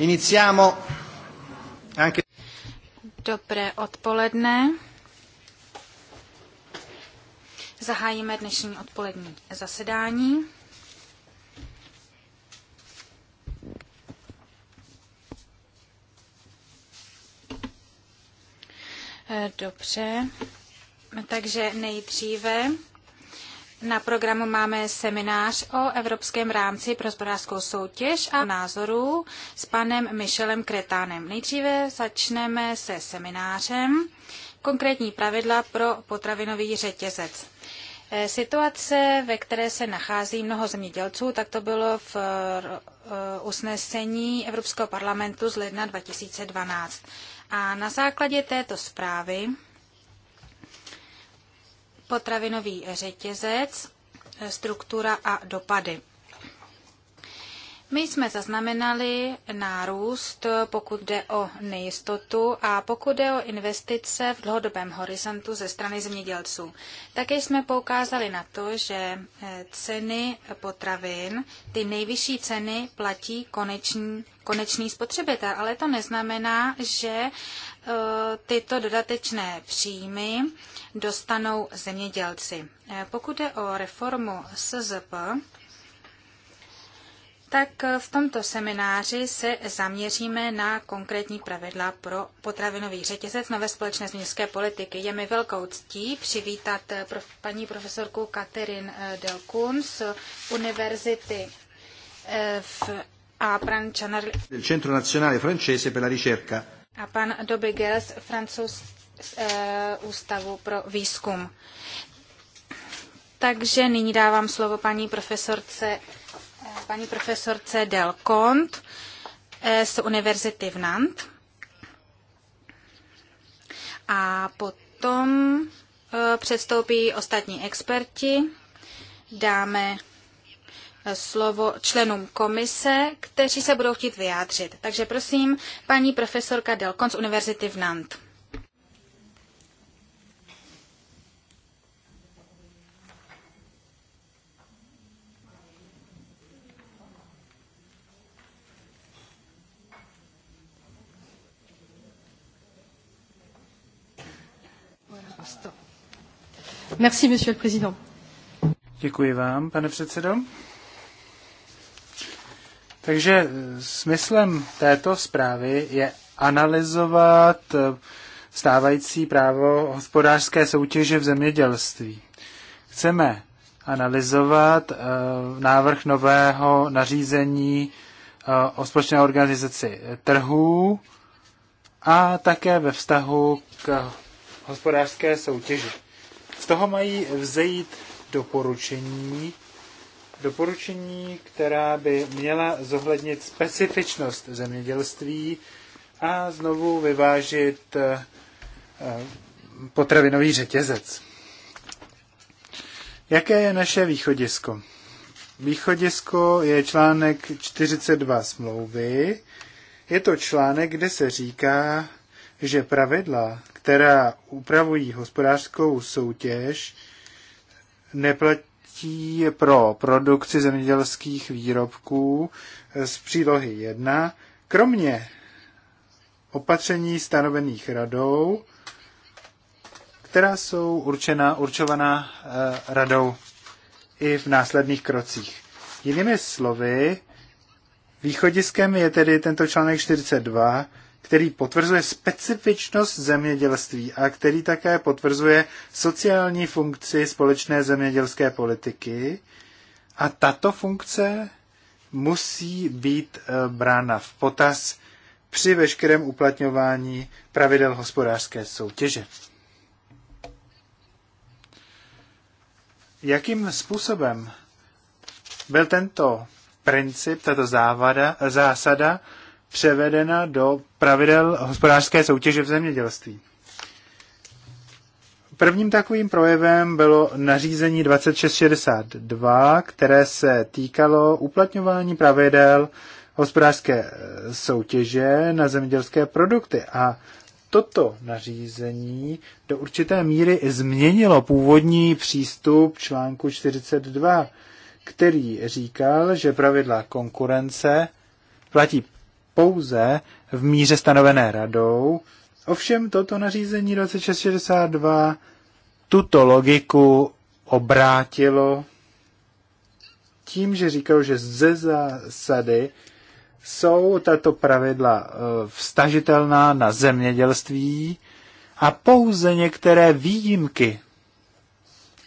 Iniziamo anche... Dobré odpoledne. Zahájíme dnešní odpolední zasedání. Dobře, takže nejdříve na programu máme seminář o Evropském rámci pro hospodářskou soutěž a názorů s panem Michelem Kretánem. Nejdříve začneme se seminářem konkrétní pravidla pro potravinový řetězec. Eh, situace, ve které se nachází mnoho zemědělců, tak to bylo v eh, eh, usnesení Evropského parlamentu z ledna 2012. A na základě této zprávy potravinový řetězec, struktura a dopady. My jsme zaznamenali nárůst, pokud jde o nejistotu a pokud jde o investice v dlouhodobém horizontu ze strany zemědělců. Také jsme poukázali na to, že eh, ceny potravin, ty nejvyšší ceny platí koneční, konečný spotřebitel, ale to neznamená, že Eh, tyto dodatečné příjmy dostanou zemědělci. Eh, pokud je o reformu SZP, tak v tomto semináři se zaměříme na konkrétní pravidla pro potravinový řetězec nové společné změnské politiky. Je mi velkou ctí přivítat eh, prof, paní profesorku Katerin Delkun z Univerzity v Apran Del Centro Nazionale Francese per la Ricerca a pan Dobigel z francouz z, e, Ústavu pro výzkum. Takže nyní dávám slovo paní profesorce, eh, paní profesorce Del Cont eh, z Univerzity v Nantes. A potom předstoupí ostatní experti, dáme slovo členům komise, kteří se budou chtít vyjádřit. Takže prosím, paní profesorka Delkon z Univerzity v Nant. Merci, monsieur le président. Děkuji vám, pane předsedo. Takže eh, smyslem této zprávy je analyzovat eh, stávající právo hospodářské soutěže v zemědělství. Chceme analyzovat eh, návrh nového nařízení o společné organizaci trhů a také ve vztahu k hospodářské soutěži. Z toho mají vzejít doporučení doporučení, která by měla zohlednit specifičnost zemědělství a znovu vyvážit eh, eh, potravinový řetězec. Jaké je naše východisko? Východisko je článek 42 smlouvy. Je to článek, kde se říká, že pravidla, která upravují hospodářskou soutěž, neplatí platí pro produkci zemědělských výrobků z přílohy 1, kromě opatření stanovených radou, která jsou určena, určovaná eh, radou i v následných krocích. Jinými slovy, východiskem je tedy tento článek 42, který potvrzuje specifičnost zemědělství a který také potvrzuje sociální funkci společné zemědělské politiky. A tato funkce musí být eh, brána v potaz při veškerém uplatňování pravidel hospodářské soutěže. Jakým způsobem byl tento princip, tato závada, zásada převedena do pravidel hospodářské soutěže v zemědělství. Prvním takovým projevem bylo nařízení 2662, které se týkalo uplatňování pravidel hospodářské eh, soutěže na zemědělské produkty. A toto nařízení do určité míry změnilo původní přístup článku 42, který říkal, že pravidla konkurence platí pouze v míře stanovené radou. Ovšem toto nařízení 2662 tuto logiku obrátilo tím, že říkal, že ze zásady jsou tato pravidla e, vstažitelná na zemědělství a pouze některé výjimky,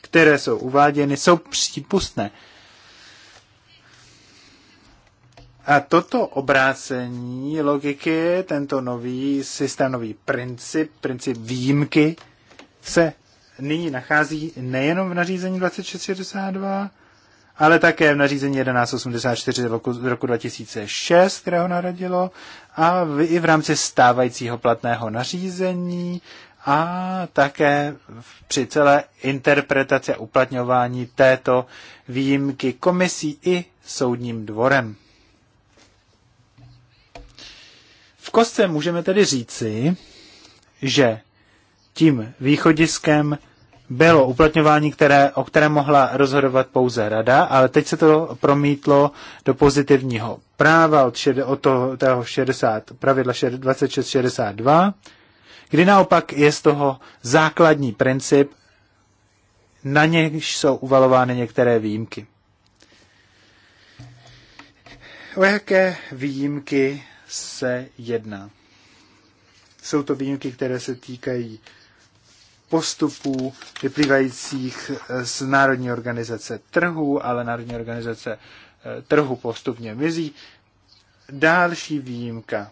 které jsou uváděny, jsou přípustné. A toto obrácení logiky, tento nový systém, nový princip, princip výjimky, se nyní nachází nejenom v nařízení 2662, ale také v nařízení 1184 z roku, z roku 2006, které ho naradilo, a v, i v rámci stávajícího platného nařízení a také při celé interpretaci a uplatňování této výjimky komisí i soudním dvorem. V kostce můžeme tedy říci, že tím východiskem bylo uplatňování, které, o které mohla rozhodovat pouze rada, ale teď se to promítlo do pozitivního práva od, šed, od toho, toho 60, pravidla 2662, kdy naopak je z toho základní princip, na něž jsou uvalovány některé výjimky. O jaké výjimky se jedná. Jsou to výjimky, které se týkají postupů vyplývajících eh, z Národní organizace trhu, ale Národní organizace eh, trhu postupně mizí. Další výjimka.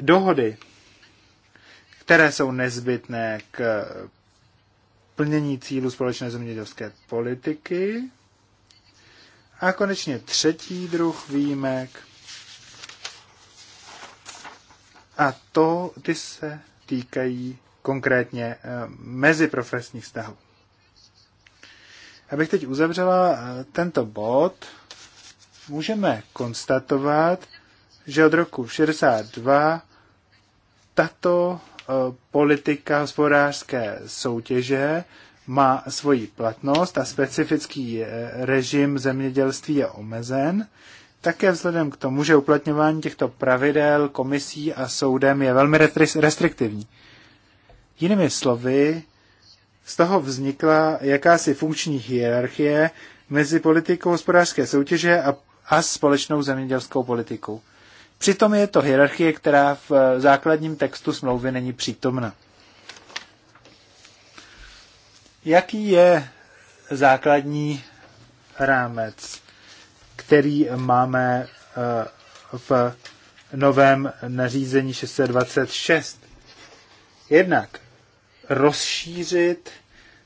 Dohody, které jsou nezbytné k eh, plnění cílu společné zemědělské politiky. A konečně třetí druh výjimek A to ty se týkají konkrétně eh, meziprofesních vztahů. Abych teď uzavřela eh, tento bod, můžeme konstatovat, že od roku 62 tato eh, politika hospodářské soutěže má svoji platnost a specifický režim zemědělství je omezen. Také vzhledem k tomu, že uplatňování těchto pravidel komisí a soudem je velmi restriktivní. Jinými slovy, z toho vznikla jakási funkční hierarchie mezi politikou hospodářské soutěže a, a společnou zemědělskou politikou. Přitom je to hierarchie, která v základním textu smlouvy není přítomna. Jaký je základní rámec? který máme eh, v novém nařízení 626. Jednak rozšířit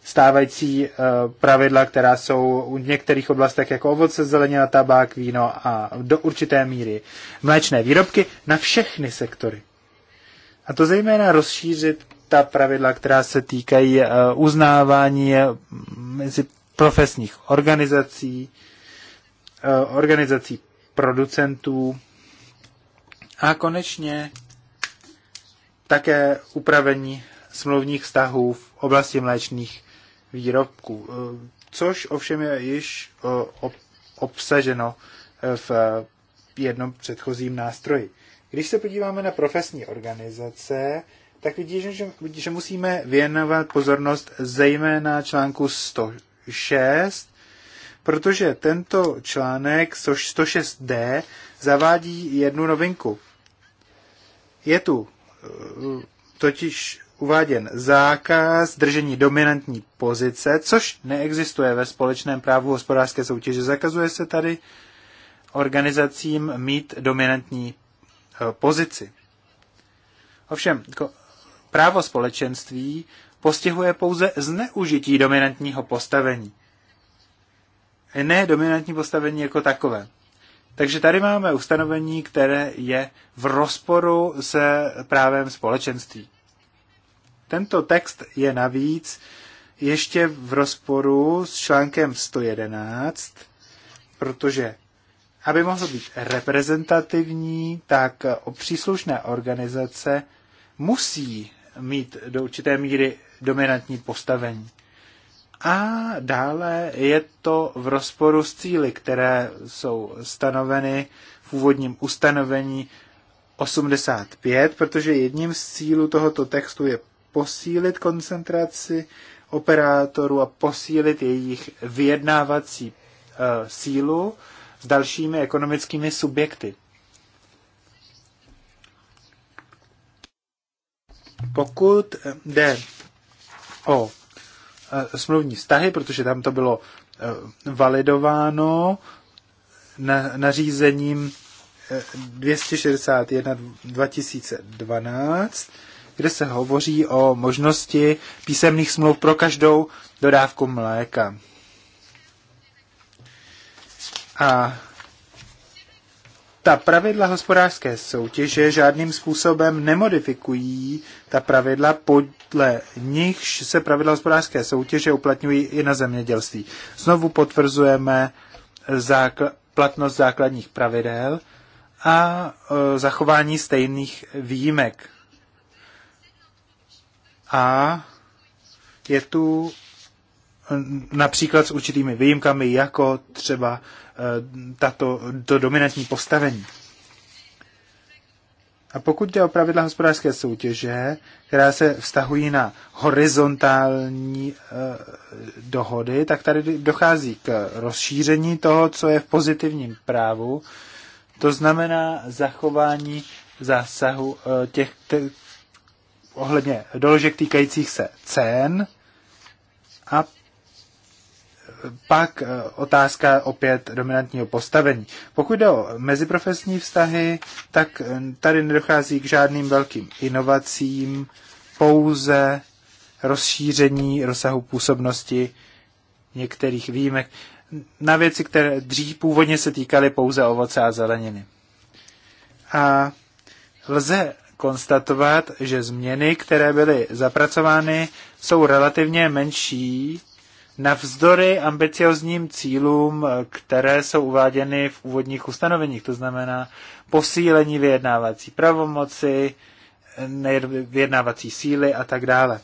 stávající eh, pravidla, která jsou u některých oblastech jako ovoce, zelenina, tabák, víno a do určité míry mléčné výrobky na všechny sektory. A to zejména rozšířit ta pravidla, která se týkají eh, uznávání mezi profesních organizací, Eh, organizací producentů a konečně také upravení smluvních vztahů v oblasti mléčných výrobků, eh, což ovšem je již eh, obsaženo v jednom předchozím nástroji. Když se podíváme na profesní organizace, tak vidíme, že, že musíme věnovat pozornost zejména článku 106 protože tento článek 106D zavádí jednu novinku. Je tu eh, totiž uváděn zákaz držení dominantní pozice, což neexistuje ve společném právu hospodářské soutěže. Zakazuje se tady organizacím mít dominantní eh, pozici. Ovšem, právo společenství postihuje pouze zneužití dominantního postavení ne dominantní postavení jako takové. Takže tady máme ustanovení, které je v rozporu s právem společenství. Tento text je navíc ještě v rozporu s článkem 111, protože aby mohl být reprezentativní, tak příslušné organizace musí mít do určité míry dominantní postavení. A dále je to v rozporu s cíly, které jsou stanoveny v úvodním ustanovení 85, protože jedním z cílů tohoto textu je posílit koncentraci operátorů a posílit jejich vyjednávací e, sílu s dalšími ekonomickými subjekty. Pokud jde o Eh, smluvní vztahy, protože tam to bylo eh, validováno nařízením 261 eh, 2012, kde se hovoří o možnosti písemných smluv pro každou dodávku mléka. A ta pravidla hospodářské soutěže žádným způsobem nemodifikují ta pravidla, podle nichž se pravidla hospodářské soutěže uplatňují i na zemědělství. Znovu potvrzujeme zákl- platnost základních pravidel a e, zachování stejných výjimek. A je tu například s určitými výjimkami, jako třeba Eh, tato, to dominantní postavení. A pokud jde o pravidla hospodářské soutěže, která se vztahují na horizontální e, dohody, tak tady dochází k rozšíření toho, co je v pozitivním právu. To znamená zachování zásahu e, těch te, ohledně doložek týkajících se cen a pak eh, otázka opět dominantního postavení. Pokud jde o meziprofesní vztahy, tak eh, tady nedochází k žádným velkým inovacím, pouze rozšíření rozsahu působnosti některých výjimek na věci, které dřív původně se týkaly pouze ovoce a zeleniny. A lze konstatovat, že změny, které byly zapracovány, jsou relativně menší navzdory ambiciozním cílům, eh, které jsou uváděny v úvodních ustanoveních, to znamená posílení vyjednávací pravomoci, eh, vyjednávací síly a tak dále.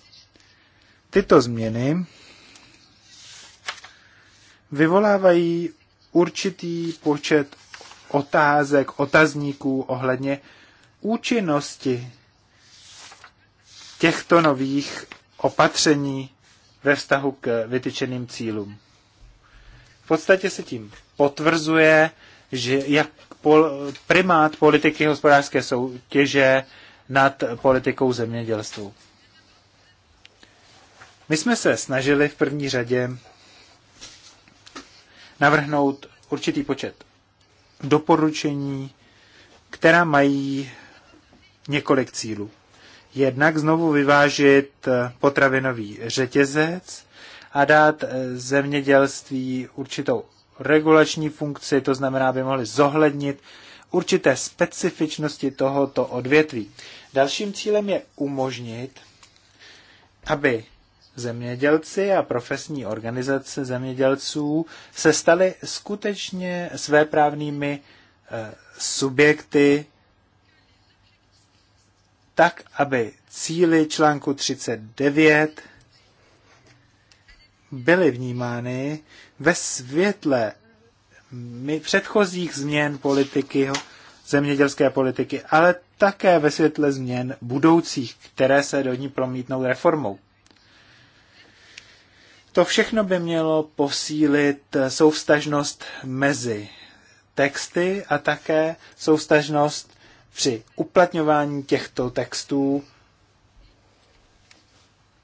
Tyto změny vyvolávají určitý počet otázek, otazníků ohledně účinnosti těchto nových opatření ve vztahu k vytyčeným cílům. V podstatě se tím potvrzuje, že jak pol, primát politiky hospodářské soutěže nad politikou zemědělství. My jsme se snažili v první řadě navrhnout určitý počet doporučení, která mají několik cílů jednak znovu vyvážit eh, potravinový řetězec a dát eh, zemědělství určitou regulační funkci, to znamená, aby mohli zohlednit určité specifičnosti tohoto odvětví. Dalším cílem je umožnit, aby zemědělci a profesní organizace zemědělců se staly skutečně svéprávnými eh, subjekty tak, aby cíly článku 39 byly vnímány ve světle předchozích změn politiky, zemědělské politiky, ale také ve světle změn budoucích, které se do ní promítnou reformou. To všechno by mělo posílit soustažnost mezi texty a také soustažnost při uplatňování těchto textů,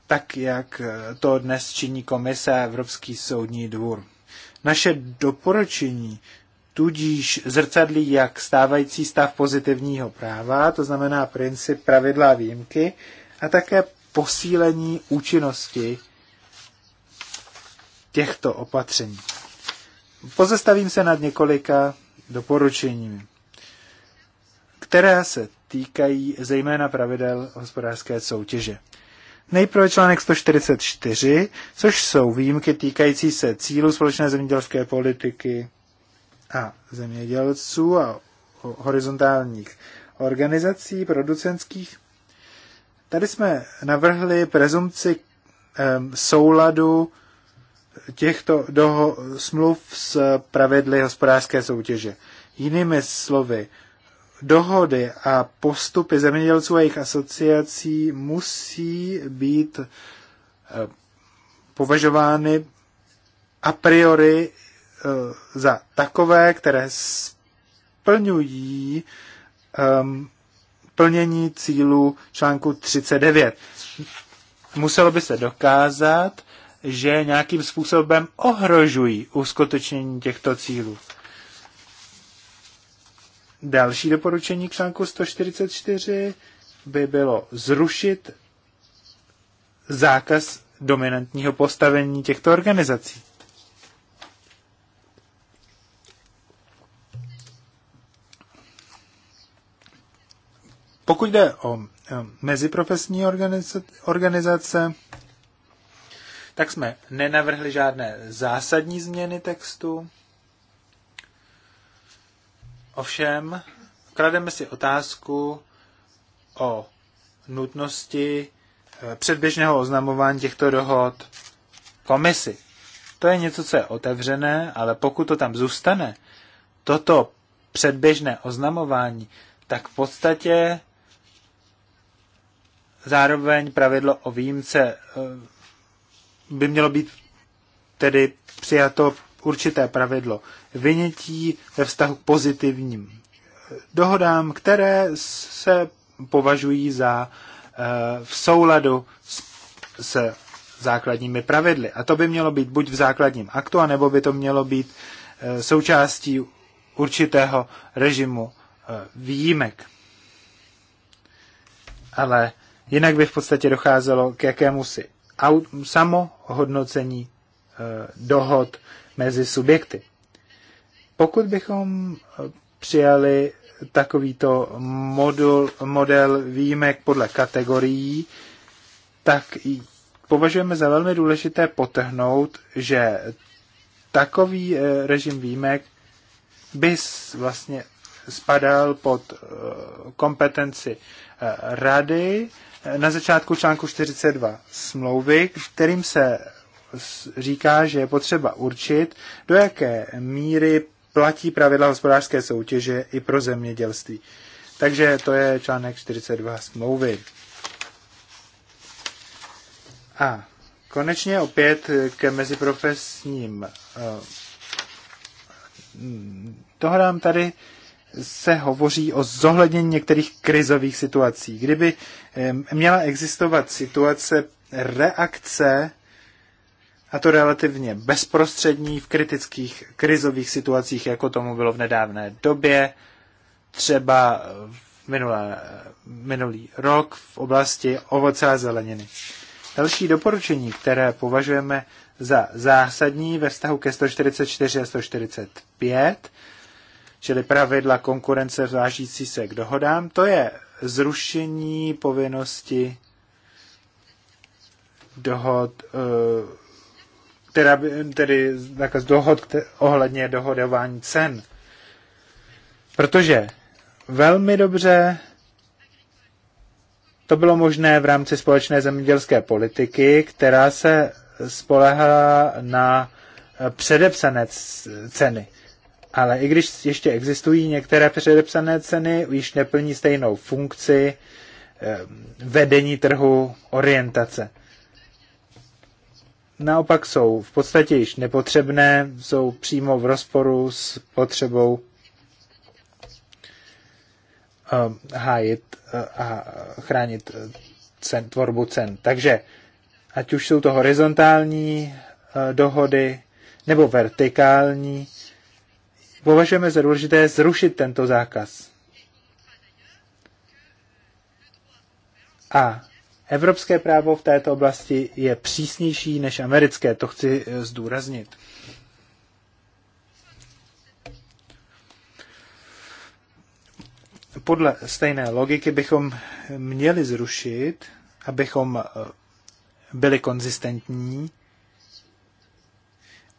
tak jak to dnes činí komise Evropský soudní dvůr. Naše doporučení tudíž zrcadlí jak stávající stav pozitivního práva, to znamená princip pravidla a výjimky, a také posílení účinnosti těchto opatření. Pozastavím se nad několika doporučeními které se týkají zejména pravidel hospodářské soutěže. Nejprve článek 144, což jsou výjimky týkající se cílu společné zemědělské politiky a zemědělců a horizontálních organizací producentských. Tady jsme navrhli prezumci um, souladu těchto doho- smluv s pravidly hospodářské soutěže. Jinými slovy, dohody a postupy zemědělců a jejich asociací musí být eh, považovány a priori eh, za takové, které splňují ehm, plnění cílu článku 39. Muselo by se dokázat, že nějakým způsobem ohrožují uskutečnění těchto cílů. Další doporučení k článku 144 by bylo zrušit zákaz dominantního postavení těchto organizací. Pokud jde o eh, meziprofesní organizace, tak jsme nenavrhli žádné zásadní změny textu. Ovšem, klademe si otázku o nutnosti eh, předběžného oznamování těchto dohod komisi. To je něco, co je otevřené, ale pokud to tam zůstane, toto předběžné oznamování, tak v podstatě zároveň pravidlo o výjimce eh, by mělo být tedy přijato určité pravidlo vynětí ve vztahu k pozitivním dohodám, které se považují za eh, v souladu s, s základními pravidly. A to by mělo být buď v základním aktu, anebo by to mělo být eh, součástí určitého režimu eh, výjimek. Ale jinak by v podstatě docházelo k jakémusi samohodnocení dohod, mezi subjekty. Pokud bychom přijali takovýto modul, model výjimek podle kategorií, tak považujeme za velmi důležité potrhnout, že takový eh, režim výjimek by vlastně spadal pod eh, kompetenci eh, rady na začátku článku 42 smlouvy, kterým se říká, že je potřeba určit, do jaké míry platí pravidla hospodářské soutěže i pro zemědělství. Takže to je článek 42 smlouvy. A konečně opět ke meziprofesním eh, nám tady se hovoří o zohlednění některých krizových situací. Kdyby eh, měla existovat situace reakce a to relativně bezprostřední v kritických krizových situacích, jako tomu bylo v nedávné době, třeba v minulé, minulý rok v oblasti ovoce a zeleniny. Další doporučení, které považujeme za zásadní ve vztahu ke 144 a 145, čili pravidla konkurence vážící se k dohodám, to je zrušení povinnosti dohod eh, teda, tedy zákaz dohod ohledně dohodování cen. Protože velmi dobře to bylo možné v rámci společné zemědělské politiky, která se spolehala na eh, předepsané ceny. Ale i když ještě existují některé předepsané ceny, již neplní stejnou funkci eh, vedení trhu orientace naopak jsou v podstatě již nepotřebné, jsou přímo v rozporu s potřebou eh, hájit eh, a chránit eh, cen, tvorbu cen. Takže ať už jsou to horizontální dohody nebo vertikální, považujeme za důležité zrušit tento zákaz. A Evropské právo v této oblasti je přísnější než americké, to chci eh, zdůraznit. Podle stejné logiky bychom měli zrušit, abychom eh, byli konzistentní,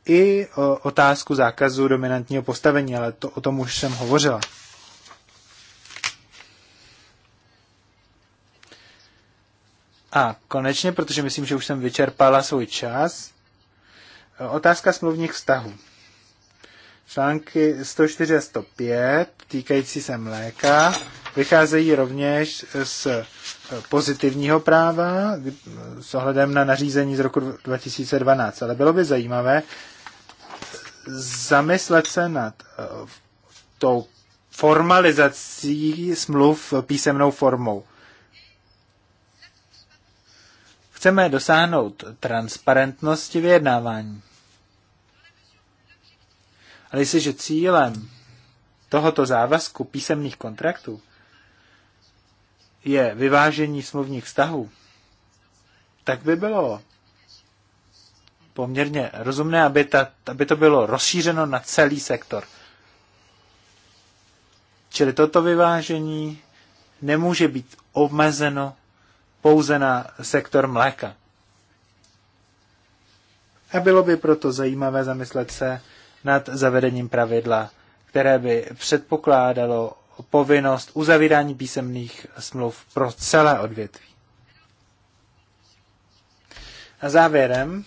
i eh, otázku zákazu dominantního postavení, ale to, o tom už jsem hovořila. A konečně, protože myslím, že už jsem vyčerpala svůj čas, otázka smluvních vztahů. Články 104 a 105 týkající se mléka vycházejí rovněž z pozitivního práva s ohledem na nařízení z roku 2012, ale bylo by zajímavé zamyslet se nad eh, tou formalizací smluv písemnou formou. Chceme dosáhnout transparentnosti vyjednávání. Ale jestliže cílem tohoto závazku písemných kontraktů je vyvážení smluvních vztahů, tak by bylo poměrně rozumné, aby, ta, aby to bylo rozšířeno na celý sektor. Čili toto vyvážení nemůže být omezeno pouze na sektor mléka. A bylo by proto zajímavé zamyslet se nad zavedením pravidla, které by předpokládalo povinnost uzavírání písemných smluv pro celé odvětví. A závěrem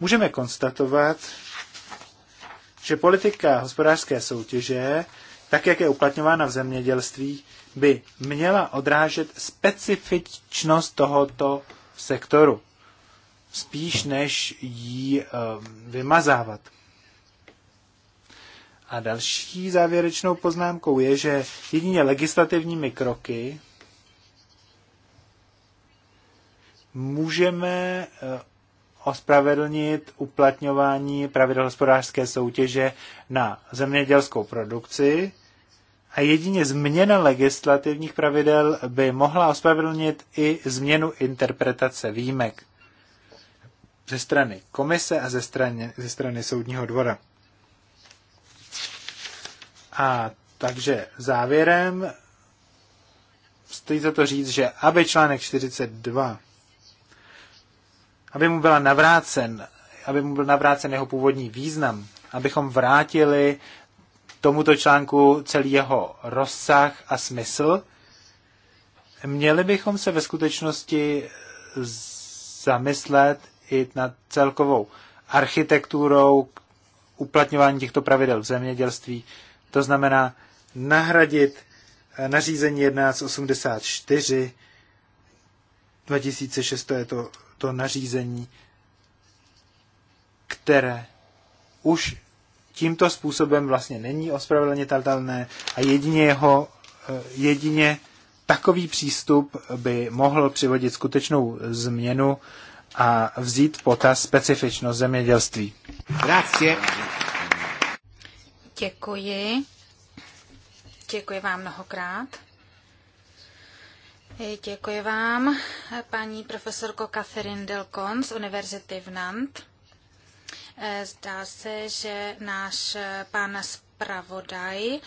můžeme konstatovat, že politika hospodářské soutěže, tak jak je uplatňována v zemědělství, by měla odrážet specifičnost tohoto sektoru, spíš než ji eh, vymazávat. A další závěrečnou poznámkou je, že jedině legislativními kroky můžeme eh, ospravedlnit uplatňování pravidel hospodářské soutěže na zemědělskou produkci, a jedině změna legislativních pravidel by mohla ospravedlnit i změnu interpretace výjimek ze strany komise a ze strany, ze strany soudního dvora. A takže závěrem stojí za to říct, že aby článek 42, aby mu byla navrácen, aby mu byl navrácen jeho původní význam, abychom vrátili tomuto článku celý jeho rozsah a smysl, měli bychom se ve skutečnosti zamyslet i nad celkovou architekturou uplatňování těchto pravidel v zemědělství. To znamená nahradit eh, nařízení 1184 2006 to je to, to nařízení, které už tímto způsobem vlastně není ospravedlnitelné a jedině jeho, eh, jedině takový přístup by mohl přivodit skutečnou změnu a vzít potaz specifičnost zemědělství. Grazie. Děkuji. Děkuji vám mnohokrát. Děkuji vám, paní profesorko Catherine Delcon z Univerzity v Nantes. Eh, zdá se, že náš eh, pan zpravodaj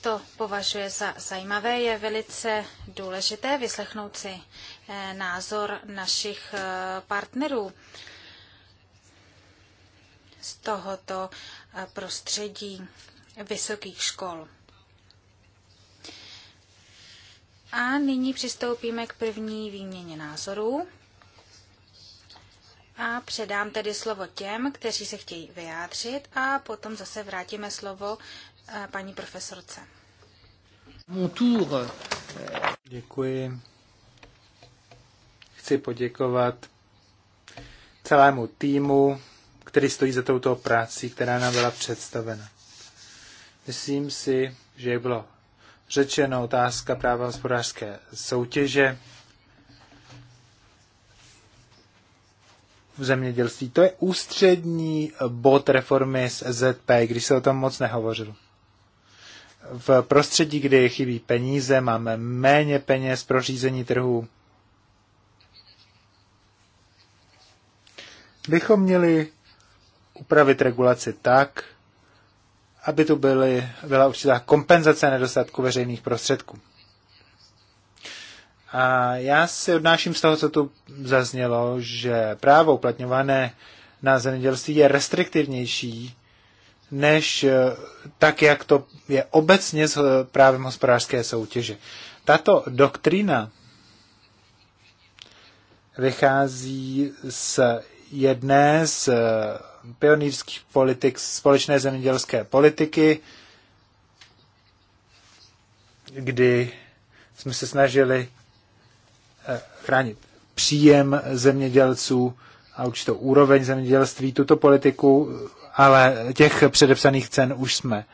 to považuje za zajímavé. Je velice důležité vyslechnout si eh, názor našich partnerů z tohoto prostředí vysokých škol. A nyní přistoupíme k první výměně názorů. A předám tedy slovo těm, kteří se chtějí vyjádřit a potom zase vrátíme slovo eh, paní profesorce. Děkuji. Chci poděkovat celému týmu, který stojí za touto práci, která nám byla představena. Myslím si, že bylo řečeno otázka práva hospodářské soutěže v zemědělství. To je ústřední bod reformy ZP, když se o tom moc nehovořilo v prostředí, kdy chybí peníze, máme méně peněz pro řízení trhu. Bychom měli upravit regulaci tak, aby tu byly, byla určitá kompenzace nedostatku veřejných prostředků. A já si odnáším z toho, co tu zaznělo, že právo uplatňované na zemědělství je restriktivnější než eh, tak, jak to je obecně s eh, právem hospodářské soutěže. Tato doktrína vychází z jedné z eh, pionýrských politik společné zemědělské politiky, kdy jsme se snažili Eh, chránit příjem zemědělců a určitou úroveň zemědělství, tuto politiku, ale těch předepsaných cen už jsme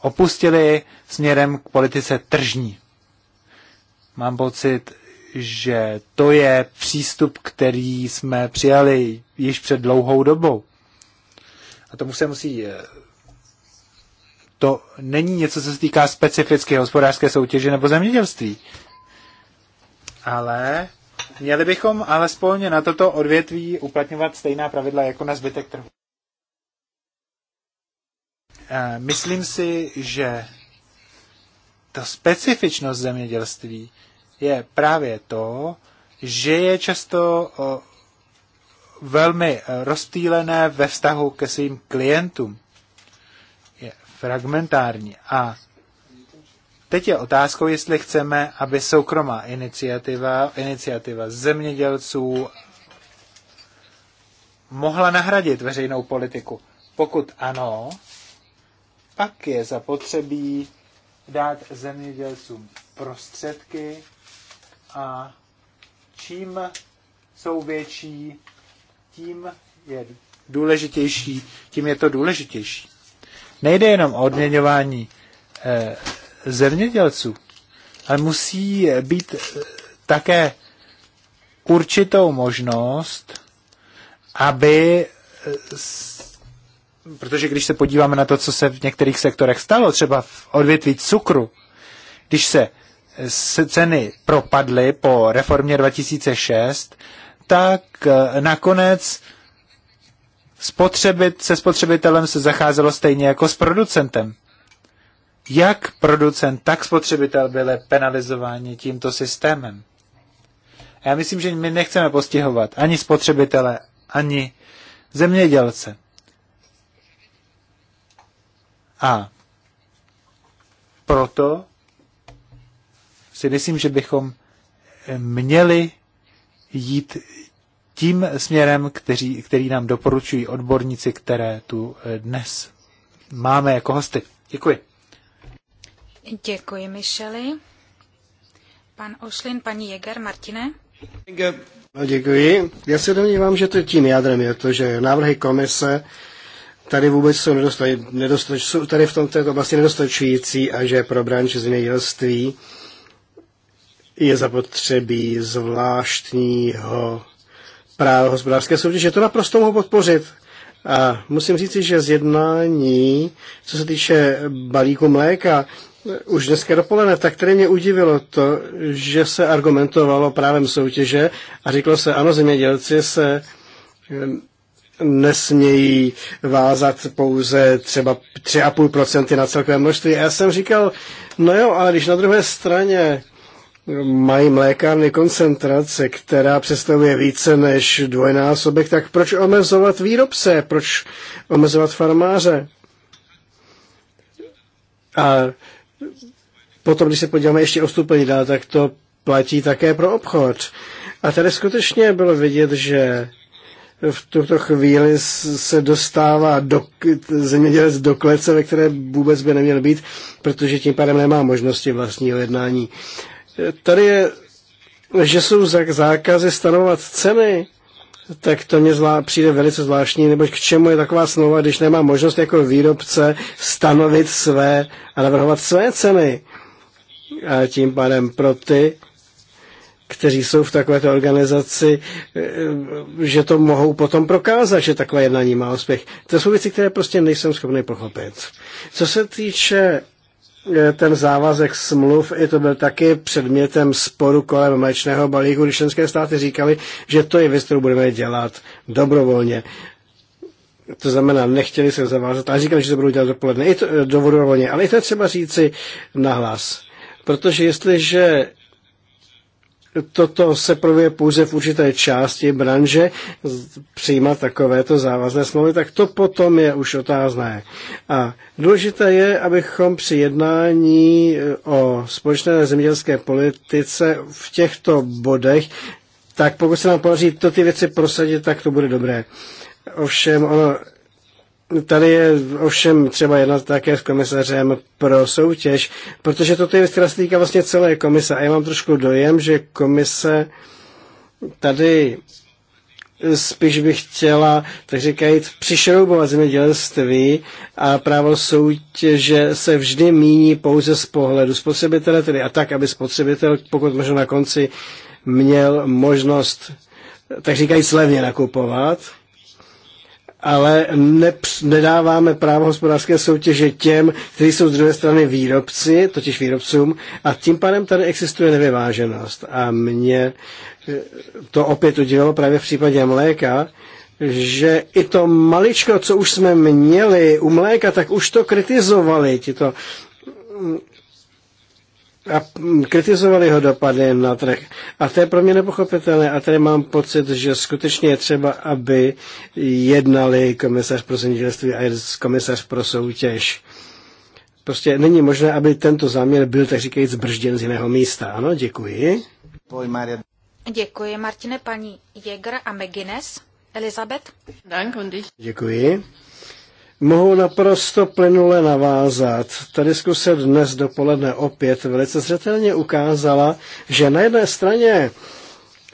opustili směrem k politice tržní. Mám pocit, že to je přístup, který jsme přijali již před dlouhou dobou. A tomu se musí eh, to není něco, co se týká specificky hospodářské soutěže nebo zemědělství ale měli bychom alespoň na toto odvětví uplatňovat stejná pravidla jako na zbytek trhu. Eh, myslím si, že ta specifičnost zemědělství je právě to, že je často velmi eh, rozptýlené ve vztahu ke svým klientům. Je fragmentární a Teď je otázkou, jestli chceme, aby soukromá iniciativa, iniciativa zemědělců mohla nahradit veřejnou politiku. Pokud ano, pak je zapotřebí dát zemědělcům prostředky a čím jsou větší, tím je důležitější, tím je to důležitější. Nejde jenom o odměňování eh, zemědělců, ale musí být také určitou možnost, aby protože když se podíváme na to, co se v některých sektorech stalo, třeba v odvětví cukru, když se ceny propadly po reformě 2006, tak eh, nakonec spotřebit, se spotřebitelem se zacházelo stejně jako s producentem jak producent, tak spotřebitel byli penalizováni tímto systémem. A já myslím, že my nechceme postihovat ani spotřebitele, ani zemědělce. A proto si myslím, že bychom měli jít tím směrem, který, který nám doporučují odborníci, které tu dnes máme jako hosty. Děkuji. Děkuji, Michely. Pan Ošlin, paní Jäger, Martine. No, děkuji. Já se domnívám, že to tím jádrem je to, že návrhy komise tady vůbec jsou, nedostoj, nedostoj, jsou tady v této oblasti nedostačující a že pro branži zemědělství je zapotřebí zvláštního práva hospodářské soutěže. To naprosto mohu podpořit. A musím říct, že z jednání, co se týče balíku mléka, už dneska dopoledne, tak tady mě udivilo to, že se argumentovalo právem soutěže a říkalo se, ano, zemědělci se nesmějí vázat pouze třeba 3,5% na celkové množství. A já jsem říkal, no jo, ale když na druhé straně mají mlékárny koncentrace, která představuje více než dvojnásobek, tak proč omezovat výrobce, proč omezovat farmáře? A potom, když se podíváme ještě o stupeň dál, tak to platí také pro obchod. A tady skutečně bylo vidět, že v tuto chvíli se dostává do, zemědělec do klece, ve které vůbec by neměl být, protože tím pádem nemá možnosti vlastního jednání. E, tady je, že jsou zákazy stanovat ceny tak to mě zvlá, přijde velice zvláštní, nebo k čemu je taková smlouva, když nemá možnost jako výrobce stanovit své a navrhovat své ceny. A tím pádem pro ty, kteří jsou v takovéto organizaci, eh, že to mohou potom prokázat, že takové jednání má úspěch. To jsou věci, které prostě nejsem schopný pochopit. Co se týče ten závazek smluv, i to byl taky předmětem sporu kolem mléčného balíku, když členské státy říkali, že to je věc, kterou budeme dělat dobrovolně. To znamená, nechtěli se zavázat, ale říkali, že to budou dělat dopoledne, i to, eh, dobrovolně. Ale i to je třeba říci nahlas. Protože jestliže toto se projevuje pouze v určité části branže přijímat takovéto závazné smlouvy, tak to potom je už otázné. A důležité je, abychom při jednání eh, o společné zemědělské politice v těchto bodech, tak pokud se nám podaří to ty věci prosadit, tak to bude dobré. Ovšem, ono, Tady je ovšem třeba jednat také s komisařem pro soutěž, protože toto je věc, která se týká vlastně celé komise. A já mám trošku dojem, že komise tady spíš by chtěla, tak říkajíc, přišroubovat zemědělství a právo soutěže se vždy míní pouze z pohledu spotřebitele, tedy a tak, aby spotřebitel pokud možno na konci měl možnost, tak říkajíc, levně nakupovat ale ne, nedáváme právo hospodářské soutěže těm, kteří jsou z druhé strany výrobci, totiž výrobcům, a tím pádem tady existuje nevyváženost. A mě e, to opět udělalo právě v případě mléka, že i to maličko, co už jsme měli u mléka, tak už to kritizovali tito a kritizovali ho dopady na trh. A to je pro mě nepochopitelné. A tady mám pocit, že skutečně je třeba, aby jednali komisař pro zemědělství a komisař pro soutěž. Prostě není možné, aby tento záměr byl, tak říkajíc, zbržděn z jiného místa. Ano, děkuji. Děkuji, Martine, paní Jäger a Megines. Elizabeth. Děkuji mohou naprosto plynule navázat. Ta diskuse dnes dopoledne opět velice zřetelně ukázala, že na jedné straně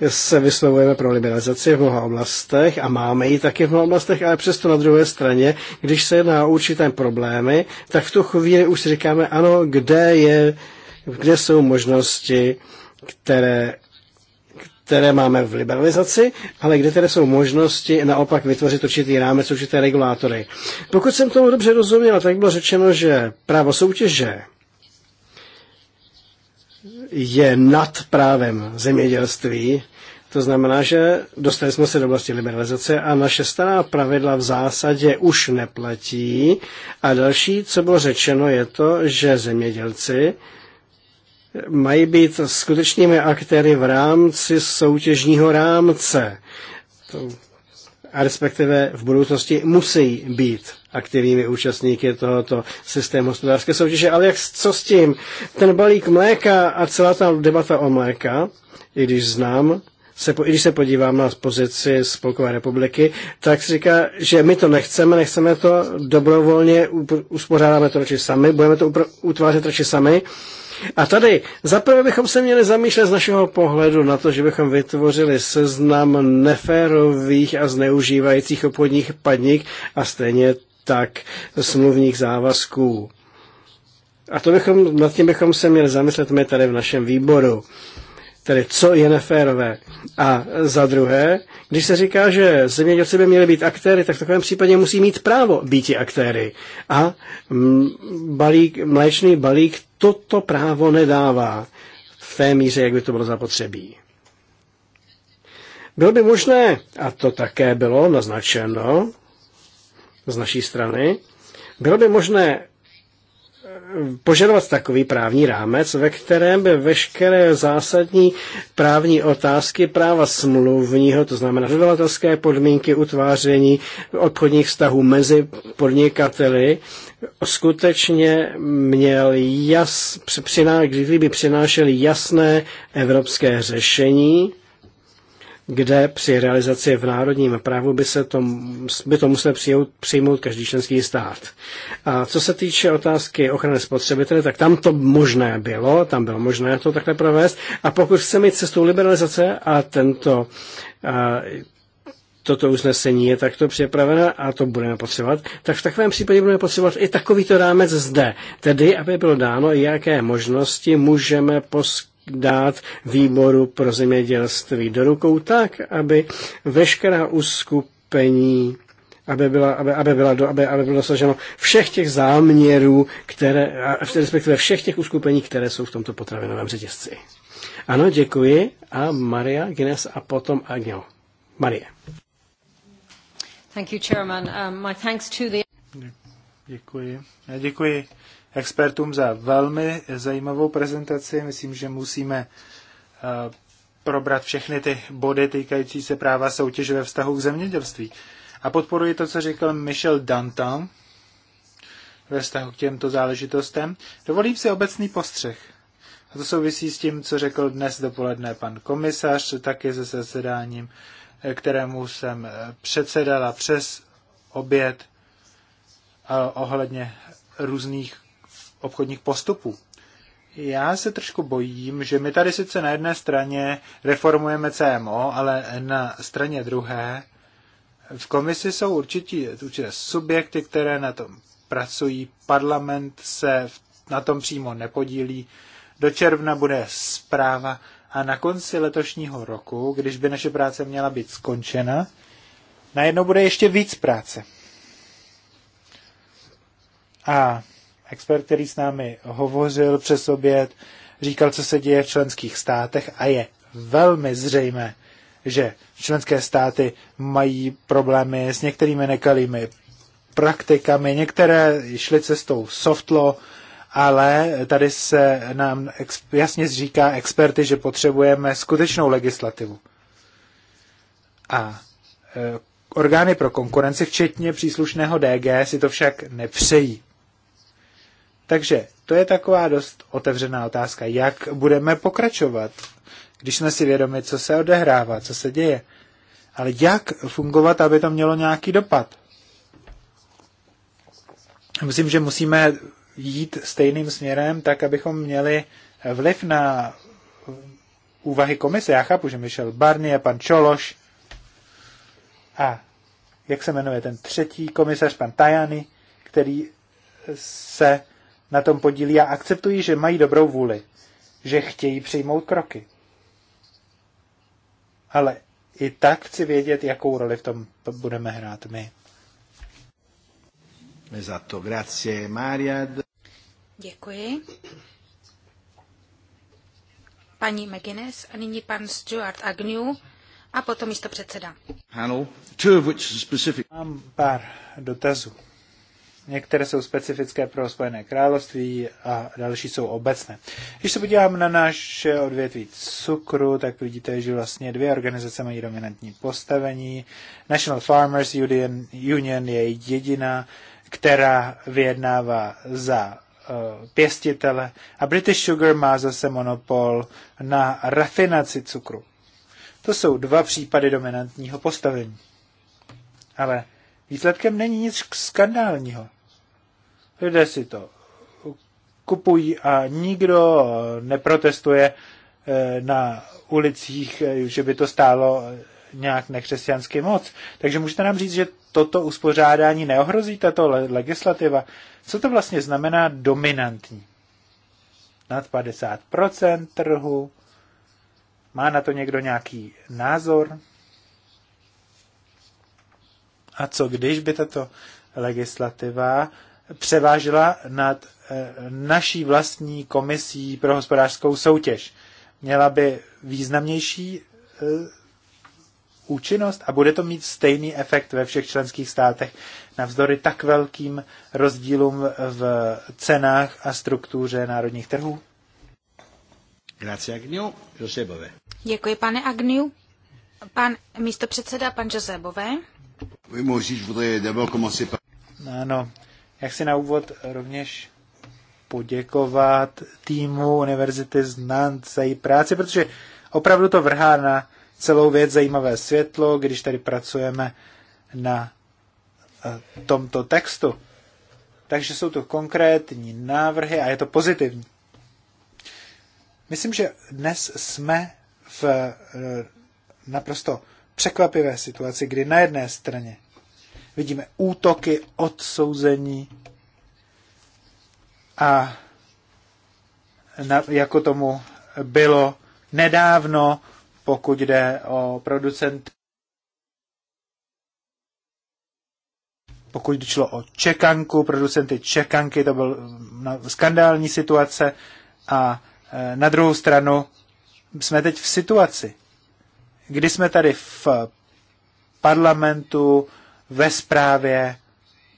se vyslovujeme pro liberalizaci v mnoha oblastech a máme ji taky v mnoha oblastech, ale přesto na druhé straně, když se jedná o určité problémy, tak v tu chvíli už si říkáme, ano, kde, je, kde jsou možnosti, které které máme v liberalizaci, ale kde tedy jsou možnosti naopak vytvořit určitý rámec, určité regulátory. Pokud jsem tomu dobře rozuměl, tak bylo řečeno, že právo soutěže je nad právem zemědělství, to znamená, že dostali jsme se do oblasti liberalizace a naše stará pravidla v zásadě už neplatí. A další, co bylo řečeno, je to, že zemědělci mají být skutečnými aktéry v rámci soutěžního rámce. To, a respektive v budoucnosti musí být aktivními účastníky tohoto systému hospodářské soutěže. Ale jak, co s tím? Ten balík mléka a celá ta debata o mléka, i když znám, se, i když se podívám na pozici Spolkové republiky, tak si říká, že my to nechceme, nechceme to dobrovolně, uspořádáme to radši sami, budeme to utvářet radši sami. Uh, a tady zaprvé bychom se měli zamýšlet z našeho pohledu na to, že bychom vytvořili seznam neférových a zneužívajících obchodních padník a stejně tak smluvních závazků. A to bychom, nad tím bychom se měli zamyslet my tady v našem výboru. Tedy co je neférové. A za druhé, když se říká, že zemědělci by měli být aktéry, tak v takovém případě musí mít právo být aktéry. A balík, mléčný balík toto právo nedává v té míře, jak by to bylo zapotřebí. Bylo by možné, a to také bylo naznačeno z naší strany, bylo by možné eh, požadovat takový právní rámec, ve kterém by veškeré zásadní právní otázky práva smluvního, to znamená dodavatelské podmínky utváření obchodních vztahů mezi podnikateli, skutečně měl jas, přiná, kdyby přinášeli jasné evropské řešení, kde při realizaci v národním právu by, se to, by to musel přijmout, přijmout každý členský stát. A co se týče otázky ochrany spotřebitele, tak tam to možné bylo, tam bylo možné to takhle provést. A pokud chceme mít cestou liberalizace a tento a toto usnesení je takto připraveno a to budeme potřebovat, tak v takovém případě budeme potřebovat i takovýto rámec zde, tedy aby bylo dáno, jaké možnosti můžeme poskytnout dát výboru pro zemědělství do rukou tak, aby veškerá uskupení aby, byla, aby, aby, byla do, aby, aby bylo dosaženo všech těch záměrů, které, respektive všech těch uskupení, které jsou v tomto potravinovém řetězci. Ano, děkuji. A Maria Gines a potom Agňo. Marie. Um, děkuji. Já děkuji expertům za velmi zajímavou prezentaci. Myslím, že musíme eh, probrat všechny ty body týkající se práva soutěže ve vztahu k zemědělství. A podporuji to, co říkal Michel Dantan ve vztahu k těmto záležitostem. Dovolím si obecný postřeh. A to souvisí s tím, co řekl dnes dopoledne pan komisař, taky se zasedáním kterému jsem předsedala přes oběd eh, ohledně různých obchodních postupů. Já se trošku bojím, že my tady sice na jedné straně reformujeme CMO, ale na straně druhé v komisi jsou určitě, určitě subjekty, které na tom pracují. Parlament se na tom přímo nepodílí. Do června bude zpráva a na konci letošního roku, když by naše práce měla být skončena, najednou bude ještě víc práce. A expert, který s námi hovořil přes oběd, říkal, co se děje v členských státech a je velmi zřejmé, že členské státy mají problémy s některými nekalými praktikami, některé šly cestou soft law, ale tady se nám jasně říká experty, že potřebujeme skutečnou legislativu. A e, orgány pro konkurenci, včetně příslušného DG, si to však nepřejí. Takže to je taková dost otevřená otázka. Jak budeme pokračovat, když jsme si vědomi, co se odehrává, co se děje? Ale jak fungovat, aby to mělo nějaký dopad? Myslím, že musíme jít stejným směrem, tak abychom měli vliv na úvahy komise. Já chápu, že Michel Barnier, pan Čološ a jak se jmenuje ten třetí komisař, pan Tajany, který se na tom podílí a akceptují, že mají dobrou vůli, že chtějí přijmout kroky. Ale i tak chci vědět, jakou roli v tom budeme hrát my. Esatto, grazie Mariad. Děkuji. Paní McGuinness a nyní pan Stuart Agnew a potom místo předseda. Panel, two of which specific... Mám pár dotazů. Některé jsou specifické pro Spojené království a další jsou obecné. Když se podívám na naše odvětví cukru, tak vidíte, že vlastně dvě organizace mají dominantní postavení. National Farmers Union, Union je jediná, která vyjednává za eh, pěstitele a British Sugar má zase monopol na rafinaci cukru. To jsou dva případy dominantního postavení. Ale výsledkem není nic skandálního. Lidé si to kupují a nikdo neprotestuje eh, na ulicích, eh, že by to stálo nějak nekřesťanský moc. Takže můžete nám říct, že toto uspořádání neohrozí tato legislativa? Co to vlastně znamená dominantní? Nad 50% trhu? Má na to někdo nějaký názor? A co když by tato legislativa převážila nad eh, naší vlastní komisí pro hospodářskou soutěž? Měla by významnější eh, účinnost a bude to mít stejný efekt ve všech členských státech navzdory tak velkým rozdílům v cenách a struktuře národních trhů? Grazie Agniu, Josebové. Děkuji, pane Agniu. Pan místo předseda, pan Josebové. Ano, já chci na úvod rovněž poděkovat týmu Univerzity z Nantes za práci, protože opravdu to vrhá na celou věc zajímavé světlo, když tady pracujeme na eh, tomto textu. Takže jsou to konkrétní návrhy a je to pozitivní. Myslím, že dnes jsme v eh, naprosto překvapivé situaci, kdy na jedné straně vidíme útoky, odsouzení a na, jako tomu bylo nedávno pokud jde o producent. Pokud šlo o čekanku, producenty čekanky, to byl mm, skandální situace a e, na druhou stranu jsme teď v situaci, kdy jsme tady v parlamentu ve zprávě,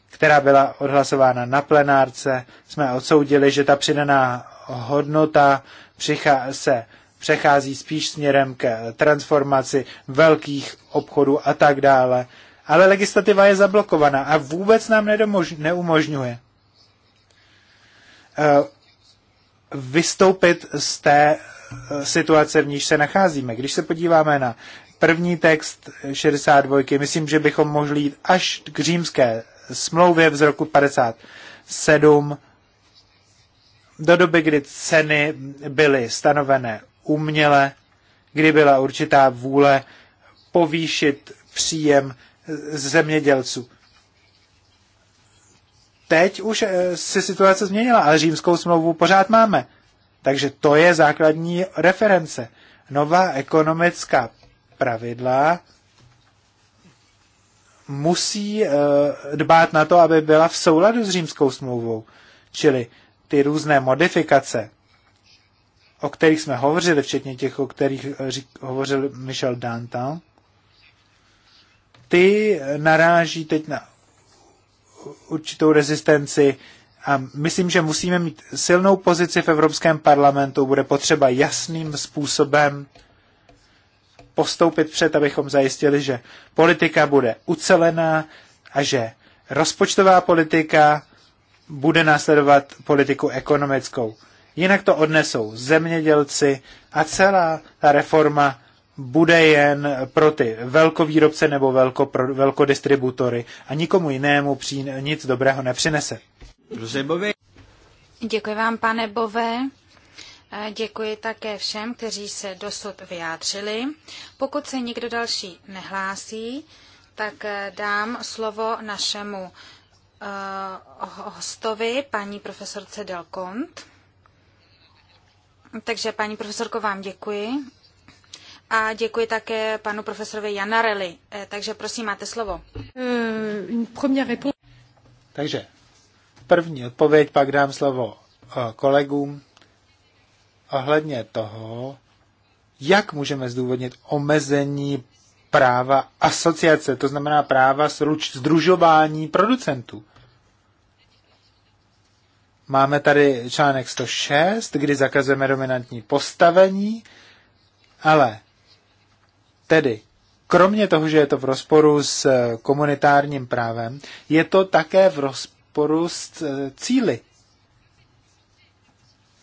která byla odhlasována na plenárce, jsme odsoudili, že ta přidaná hodnota přichá se přechází spíš směrem k transformaci velkých obchodů a tak dále. Ale legislativa je zablokovaná a vůbec nám nedomož- neumožňuje eh, vystoupit z té eh, situace, v níž se nacházíme. Když se podíváme na první text 62, myslím, že bychom mohli jít až k římské smlouvě z roku 57, do doby, kdy ceny byly stanovené uměle, kdy byla určitá vůle povýšit příjem zemědělců. Teď už eh, se situace změnila, ale římskou smlouvu pořád máme. Takže to je základní reference. Nová ekonomická pravidla musí eh, dbát na to, aby byla v souladu s římskou smlouvou. Čili ty různé modifikace o kterých jsme hovořili, včetně těch, o kterých eh, hovořil Michel Danta, ty naráží teď na určitou rezistenci a myslím, že musíme mít silnou pozici v Evropském parlamentu, bude potřeba jasným způsobem postoupit před, abychom zajistili, že politika bude ucelená a že rozpočtová politika bude následovat politiku ekonomickou. Jinak to odnesou zemědělci a celá ta reforma bude jen pro ty velkovýrobce nebo velko, velkodistributory a nikomu jinému při, nic dobrého nepřinese. Děkuji vám, pane Bové. Děkuji také všem, kteří se dosud vyjádřili. Pokud se nikdo další nehlásí, tak eh, dám slovo našemu eh, hostovi, paní profesorce Delkont. Takže paní profesorko, vám děkuji. A děkuji také panu profesorovi Janarelli. Eh, takže prosím, máte slovo. Eh, takže první odpověď, pak dám slovo eh, kolegům ohledně toho, jak můžeme zdůvodnit omezení práva asociace, to znamená práva sruč, združování producentů. Máme tady článek 106, kdy zakazujeme dominantní postavení, ale tedy kromě toho, že je to v rozporu s eh, komunitárním právem, je to také v rozporu s eh, cíly.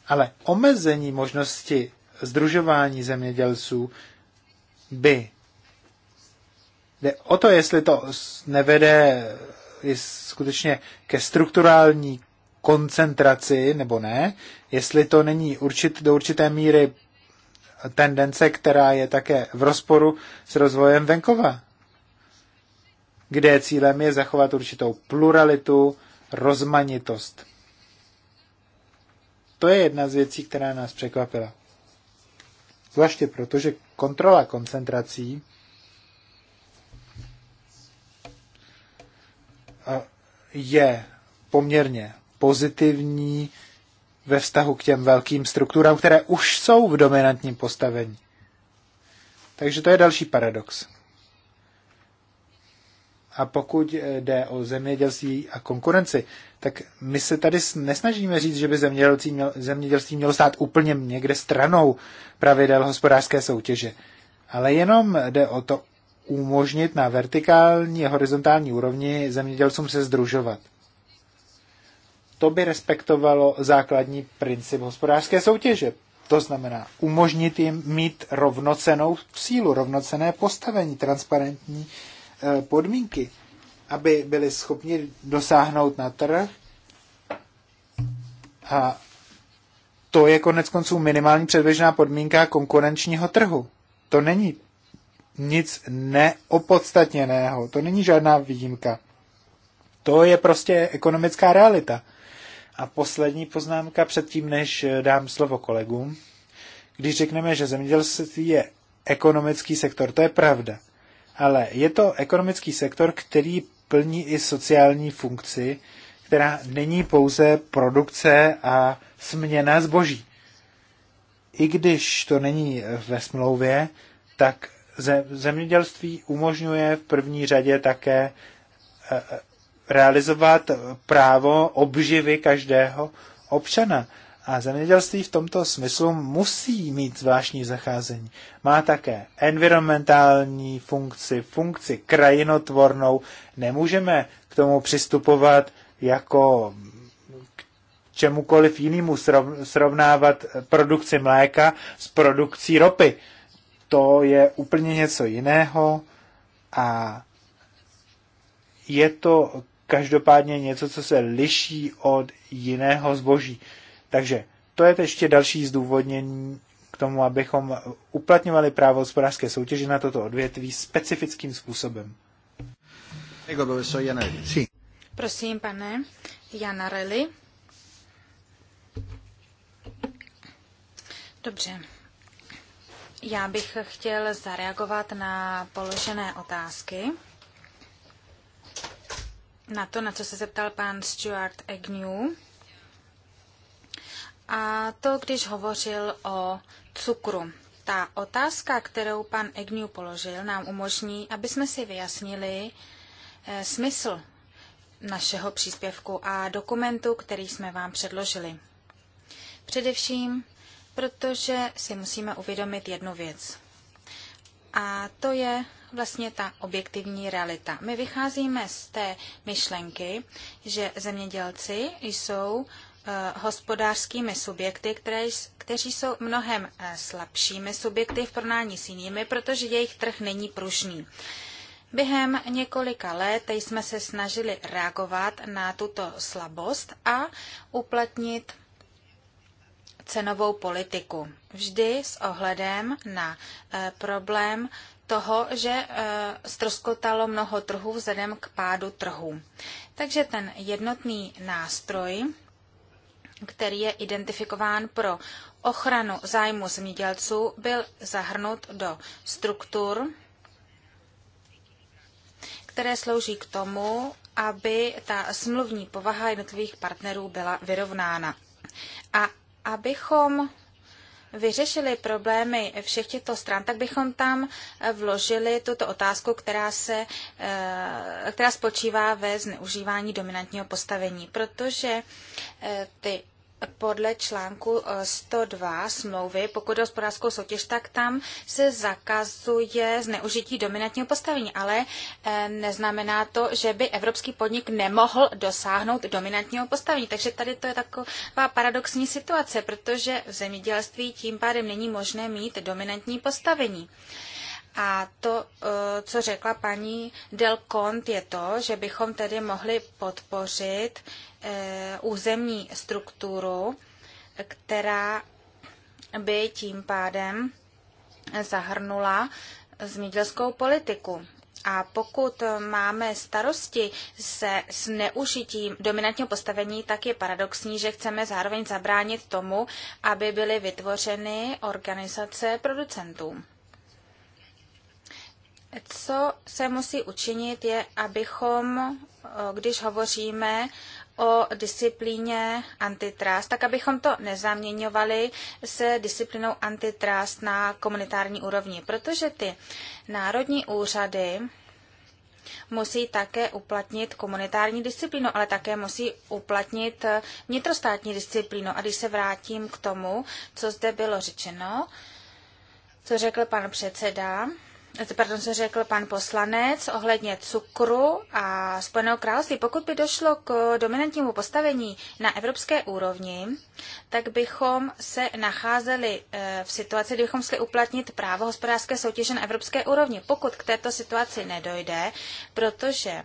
Ale omezení možnosti združování zemědělců by. Jde o to, jestli to nevede skutečně ke strukturální koncentraci nebo ne, jestli to není určit, do určité míry tendence, která je také v rozporu s rozvojem venkova, kde cílem je zachovat určitou pluralitu, rozmanitost. To je jedna z věcí, která nás překvapila. Zvláště proto, že kontrola koncentrací je poměrně pozitivní ve vztahu k těm velkým strukturám, které už jsou v dominantním postavení. Takže to je další paradox. A pokud jde o zemědělství a konkurenci, tak my se tady nesnažíme říct, že by zemědělství mělo, zemědělství mělo stát úplně někde stranou pravidel hospodářské soutěže. Ale jenom jde o to umožnit na vertikální a horizontální úrovni zemědělcům se združovat to by respektovalo základní princip hospodářské soutěže. To znamená umožnit jim mít rovnocenou sílu, rovnocené postavení, transparentní eh, podmínky, aby byli schopni dosáhnout na trh. A to je konec konců minimální předběžná podmínka konkurenčního trhu. To není nic neopodstatněného, to není žádná výjimka. To je prostě ekonomická realita. A poslední poznámka předtím, než dám slovo kolegům. Když řekneme, že zemědělství je ekonomický sektor, to je pravda. Ale je to ekonomický sektor, který plní i sociální funkci, která není pouze produkce a směna zboží. I když to není ve smlouvě, tak zemědělství umožňuje v první řadě také eh, eh, realizovat právo obživy každého občana. A zemědělství v tomto smyslu musí mít zvláštní zacházení. Má také environmentální funkci, funkci krajinotvornou. Nemůžeme k tomu přistupovat jako k čemukoliv jinému srovnávat produkci mléka s produkcí ropy. To je úplně něco jiného a je to každopádně něco, co se liší od jiného zboží. Takže to je ještě další zdůvodnění k tomu, abychom uplatňovali právo hospodářské soutěže na toto odvětví specifickým způsobem. Prosím, pane Jana Rely. Dobře. Já bych chtěl zareagovat na položené otázky na to, na co se zeptal pan Stuart Agnew. A to, když hovořil o cukru. Ta otázka, kterou pan Agnew položil, nám umožní, aby jsme si vyjasnili eh, smysl našeho příspěvku a dokumentu, který jsme vám předložili. Především, protože si musíme uvědomit jednu věc. A to je vlastně ta objektivní realita. My vycházíme z té myšlenky, že zemědělci jsou eh, hospodářskými subjekty, které, kteří jsou mnohem eh, slabšími subjekty v porovnání s jinými, protože jejich trh není pružný. Během několika let jsme se snažili reagovat na tuto slabost a uplatnit cenovou politiku. Vždy s ohledem na e, problém toho, že stroskotalo e, mnoho trhů vzhledem k pádu trhů. Takže ten jednotný nástroj, který je identifikován pro ochranu zájmu zemědělců, byl zahrnut do struktur, které slouží k tomu, aby ta smluvní povaha jednotlivých partnerů byla vyrovnána. A abychom vyřešili problémy všech těchto stran, tak bychom tam vložili tuto otázku, která, se, eh, která spočívá ve zneužívání dominantního postavení, protože eh, ty podle článku 102 eh, smlouvy, pokud je hospodářskou soutěž, tak tam se zakazuje zneužití dominantního postavení, ale eh, neznamená to, že by evropský podnik nemohl dosáhnout dominantního postavení. Takže tady to je taková paradoxní situace, protože v zemědělství tím pádem není možné mít dominantní postavení. A to, eh, co řekla paní Del Cont, je to, že bychom tedy mohli podpořit eh, územní strukturu, která by tím pádem zahrnula zemědělskou politiku. A pokud máme starosti se s neužitím dominantního postavení, tak je paradoxní, že chceme zároveň zabránit tomu, aby byly vytvořeny organizace producentů. Co se musí učinit, je, abychom, když hovoříme o disciplíně antitrust, tak abychom to nezaměňovali se disciplínou antitrust na komunitární úrovni, protože ty národní úřady musí také uplatnit komunitární disciplínu, ale také musí uplatnit e, vnitrostátní disciplínu. A když se vrátím k tomu, co zde bylo řečeno, co řekl pan předseda, Eh, pardon, co řekl pan poslanec ohledně cukru a Spojeného království. Pokud by došlo k dominantnímu postavení na evropské úrovni, tak bychom se nacházeli eh, v situaci, kdy bychom chtěli uplatnit právo hospodářské soutěže na evropské úrovni. Pokud k této situaci nedojde, protože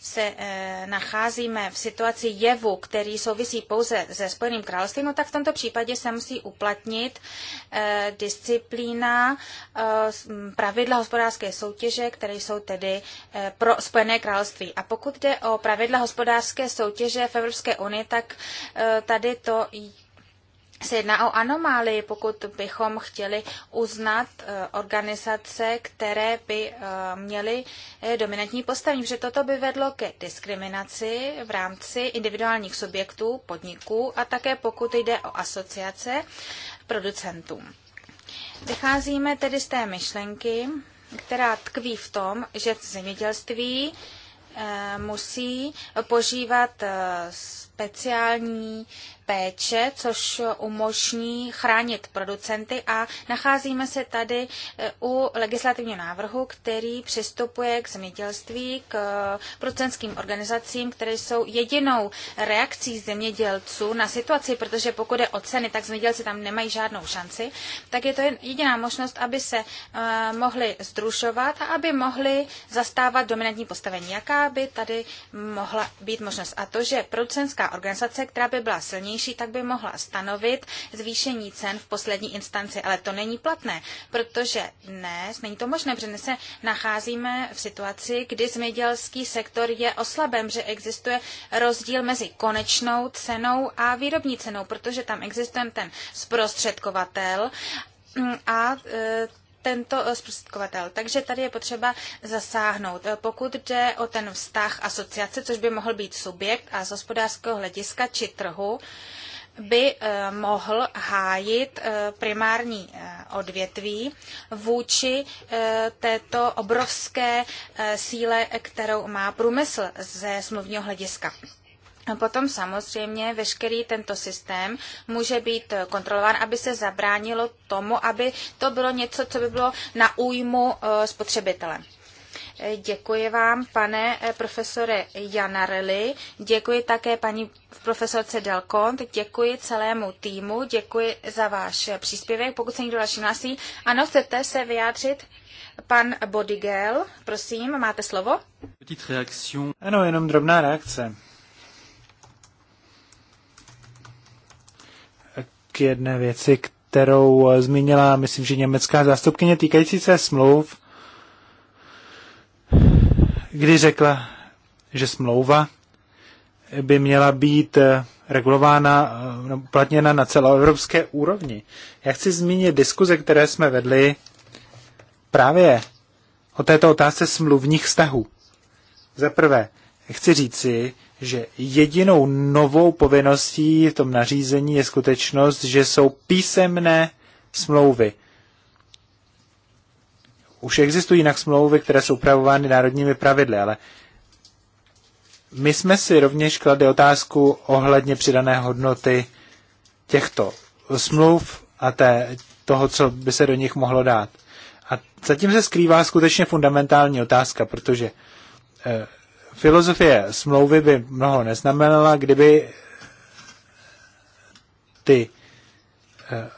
se eh, nacházíme v situaci jevu, který souvisí pouze se Spojeným královstvím, no tak v tomto případě se musí uplatnit eh, disciplína eh, pravidla hospodářské soutěže, které jsou tedy pro Spojené království. A pokud jde o pravidla hospodářské soutěže v Evropské unii, tak tady to se jedná o anomálii, pokud bychom chtěli uznat eh, organizace, které by eh, měly eh, dominantní postavení, protože toto by vedlo ke diskriminaci v rámci individuálních subjektů, podniků a také pokud jde o asociace producentů. Vycházíme tedy z té myšlenky, která tkví v tom, že v zemědělství musí požívat speciální péče, což umožní chránit producenty a nacházíme se tady eh, u legislativního návrhu, který přistupuje k zemědělství, k eh, producentským organizacím, které jsou jedinou reakcí zemědělců na situaci, protože pokud je o ceny, tak zemědělci tam nemají žádnou šanci, tak je to jediná možnost, aby se eh, mohli združovat a aby mohli zastávat dominantní postavení. Jaká by tady mohla být možnost? A to, že producentská organizace, která by byla silnější, tak by mohla stanovit zvýšení cen v poslední instanci. Ale to není platné, protože dnes není to možné, protože se nacházíme v situaci, kdy zemědělský sektor je oslaben, že existuje rozdíl mezi konečnou cenou a výrobní cenou, protože tam existuje ten zprostředkovatel a e, tento eh, zprostředkovatel. Takže tady je potřeba zasáhnout. Eh, pokud jde o ten vztah asociace, což by mohl být subjekt a z hospodářského hlediska či trhu, by eh, mohl hájit primární odvětví vůči této obrovské síle, kterou má průmysl ze smluvního hlediska. Potom samozřejmě veškerý tento systém může být kontrolován, aby se zabránilo tomu, aby to bylo něco, co by bylo na újmu eh, spotřebitele. Děkuji vám, pane eh, profesore Janarelli, děkuji také paní profesorce Delkont, děkuji celému týmu, děkuji za váš eh, příspěvek. Pokud se někdo další hlásí, ano, chcete se vyjádřit? Pan Bodigel, prosím, máte slovo? Ano, jenom drobná reakce. k jedné věci, kterou eh, zmínila, myslím, že německá zástupkyně týkající se smlouv, kdy řekla, že smlouva by měla být eh, regulována, eh, no, platněna na celoevropské úrovni. Já chci zmínit diskuze, které jsme vedli právě o této otázce smluvních vztahů. Za prvé, chci říci, že jedinou novou povinností v tom nařízení je skutečnost, že jsou písemné smlouvy. Už existují jinak smlouvy, které jsou upravovány národními pravidly, ale my jsme si rovněž kladli otázku ohledně přidané hodnoty těchto smluv a té, toho, co by se do nich mohlo dát. A zatím se skrývá skutečně fundamentální otázka, protože eh, filozofie smlouvy by mnoho neznamenala, kdyby ty eh,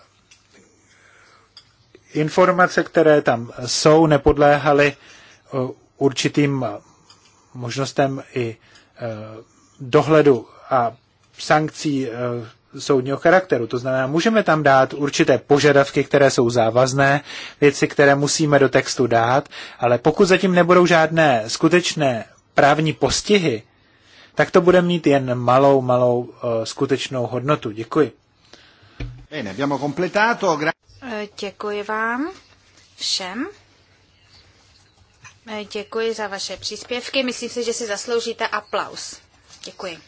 informace, které tam jsou, nepodléhaly eh, určitým možnostem i eh, dohledu a sankcí soudního charakteru. To znamená, můžeme tam dát určité požadavky, které jsou závazné, věci, které musíme do textu dát, ale pokud zatím nebudou žádné skutečné právní postihy, tak to bude mít jen malou, malou uh, skutečnou hodnotu. Děkuji. Bene, abbiamo completato. Eh, děkuji vám všem. Eh, děkuji za vaše příspěvky. Myslím si, že si zasloužíte aplaus. Děkuji.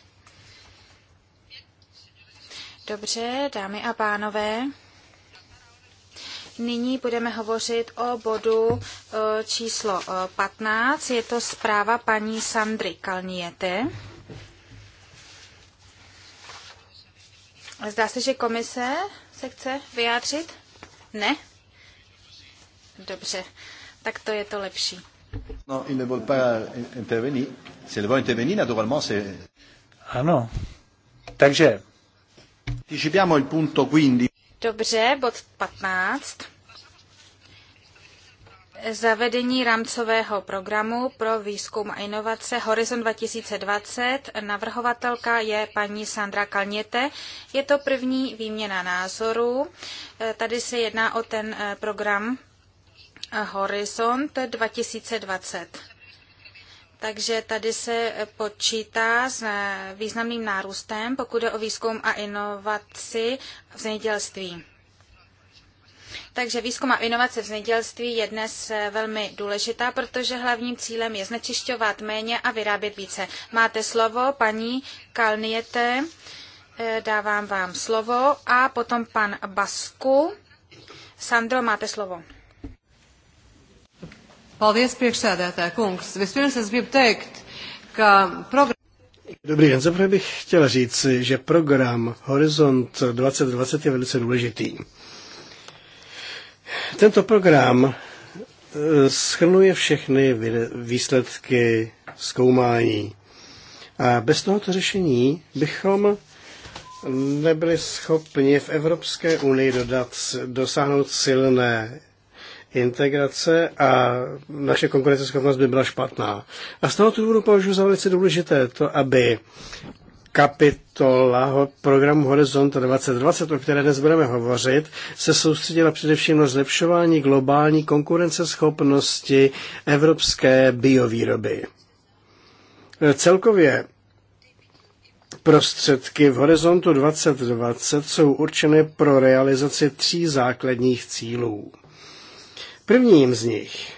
Dobře, dámy a pánové. Nyní budeme hovořit o bodu e, číslo 15. E, je to zpráva paní Sandry Kalniete. Zdá se, že komise se chce vyjádřit? Ne? Dobře, tak to je to lepší. No, il ne vole pas intervenir. S'il veut intervenir, naturellement, c'est... Ano. Takže... Anticipiamo il punto quindi. Dobře, bod 15. Zavedení rámcového programu pro výzkum a inovace Horizon 2020. Navrhovatelka je paní Sandra Kalněte. Je to první výměna názorů. Eh, tady se jedná o ten eh, program eh, Horizont 2020. Takže tady se počítá s významným nárůstem, pokud je o výzkum a inovaci v zemědělství. Takže výzkum a inovace v zemědělství je dnes eh, velmi důležitá, protože hlavním cílem je znečišťovat méně a vyrábět více. Máte slovo, paní Kalniete, eh, dávám vám slovo a potom pan Basku. Sandro, máte slovo. Paldies, priekšsēdētāja kungs. Vispirms es gribu teikt, ka program... Dobrý den, zaprvé bych chtěl říct, že program Horizont 2020 je velice důležitý. Tento program e, schrnuje všechny výsledky zkoumání. A bez tohoto řešení bychom nebyli schopni v Evropské unii dodat, dosáhnout silné integrace a naše konkurenceschopnost by byla špatná. A z toho důvodu považuji za velice důležité to, aby kapitola programu Horizont 2020, o které dnes budeme hovořit, se soustředila především na zlepšování globální konkurenceschopnosti evropské biovýroby. Celkově Prostředky v horizontu 2020 jsou určeny pro realizaci tří základních cílů. Prvním z nich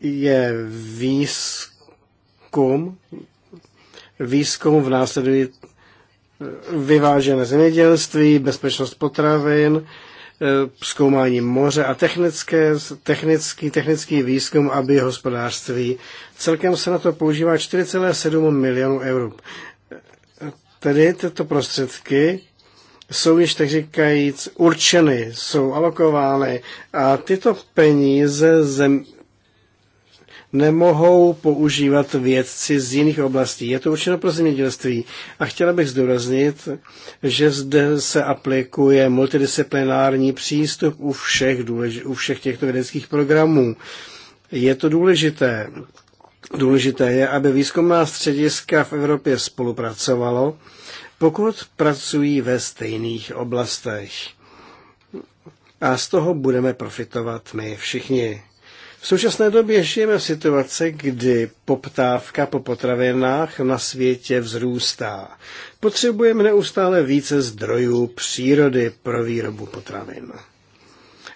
je výzkum, výzkum v následují vyvážené zemědělství, bezpečnost potravin, eh, zkoumání moře a technické, technický, technický výzkum a hospodářství Celkem se na to používá 4,7 milionů eur. Tedy tyto prostředky jsou již tak říkajíc určeny, jsou alokovány a tyto peníze zem, nemohou používat vědci z jiných oblastí. Je to určeno pro zemědělství. A chtěla bych zdůraznit, že zde se aplikuje multidisciplinární přístup u všech, důlež- u všech těchto vědeckých programů. Je to důležité. Důležité je, aby výzkumná střediska v Evropě spolupracovalo pokud pracují ve stejných oblastech. A z toho budeme profitovat my všichni. V současné době žijeme v situaci, kdy poptávka po potravinách na světě vzrůstá. Potřebujeme neustále více zdrojů přírody pro výrobu potravin.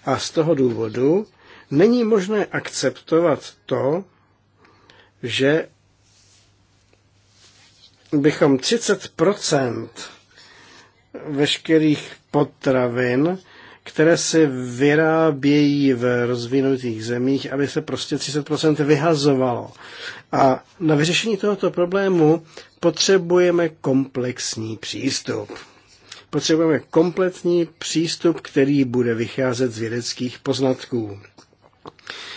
A z toho důvodu není možné akceptovat to, že bychom 30 veškerých potravin, které se vyrábějí v rozvinutých zemích, aby se prostě 30 vyhazovalo. A na vyřešení tohoto problému potřebujeme komplexní přístup. Potřebujeme kompletní přístup, který bude vycházet z vědeckých poznatků.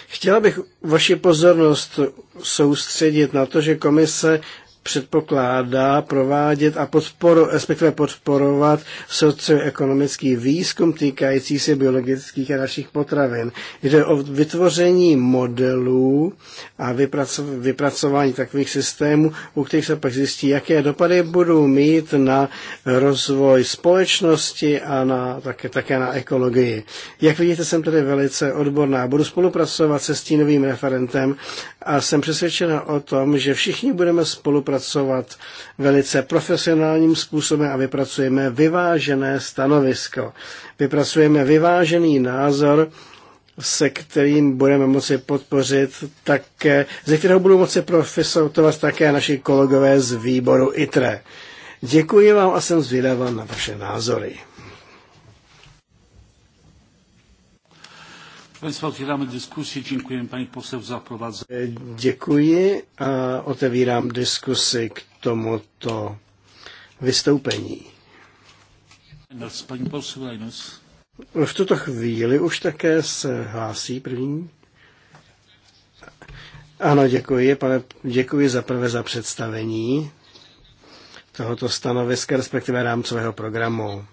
Chtěla bych vaši pozornost soustředit na to, že komise předpokládá provádět a podporu, respektive podporovat socioekonomický výzkum týkající se biologických a našich potravin. Jde o vytvoření modelů a vypracování takových systémů, u kterých se pak zjistí, jaké dopady budou mít na rozvoj společnosti a na, také, také na ekologii. Jak vidíte, jsem tedy velice odborná. Budu spolupracovat se stínovým referentem a jsem přesvědčena o tom, že všichni budeme spolupracovat pracovat velice profesionálním způsobem a vypracujeme vyvážené stanovisko. Vypracujeme vyvážený názor, se kterým budeme moci podpořit také, ze kterého budou moci profesovat také naši kolegové z výboru ITRE. Děkuji vám a jsem zvědavá na vaše názory. Państwa, otwieramy dyskusję. Dziękuję Pani Poseł za prowadzenie. E, děkuji a otevírám diskusi k tomuto vystoupení. Paní Poseł Lajnos. V tuto chvíli už také se hlásí první. Ano, děkuji, pane, děkuji za prvé za představení tohoto stanoviska, respektive rámcového programu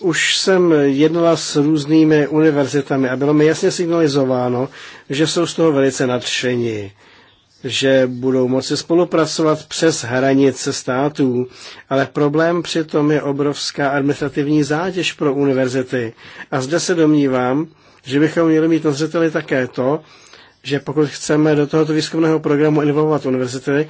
už jsem jednala s různými univerzitami a bylo mi jasně signalizováno, že jsou z toho velice nadšení, že budou moci spolupracovat přes hranice států, ale problém přitom je obrovská administrativní zátěž pro univerzity. A zde se domnívám, že bychom měli mít na zřeteli také to, že pokud chceme do tohoto výzkumného programu involvovat univerzity,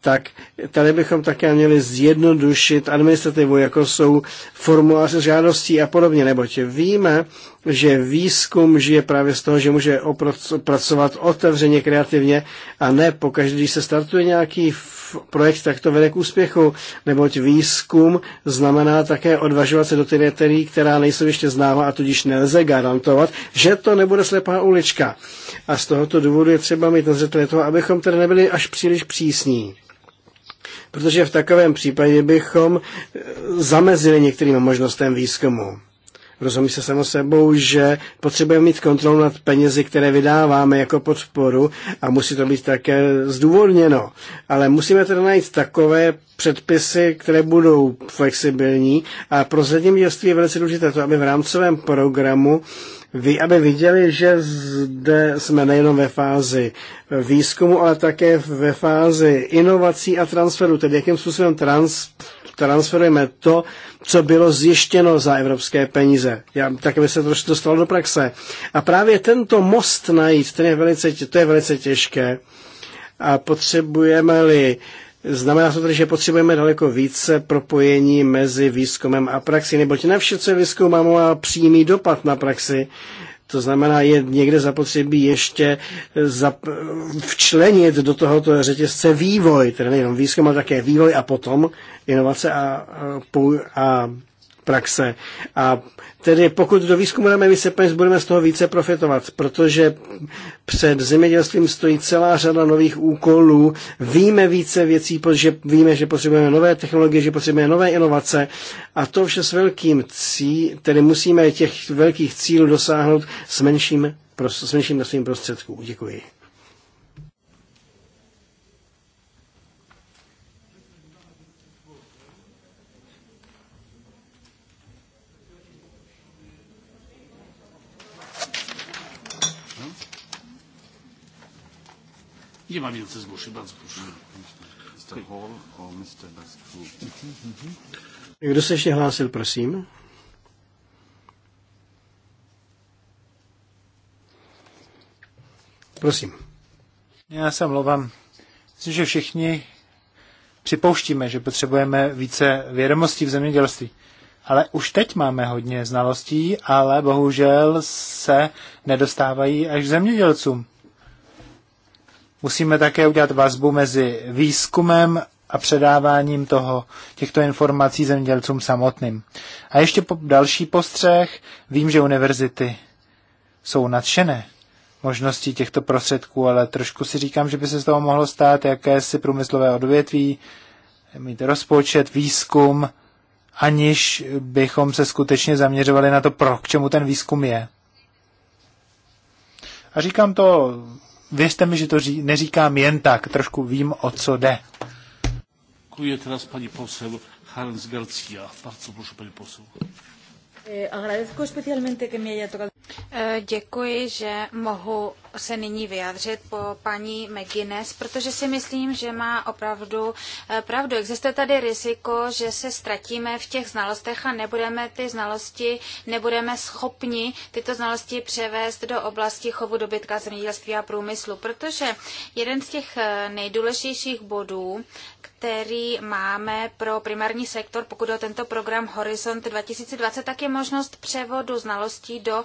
tak tady bychom také měli zjednodušit administrativu, jako jsou formuláře žádostí a podobně, neboť víme, že výzkum žije právě z toho, že může pracovat otevřeně, kreativně a ne pokaždé, když se startuje nějaký v takto vede k úspěchu, neboť výzkum znamená také odvažovat se do teritorií, která nejsou ještě známa a tudíž nelze garantovat, že to nebude slepá ulička. A z tohoto důvodu je třeba mít na zřeteli toho, abychom tedy nebyli až příliš přísní protože v takovém případě bychom eh, zamezili některým možnostem výzkumu rozumí se samo sebou, že potřebujeme mít kontrolu nad penězi, které vydáváme jako podporu a musí to být také zdůvodněno. Ale musíme teda najít takové předpisy, které budou flexibilní a pro zemědělství je velice důležité to, aby v rámcovém programu vy, aby viděli, že zde jsme nejenom ve fázi výzkumu, ale také ve fázi inovací a transferu, tedy jakým způsobem trans, transferujeme to, co bylo zjištěno za evropské peníze. Já také by se to dostalo do praxe. A právě tento most najít, ten je velice, to je velice těžké. A potřebujeme-li Znamená to tedy, že potřebujeme daleko více propojení mezi výzkumem a praxi, neboť ne vše, co je výzkum, má přímý dopad na praxi. To znamená, je někde zapotřebí ještě eh, zap- včlenit do tohoto řetězce vývoj, tedy nejenom výzkum, ale také vývoj a potom inovace a, a, a praxe. A tedy pokud do výzkumu dáme více peněz, budeme z toho více profitovat, protože před zemědělstvím stojí celá řada nových úkolů. Víme více věcí, protože víme, že potřebujeme nové technologie, že potřebujeme nové inovace a to vše s velkým cílem. tedy musíme těch velkých cílů dosáhnout s menším, s menším množstvím prostředků. Děkuji. Nie ma więcej zgłoszeń. Bardzo proszę. Kdo se ještě hlásil, prosím? Prosím. Já se mluvám. Myslím, že všichni připouštíme, že potřebujeme více vědomostí v zemědělství. Ale už teď máme hodně znalostí, ale bohužel se nedostávají až k zemědělcům. Musíme také udělat vazbu mezi výzkumem a předáváním toho, těchto informací zemědělcům samotným. A ještě po další postřeh, vím, že univerzity jsou nadšené možností těchto prostředků, ale trošku si říkám, že by se z toho mohlo stát jakési průmyslové odvětví, mít rozpočet, výzkum, aniž bychom se skutečně zaměřovali na to, pro k čemu ten výzkum je. A říkám to věřte mi, že to ří, neříkám jen tak, trošku vím, o co jde. Děkuji teraz paní posel Hans Garcia. Bardzo proszę paní posel. Eh, eh, děkuji, že mohu se nyní vyjádřit po paní McGuinness, protože si myslím, že má opravdu eh, pravdu. Existuje tady riziko, že se ztratíme v těch znalostech a nebudeme ty znalosti, nebudeme schopni tyto znalosti převést do oblasti chovu dobytka, zemědělství a průmyslu, protože jeden z těch eh, nejdůležitějších bodů, který máme pro primární sektor, pokud o tento program Horizont 2020, tak je možnost převodu znalostí do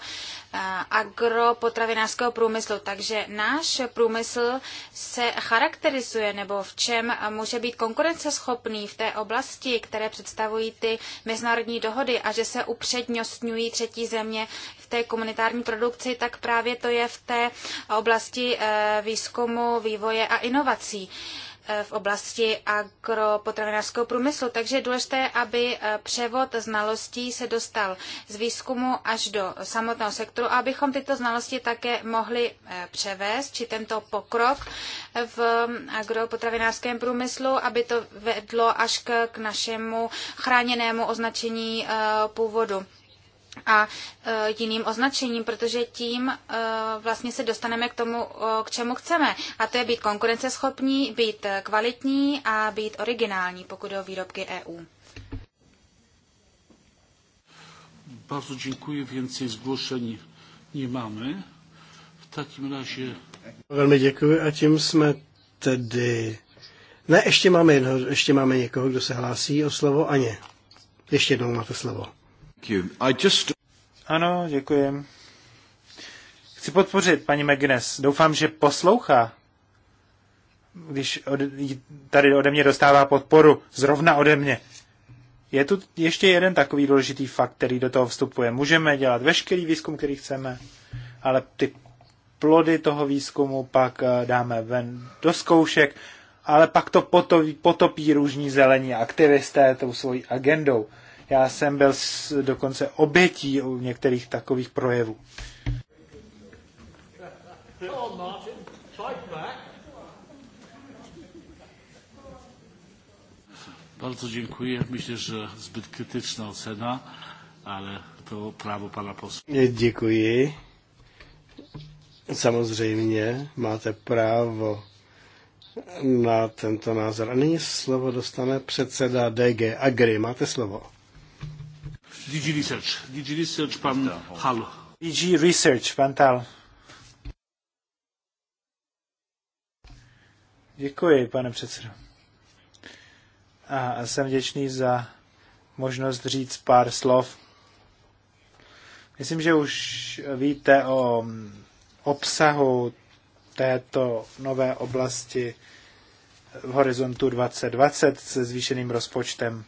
eh, agropotravinářského průmyslu. Takže náš průmysl se charakterizuje nebo v čem může být konkurenceschopný v té oblasti, které představují ty mezinárodní dohody a že se upřednostňují třetí země v té komunitární produkci, tak právě to je v té oblasti eh, výzkumu, vývoje a inovací v oblasti agropotravinářského průmyslu. Takže je důležité, aby eh, převod znalostí se dostal z výzkumu až do samotného sektoru a abychom tyto znalosti také mohli eh, převést, či tento pokrok v agropotravinářském průmyslu, aby to vedlo až k, k našemu chráněnému označení eh, původu a e, jiným označením, protože tím e, vlastně se dostaneme k tomu, k čemu chceme. A to je být konkurenceschopní, být kvalitní a být originální, pokud o výrobky EU. Bardzo dziękuję. Więcej zgłoszeń nie mamy. V takim razie... Velmi děkuji a tím jsme tedy... Ne, ještě máme, jedno, ještě máme někoho, kdo se hlásí o slovo. Aně, ještě jednou máte slovo. Ano, děkuji. Chci podpořit paní McGuinness. Doufám, že poslouchá, když od, tady ode mě dostává podporu, zrovna ode mě. Je tu ještě jeden takový důležitý fakt, který do toho vstupuje. Můžeme dělat veškerý výzkum, který chceme, ale ty plody toho výzkumu pak eh, dáme ven do zkoušek, ale pak to potopí, potopí růžní zelení aktivisté tou svojí agendou. Já jsem byl dokonce obětí u některých takových projevů. Bardzo dziękuję. Myślę, że zbyt krytyczna ocena, ale to právo pana posła. Děkuji. Samozřejmě máte právo na tento názor. A nyní slovo dostane předseda DG Agri. Máte slovo. DG Research. DG Research, pan Hal. DG Research, pan Tal. Děkuji, pane předsedo. A jsem vděčný za možnost říct pár slov. Myslím, že už víte o mm, obsahu této nové oblasti v horizontu 2020 se zvýšeným rozpočtem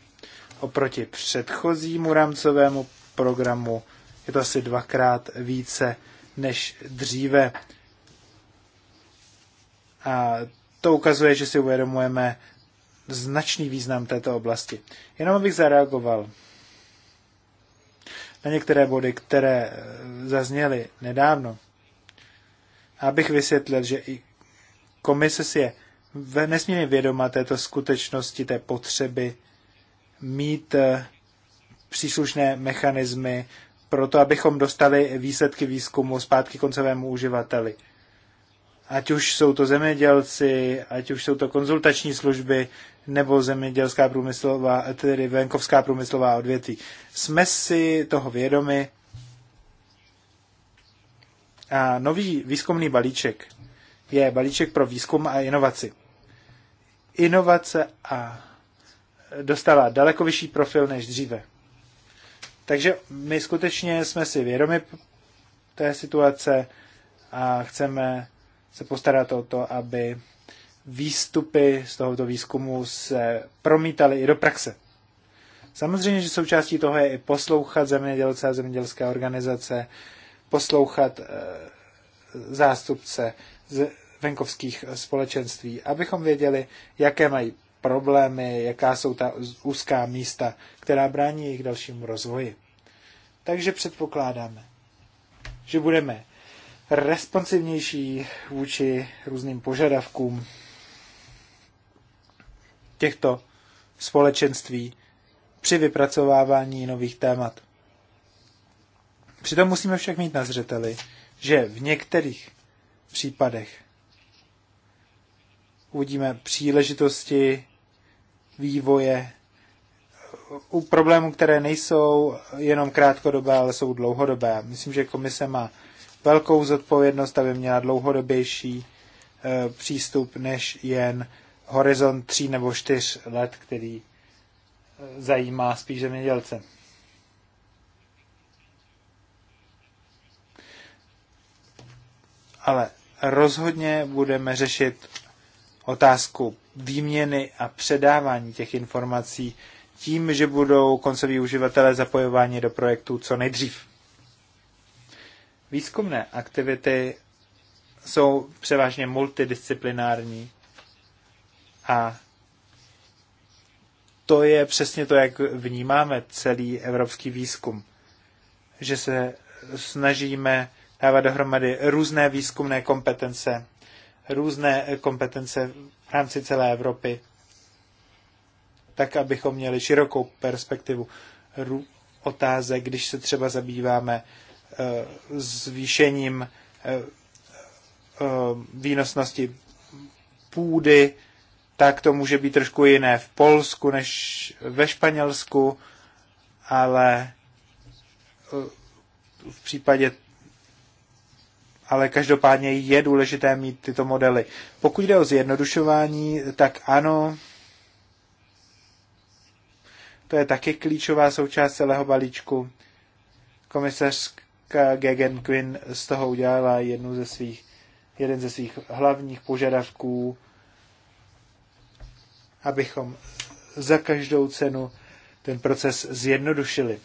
oproti předchozímu rámcovému programu. Je to asi dvakrát více než dříve. A to ukazuje, že si uvědomujeme značný význam této oblasti. Jenom abych zareagoval na některé body, které eh, zazněly nedávno. Abych vysvětlil, že i komise si je nesmírně vědoma této skutečnosti, té potřeby mít eh, příslušné mechanismy pro to, abychom dostali výsledky výzkumu zpátky koncovému uživateli. Ať už jsou to zemědělci, ať už jsou to konzultační služby, nebo zemědělská průmyslová, tedy venkovská průmyslová odvětví. Jsme si toho vědomi. A nový výzkumný balíček je balíček pro výzkum a inovaci. Inovace a dostává daleko vyšší profil než dříve. Takže my skutečně jsme si vědomi té situace a chceme se postarat o to, aby výstupy z tohoto výzkumu se promítaly i do praxe. Samozřejmě, že součástí toho je i poslouchat zemědělce a zemědělské organizace, poslouchat eh, zástupce z venkovských společenství, abychom věděli, jaké mají problémy, jaká jsou ta úzká místa, která brání jejich dalšímu rozvoji. Takže předpokládáme, že budeme responsivnější vůči různým požadavkům těchto společenství při vypracovávání nových témat. Přitom musíme však mít na zřeteli, že v některých případech uvidíme příležitosti vývoje u problémů, které nejsou jenom krátkodobé, ale jsou dlouhodobé. Myslím, že komise má velkou zodpovědnost, aby měla dlouhodobější e, přístup než jen horizont tří nebo čtyř let, který e, zajímá spíš zemědělce. Ale rozhodně budeme řešit otázku výměny a předávání těch informací tím, že budou koncoví uživatelé zapojováni do projektu co nejdřív. Výzkumné aktivity jsou převážně multidisciplinární a to je přesně to, jak vnímáme celý evropský výzkum. Že se snažíme dávat dohromady různé výzkumné kompetence, různé kompetence rámci celé Evropy, tak abychom měli širokou perspektivu otázek, když se třeba zabýváme eh, zvýšením eh, eh, výnosnosti půdy, tak to může být trošku jiné v Polsku než ve Španělsku, ale v případě ale každopádně je důležité mít tyto modely. Pokud jde o zjednodušování, tak ano, to je taky klíčová součást celého balíčku. Komisařka Gegen Quinn z toho udělala jednu ze svých, jeden ze svých hlavních požadavků, abychom za každou cenu ten proces zjednodušili.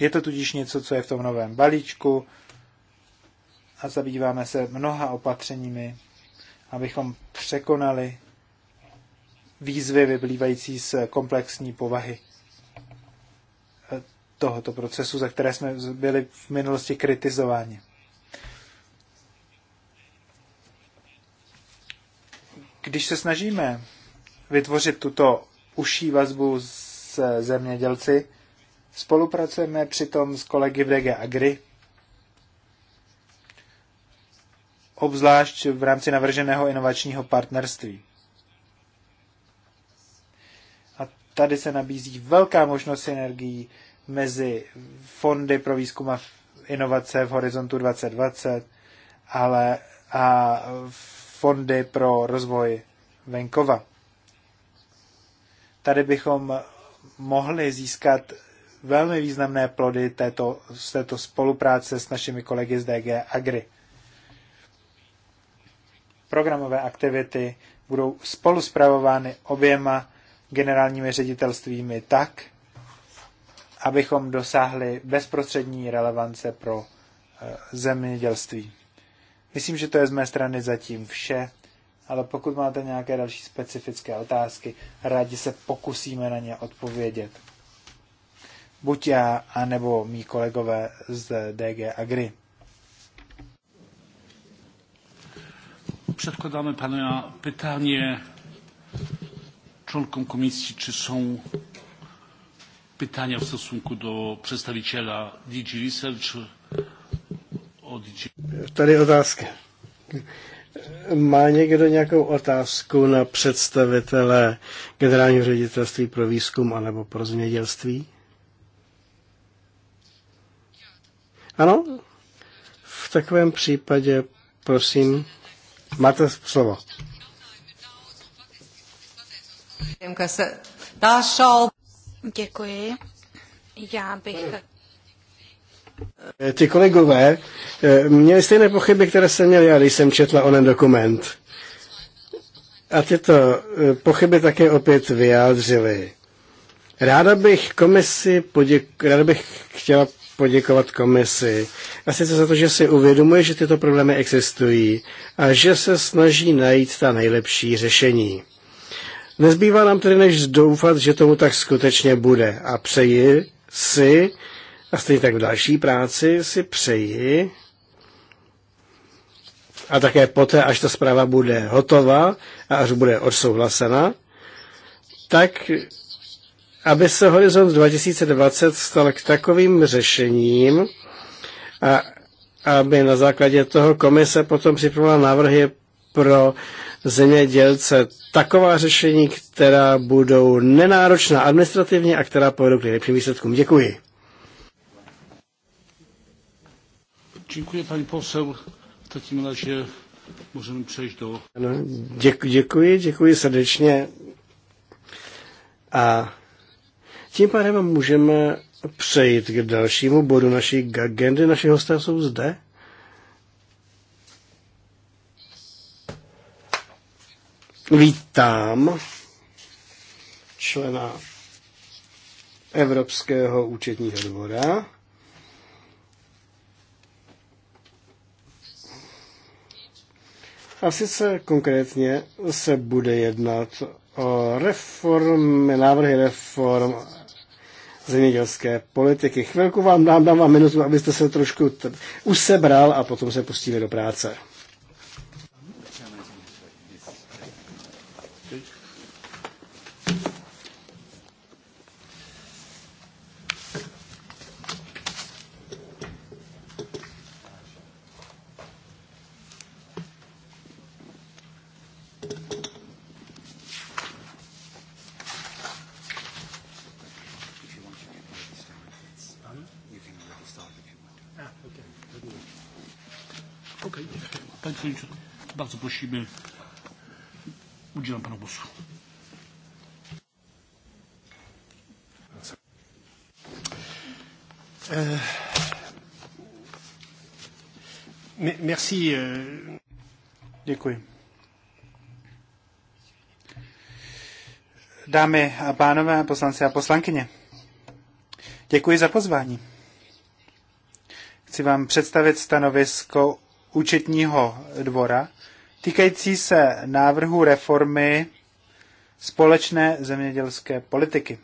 Je to tudíž něco, co je v tom novém balíčku a zabýváme se mnoha opatřeními, abychom překonali výzvy vyplývající z komplexní povahy tohoto procesu, za které jsme byli v minulosti kritizováni. Když se snažíme vytvořit tuto uší vazbu s zemědělci, Spolupracujeme přitom s kolegy v DG Agri, obzvlášť v rámci navrženého inovačního partnerství. A tady se nabízí velká možnost synergií mezi fondy pro výzkum a inovace v Horizontu 2020 ale a fondy pro rozvoj venkova. Tady bychom mohli získat velmi významné plody této, z této spolupráce s našimi kolegy z DG Agri. Programové aktivity budou spolu spravovány oběma generálními ředitelstvími tak, abychom dosáhli bezprostřední relevance pro eh, zemědělství. Myslím, že to je z mé strany zatím vše, ale pokud máte nějaké další specifické otázky, rádi se pokusíme na ně odpovědět buď já, anebo mý kolegové z DG Agri. Předkladáme pana pytanie członkom komisji, czy są pytania w stosunku do przedstawiciela DG Research o DG. Tady otázka. Má někdo nějakou otázku na představitele generálního ředitelství pro výzkum anebo pro zemědělství? Ano? V takovém případě, prosím, máte slovo. Děkuji. Já bych eh, ty kolegové eh, měli stejné pochyby, které jsem měl já, když jsem četla onen dokument. A tyto eh, pochyby také opět vyjádřili. Ráda bych komisi poděk... Ráda bych chtěla poděkovat komisi. A sice za to, že si uvědomuje, že tyto problémy existují a že se snaží najít ta nejlepší řešení. Nezbývá nám tedy než doufat, že tomu tak skutečně bude a přeji si, a stejně tak v další práci si přeji, a také poté, až ta zpráva bude hotová a až bude odsouhlasena, tak aby se Horizont 2020 stal k takovým řešením a aby na základě toho komise potom připravila návrhy pro zemědělce taková řešení, která budou nenáročná administrativně a která povedou k nejlepším výsledkům. Děkuji. Děkuji, paní posel. V takým že můžeme přejít do... Ano, děkuji, děkuji srdečně. A tím pádem můžeme přejít k dalšímu bodu naší agendy. Naši hosté jsou zde. Vítám člena Evropského účetního dvora. A sice konkrétně se bude jednat o reformy, návrhy reform zemědělské politiky. Chvilku vám dám, dám vám minutu, abyste se trošku usebral a potom se pustíme do práce. Merci. Euh. Děkuji. Dámy a pánové, poslanci a poslankyně, děkuji za pozvání. Chci vám představit stanovisko účetního dvora týkající se návrhu reformy společné zemědělské politiky.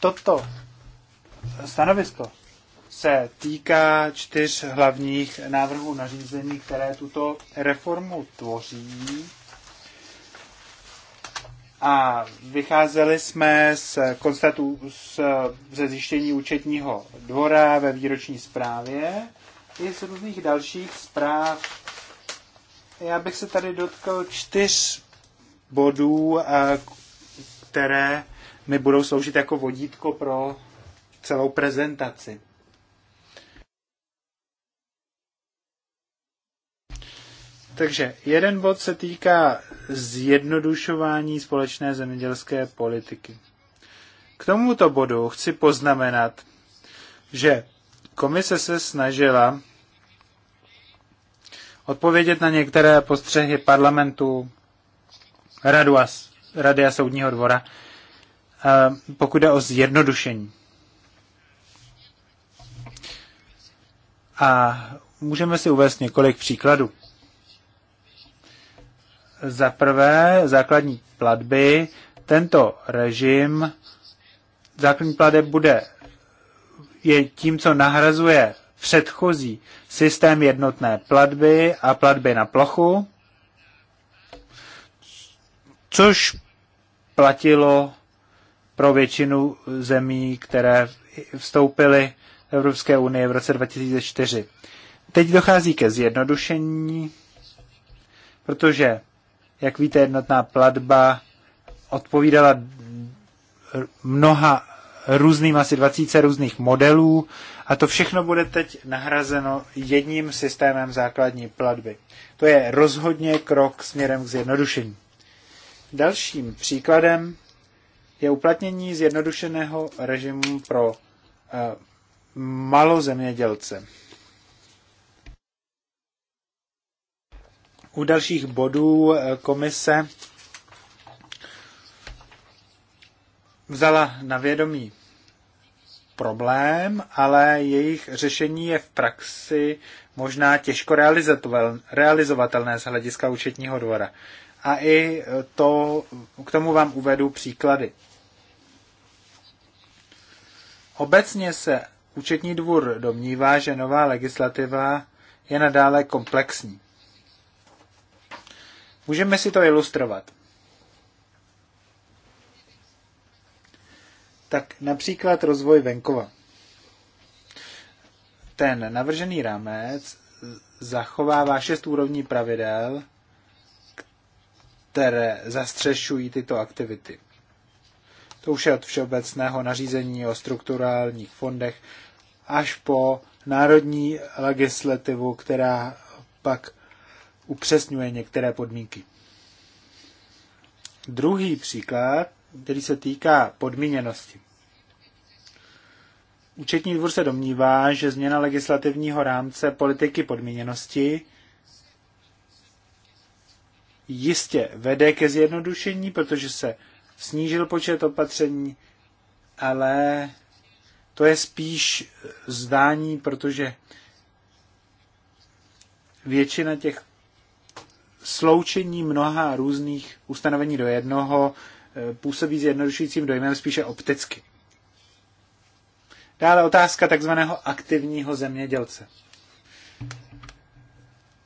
Toto stanovisko se týká čtyř hlavních návrhů nařízení, které tuto reformu tvoří. A vycházeli jsme z konstatu z, ze zjištění účetního dvora ve výroční zprávě i z různých dalších zpráv. Já bych se tady dotkl čtyř bodů, které mi budou sloužit jako vodítko pro celou prezentaci. Takže jeden bod se týká zjednodušování společné zemědělské politiky. K tomuto bodu chci poznamenat, že komise se snažila odpovědět na některé postřehy parlamentu, radu a, rady a soudního dvora, eh, pokud jde o zjednodušení. A můžeme si uvést několik příkladů. Za prvé, základní platby. Tento režim základní plateb bude je tím, co nahrazuje předchozí systém jednotné platby a platby na plochu, což platilo pro většinu zemí, které vstoupily do Evropské unie v roce 2004. Teď dochází ke zjednodušení, protože jak víte, jednotná platba odpovídala mnoha různým, asi 20 různých modelů a to všechno bude teď nahrazeno jedním systémem základní platby. To je rozhodně krok směrem k zjednodušení. Dalším příkladem je uplatnění zjednodušeného režimu pro e, malozemědělce. U dalších bodů eh, komise vzala na vědomí problém, ale jejich řešení je v praxi možná těžko realizovatelné z hlediska účetního dvora. A i eh, to, k tomu vám uvedu příklady. Obecně se účetní dvůr domnívá, že nová legislativa je nadále komplexní. Můžeme si to ilustrovat. Tak například rozvoj venkova. Ten navržený rámec zachovává šest úrovní pravidel, které zastřešují tyto aktivity. To už je od všeobecného nařízení o strukturálních fondech až po národní legislativu, která pak upřesňuje některé podmínky. Druhý příklad, který se týká podmíněnosti. Účetní dvůr se domnívá, že změna legislativního rámce politiky podmíněnosti jistě vede ke zjednodušení, protože se snížil počet opatření, ale to je spíš zdání, protože většina těch sloučení mnoha různých ustanovení do jednoho e, působí jednodušujícím dojmem spíše opticky. Dále otázka takzvaného aktivního zemědělce.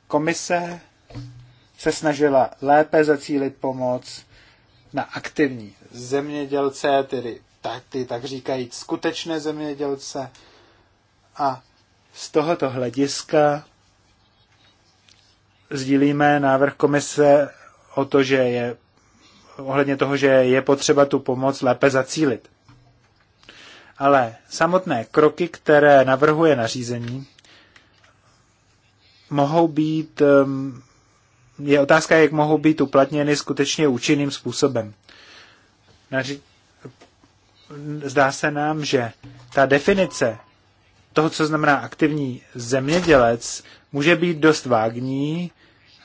Komise se snažila lépe zacílit pomoc na aktivní zemědělce, tedy tak, ty, tak říkají skutečné zemědělce. A z tohoto hlediska sdílíme návrh komise o to, že je ohledně toho, že je potřeba tu pomoc lépe zacílit. Ale samotné kroky, které navrhuje nařízení, mohou být, je otázka, jak mohou být uplatněny skutečně účinným způsobem. Zdá se nám, že ta definice toho, co znamená aktivní zemědělec, může být dost vágní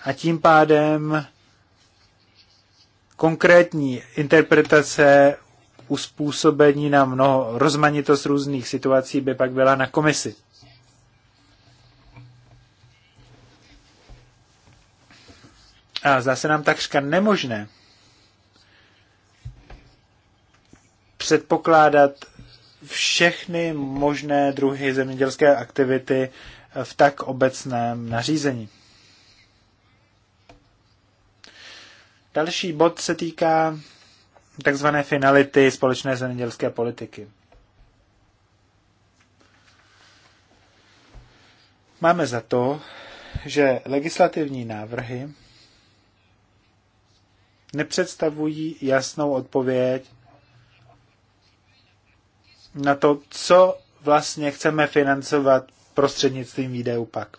a tím pádem konkrétní interpretace uspůsobení na mnoho rozmanitost různých situací by pak byla na komisi. A zdá se nám takřka nemožné předpokládat všechny možné druhy zemědělské aktivity v tak obecném nařízení. Další bod se týká takzvané finality společné zemědělské politiky. Máme za to, že legislativní návrhy nepředstavují jasnou odpověď na to, co vlastně chceme financovat prostřednictvím výdajů pak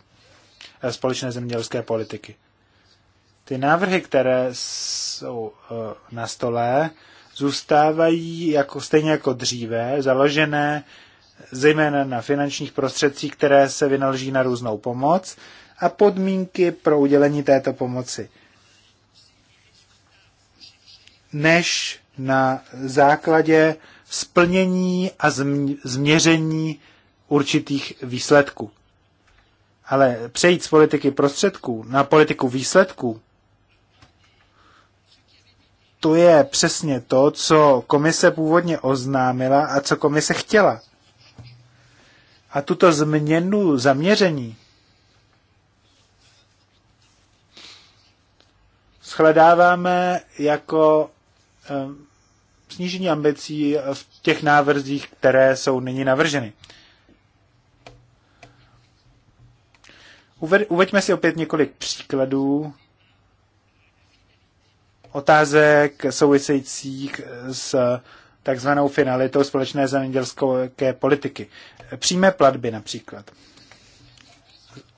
eh, společné zemědělské politiky. Ty návrhy, které jsou eh, na stole, zůstávají jako, stejně jako dříve založené eh, zejména na finančních prostředcích, které se vynaloží na různou pomoc a podmínky pro udělení této pomoci. Než na základě splnění a změření určitých výsledků. Ale přejít z politiky prostředků na politiku výsledků, to je přesně to, co komise původně oznámila a co komise chtěla. A tuto změnu zaměření shledáváme jako um, snížení ambicí v těch návrzích, které jsou nyní navrženy. Uveďme si opět několik příkladů otázek souvisejících s takzvanou finalitou společné zemědělské politiky. Přímé platby například.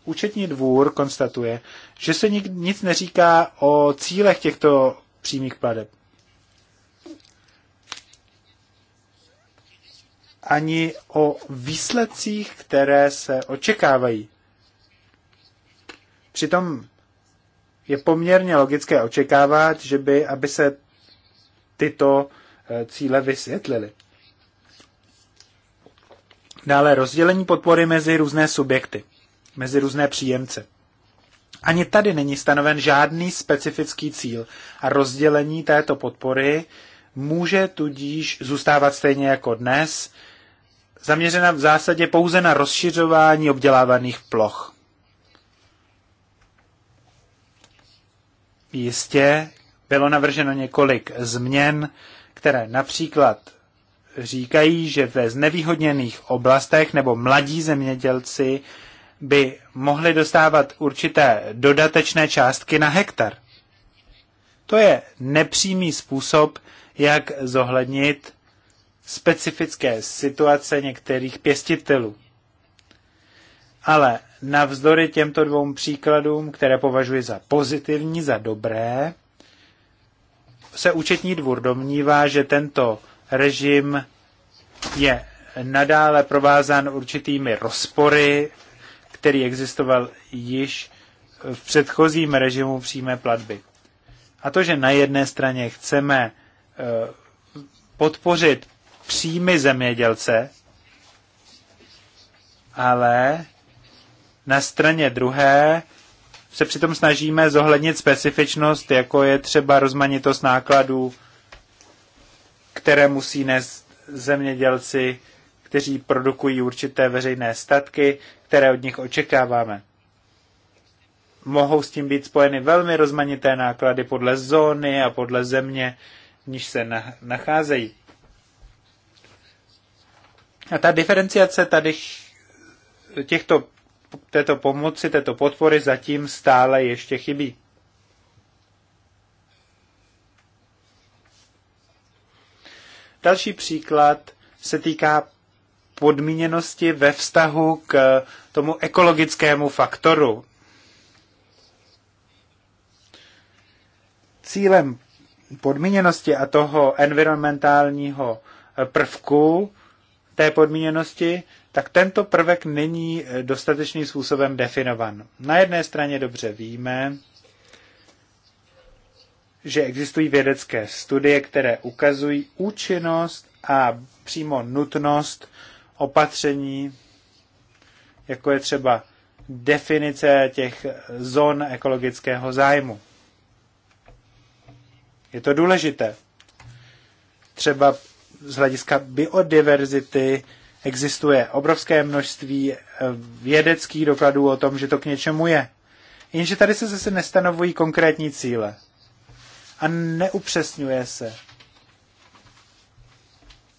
Účetní dvůr konstatuje, že se nic neříká o cílech těchto přímých plateb. ani o výsledcích, které se očekávají. Přitom je poměrně logické očekávat, že by, aby se tyto eh, cíle vysvětlily. Dále rozdělení podpory mezi různé subjekty, mezi různé příjemce. Ani tady není stanoven žádný specifický cíl a rozdělení této podpory může tudíž zůstávat stejně jako dnes, zaměřena v zásadě pouze na rozšiřování obdělávaných ploch. Jistě bylo navrženo několik změn, které například říkají, že ve znevýhodněných oblastech nebo mladí zemědělci by mohli dostávat určité dodatečné částky na hektar. To je nepřímý způsob, jak zohlednit specifické situace některých pěstitelů. Ale navzdory těmto dvou příkladům, které považuji za pozitivní, za dobré, se účetní dvůr domnívá, že tento režim je nadále provázán určitými rozpory, který existoval již v předchozím režimu přímé platby. A to, že na jedné straně chceme eh, podpořit příjmy zemědělce, ale na straně druhé se přitom snažíme zohlednit specifičnost, jako je třeba rozmanitost nákladů, které musí nést zemědělci, kteří produkují určité veřejné statky, které od nich očekáváme. Mohou s tím být spojeny velmi rozmanité náklady podle zóny a podle země, níž se nacházejí. A ta diferenciace tady těchto, této pomoci, této podpory zatím stále ještě chybí. Další příklad se týká podmíněnosti ve vztahu k tomu ekologickému faktoru. Cílem podmíněnosti a toho environmentálního prvku té podmíněnosti, tak tento prvek není eh, dostatečným způsobem definovan. Na jedné straně dobře víme, že existují vědecké studie, které ukazují účinnost a přímo nutnost opatření, jako je třeba definice těch zón ekologického zájmu. Je to důležité. Třeba z hlediska biodiverzity existuje obrovské množství eh, vědeckých dokladů o tom, že to k něčemu je. Jenže tady se zase nestanovují konkrétní cíle. A neupřesňuje se,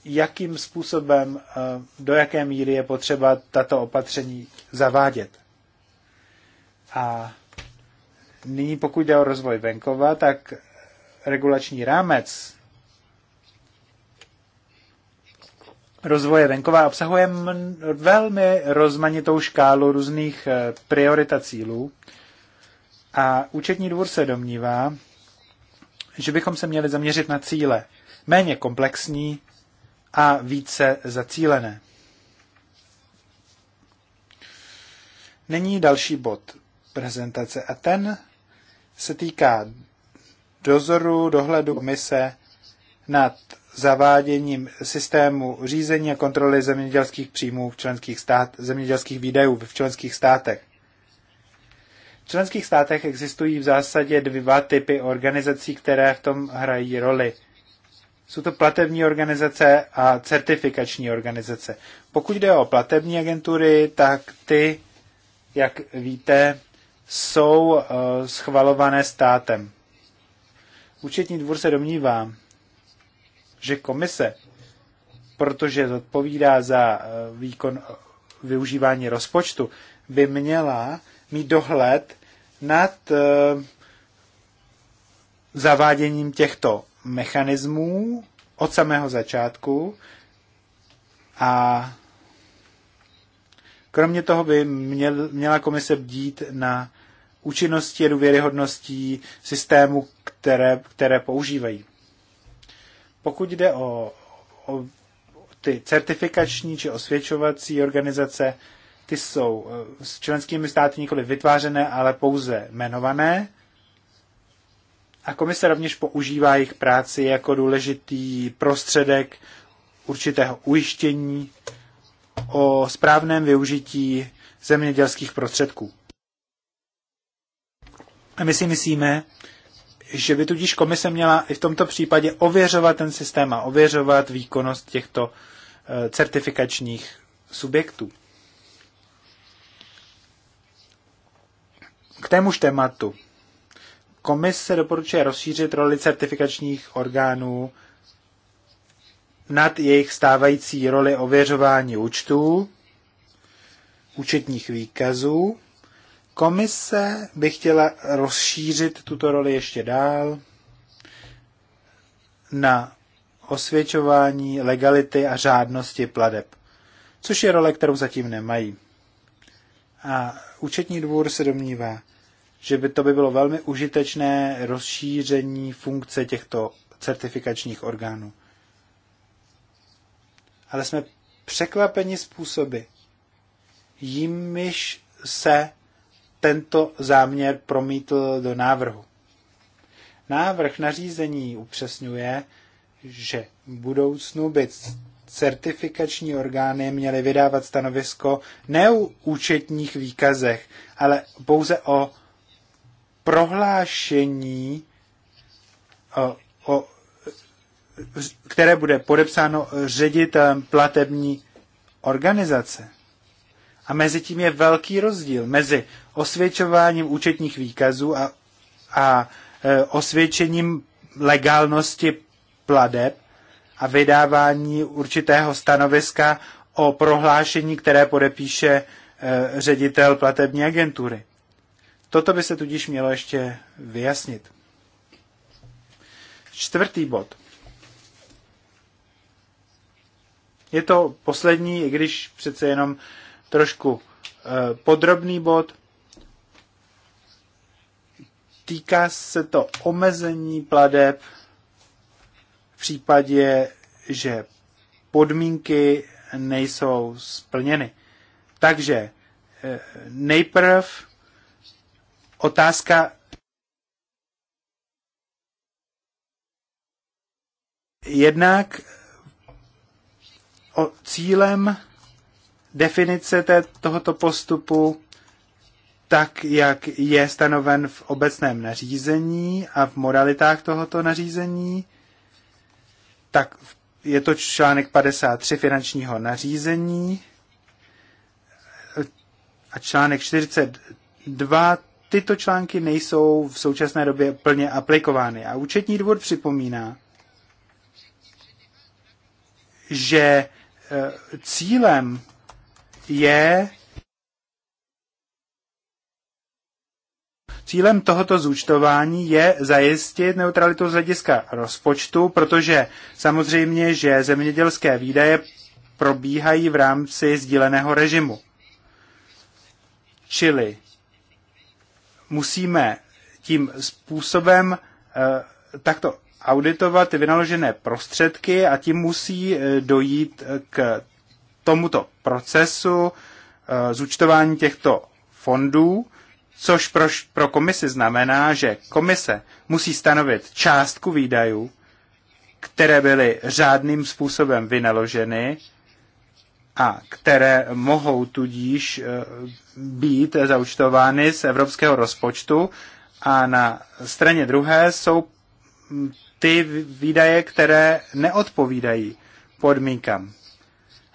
jakým způsobem, eh, do jaké míry je potřeba tato opatření zavádět. A nyní pokud jde o rozvoj venkova, tak regulační rámec rozvoje venkova obsahuje velmi rozmanitou škálu různých eh, priorit a cílů. A účetní dvůr se domnívá, že bychom se měli zaměřit na cíle méně komplexní a více zacílené. Není další bod prezentace a ten se týká dozoru, dohledu komise nad zaváděním systému řízení a kontroly zemědělských příjmů v členských stát, zemědělských výdajů v členských státech. V členských státech existují v zásadě dva typy organizací, které v tom hrají roli. Jsou to platební organizace a certifikační organizace. Pokud jde o platební agentury, tak ty, jak víte, jsou eh, schvalované státem. Účetní dvůr se domnívá, že komise, protože odpovídá za eh, výkon eh, využívání rozpočtu, by měla mít dohled nad eh, zaváděním těchto mechanismů od samého začátku a kromě toho by měl, měla komise bdít na účinnosti a důvěryhodností systému, které, které používají. Pokud jde o, o ty certifikační či osvědčovací organizace, ty jsou eh, s členskými státy nikoli vytvářené, ale pouze jmenované. A komise rovněž používá jejich práci jako důležitý prostředek určitého ujištění o správném využití zemědělských prostředků. A my si myslíme, že by tudíž komise měla i v tomto případě ověřovat ten systém a ověřovat výkonnost těchto eh, certifikačních subjektů. K témuž tématu. Komise doporučuje rozšířit roli certifikačních orgánů nad jejich stávající roli ověřování účtů, účetních výkazů Komise by chtěla rozšířit tuto roli ještě dál na osvědčování legality a řádnosti pladeb, což je role, kterou zatím nemají. A účetní dvůr se domnívá, že by to by bylo velmi užitečné rozšíření funkce těchto certifikačních orgánů. Ale jsme překvapeni způsoby, jimiž se tento záměr promítl do návrhu. Návrh nařízení upřesňuje, že v budoucnu by certifikační orgány měly vydávat stanovisko ne o účetních výkazech, ale pouze o prohlášení, o, o, které bude podepsáno ředitelem platební organizace. A mezi tím je velký rozdíl mezi osvědčováním účetních výkazů a, a e, osvědčením legálnosti pladeb a vydávání určitého stanoviska o prohlášení, které podepíše e, ředitel platební agentury. Toto by se tudíž mělo ještě vyjasnit. Čtvrtý bod. Je to poslední, i když přece jenom trošku eh, podrobný bod. Týká se to omezení pladeb v případě, že podmínky nejsou splněny. Takže eh, nejprv otázka, jednak o cílem definice té, tohoto postupu tak, jak je stanoven v obecném nařízení a v modalitách tohoto nařízení, tak je to článek 53 finančního nařízení a článek 42. Tyto články nejsou v současné době plně aplikovány. A účetní dvůr připomíná, že e, cílem je Cílem tohoto zúčtování je zajistit neutralitu z hlediska rozpočtu, protože samozřejmě, že zemědělské výdaje probíhají v rámci sdíleného režimu. Čili musíme tím způsobem eh, takto auditovat ty vynaložené prostředky a tím musí eh, dojít eh, k tomuto procesu eh, zúčtování těchto fondů, což pro, pro komisi znamená, že komise musí stanovit částku výdajů, které byly řádným způsobem vynaloženy a které mohou tudíž eh, být zaučtovány z evropského rozpočtu a na straně druhé jsou mm, ty výdaje, které neodpovídají podmínkám.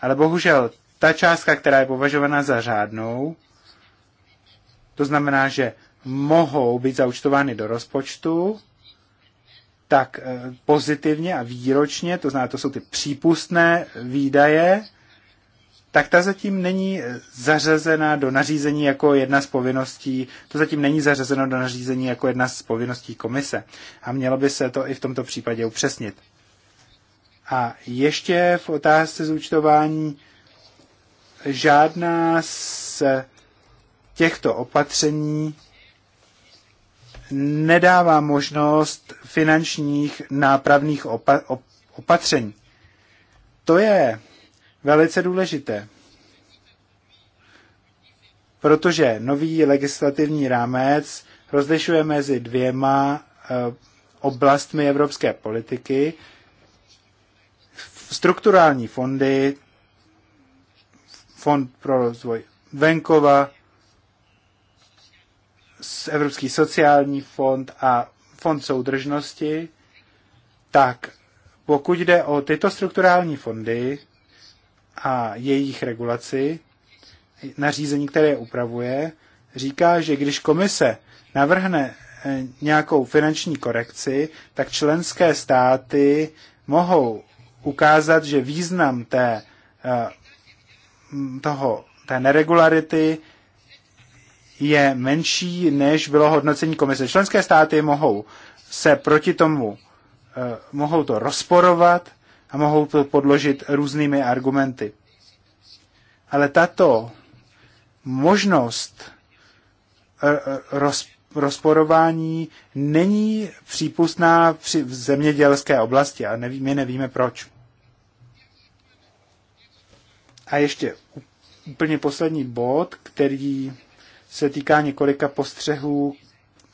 Ale bohužel ta částka, která je považovaná za řádnou, to znamená, že mohou být zaučtovány do rozpočtu, tak eh, pozitivně a výročně, to znamená, to jsou ty přípustné výdaje, tak ta zatím není eh, zařazena do nařízení jako jedna z povinností, to zatím není zařazeno do nařízení jako jedna z povinností komise. A mělo by se to i v tomto případě upřesnit. A ještě v otázce zúčtování žádná z těchto opatření nedává možnost finančních nápravných opa- opatření. To je velice důležité, protože nový legislativní rámec rozlišuje mezi dvěma eh, oblastmi evropské politiky, strukturální fondy, Fond pro rozvoj venkova, Evropský sociální fond a Fond soudržnosti, tak pokud jde o tyto strukturální fondy a jejich regulaci, nařízení, které je upravuje, říká, že když komise navrhne eh, nějakou finanční korekci, tak členské státy mohou ukázat, že význam té, eh, toho, té neregularity je menší, než bylo hodnocení komise. Členské státy mohou se proti tomu, eh, mohou to rozporovat a mohou to podložit různými argumenty. Ale tato možnost eh, roz, rozporování není přípustná při, v zemědělské oblasti a neví, my nevíme proč. A ještě úplně poslední bod, který se týká několika postřehů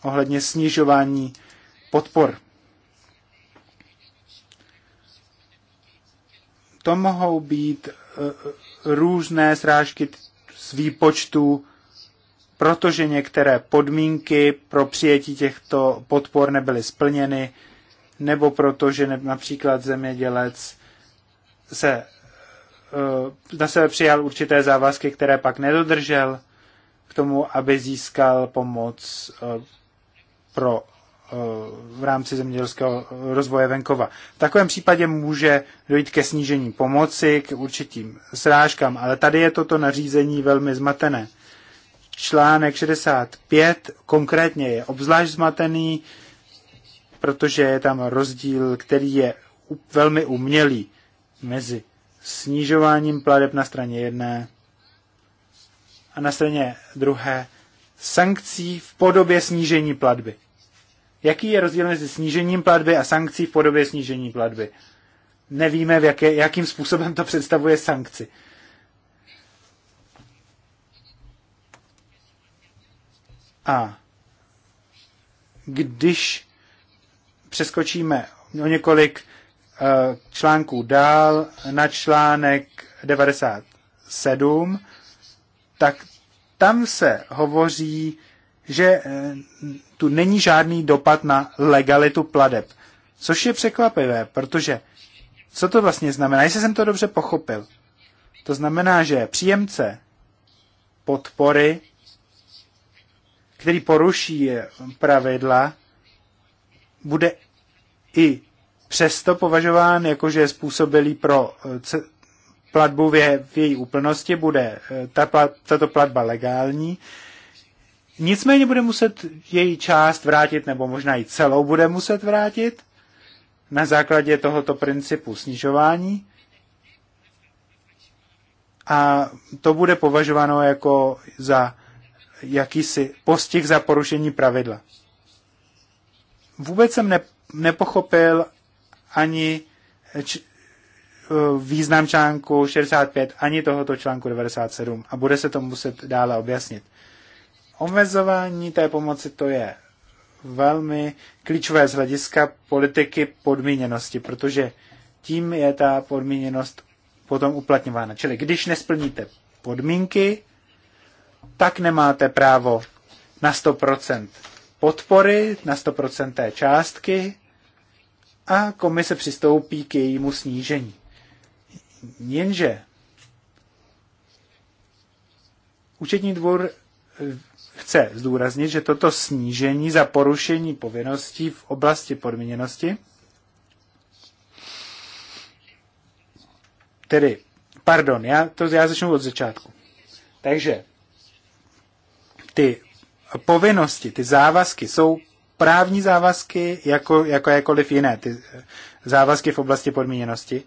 ohledně snižování podpor. To mohou být eh, eh, různé srážky z výpočtu protože některé podmínky pro přijetí těchto podpor nebyly splněny, nebo protože například zemědělec se eh, na sebe přijal určité závazky, které pak nedodržel k tomu, aby získal pomoc eh, pro eh, v rámci zemědělského rozvoje venkova. V takovém případě může dojít ke snížení pomoci, k určitým srážkám, ale tady je toto nařízení velmi zmatené článek 65 konkrétně je obzvlášť zmatený, protože je tam rozdíl, který je velmi umělý mezi snižováním pladeb na straně jedné a na straně druhé sankcí v podobě snížení platby. Jaký je rozdíl mezi snížením platby a sankcí v podobě snížení platby? Nevíme, v jaké, jakým způsobem to představuje sankci. A když přeskočíme o několik eh, článků dál na článek 97, tak tam se hovoří, že eh, tu není žádný dopad na legalitu pladeb. Což je překvapivé, protože co to vlastně znamená? Jestli jsem to dobře pochopil, to znamená, že příjemce podpory který poruší pravidla, bude i přesto považován jako, že je způsobilý pro eh, platbu v její úplnosti, bude eh, ta, tato platba legální, nicméně bude muset její část vrátit, nebo možná i celou bude muset vrátit, na základě tohoto principu snižování. A to bude považováno jako za jakýsi postih za porušení pravidla. Vůbec jsem ne, nepochopil ani č, e, význam článku 65, ani tohoto článku 97 a bude se to muset dále objasnit. Omezování té pomoci to je velmi klíčové z hlediska politiky podmíněnosti, protože tím je ta podmíněnost potom uplatňována. Čili když nesplníte podmínky, tak nemáte právo na 100% podpory, na 100% té částky a komise přistoupí k jejímu snížení. Jenže Účetní dvůr eh, chce zdůraznit, že toto snížení za porušení povinností v oblasti podmíněnosti, tedy, pardon, já, to, já začnu od začátku. Takže ty povinnosti, ty závazky jsou právní závazky jako, jako jakkoliv jiné, ty závazky v oblasti podmíněnosti,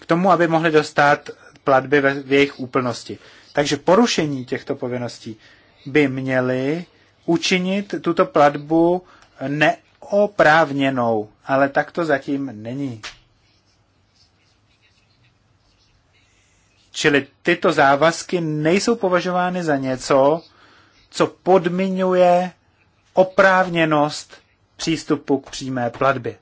k tomu, aby mohly dostat platby ve, v jejich úplnosti. Takže porušení těchto povinností by měly učinit tuto platbu neoprávněnou, ale tak to zatím není. Čili tyto závazky nejsou považovány za něco, co podmiňuje oprávněnost přístupu k přímé platbě.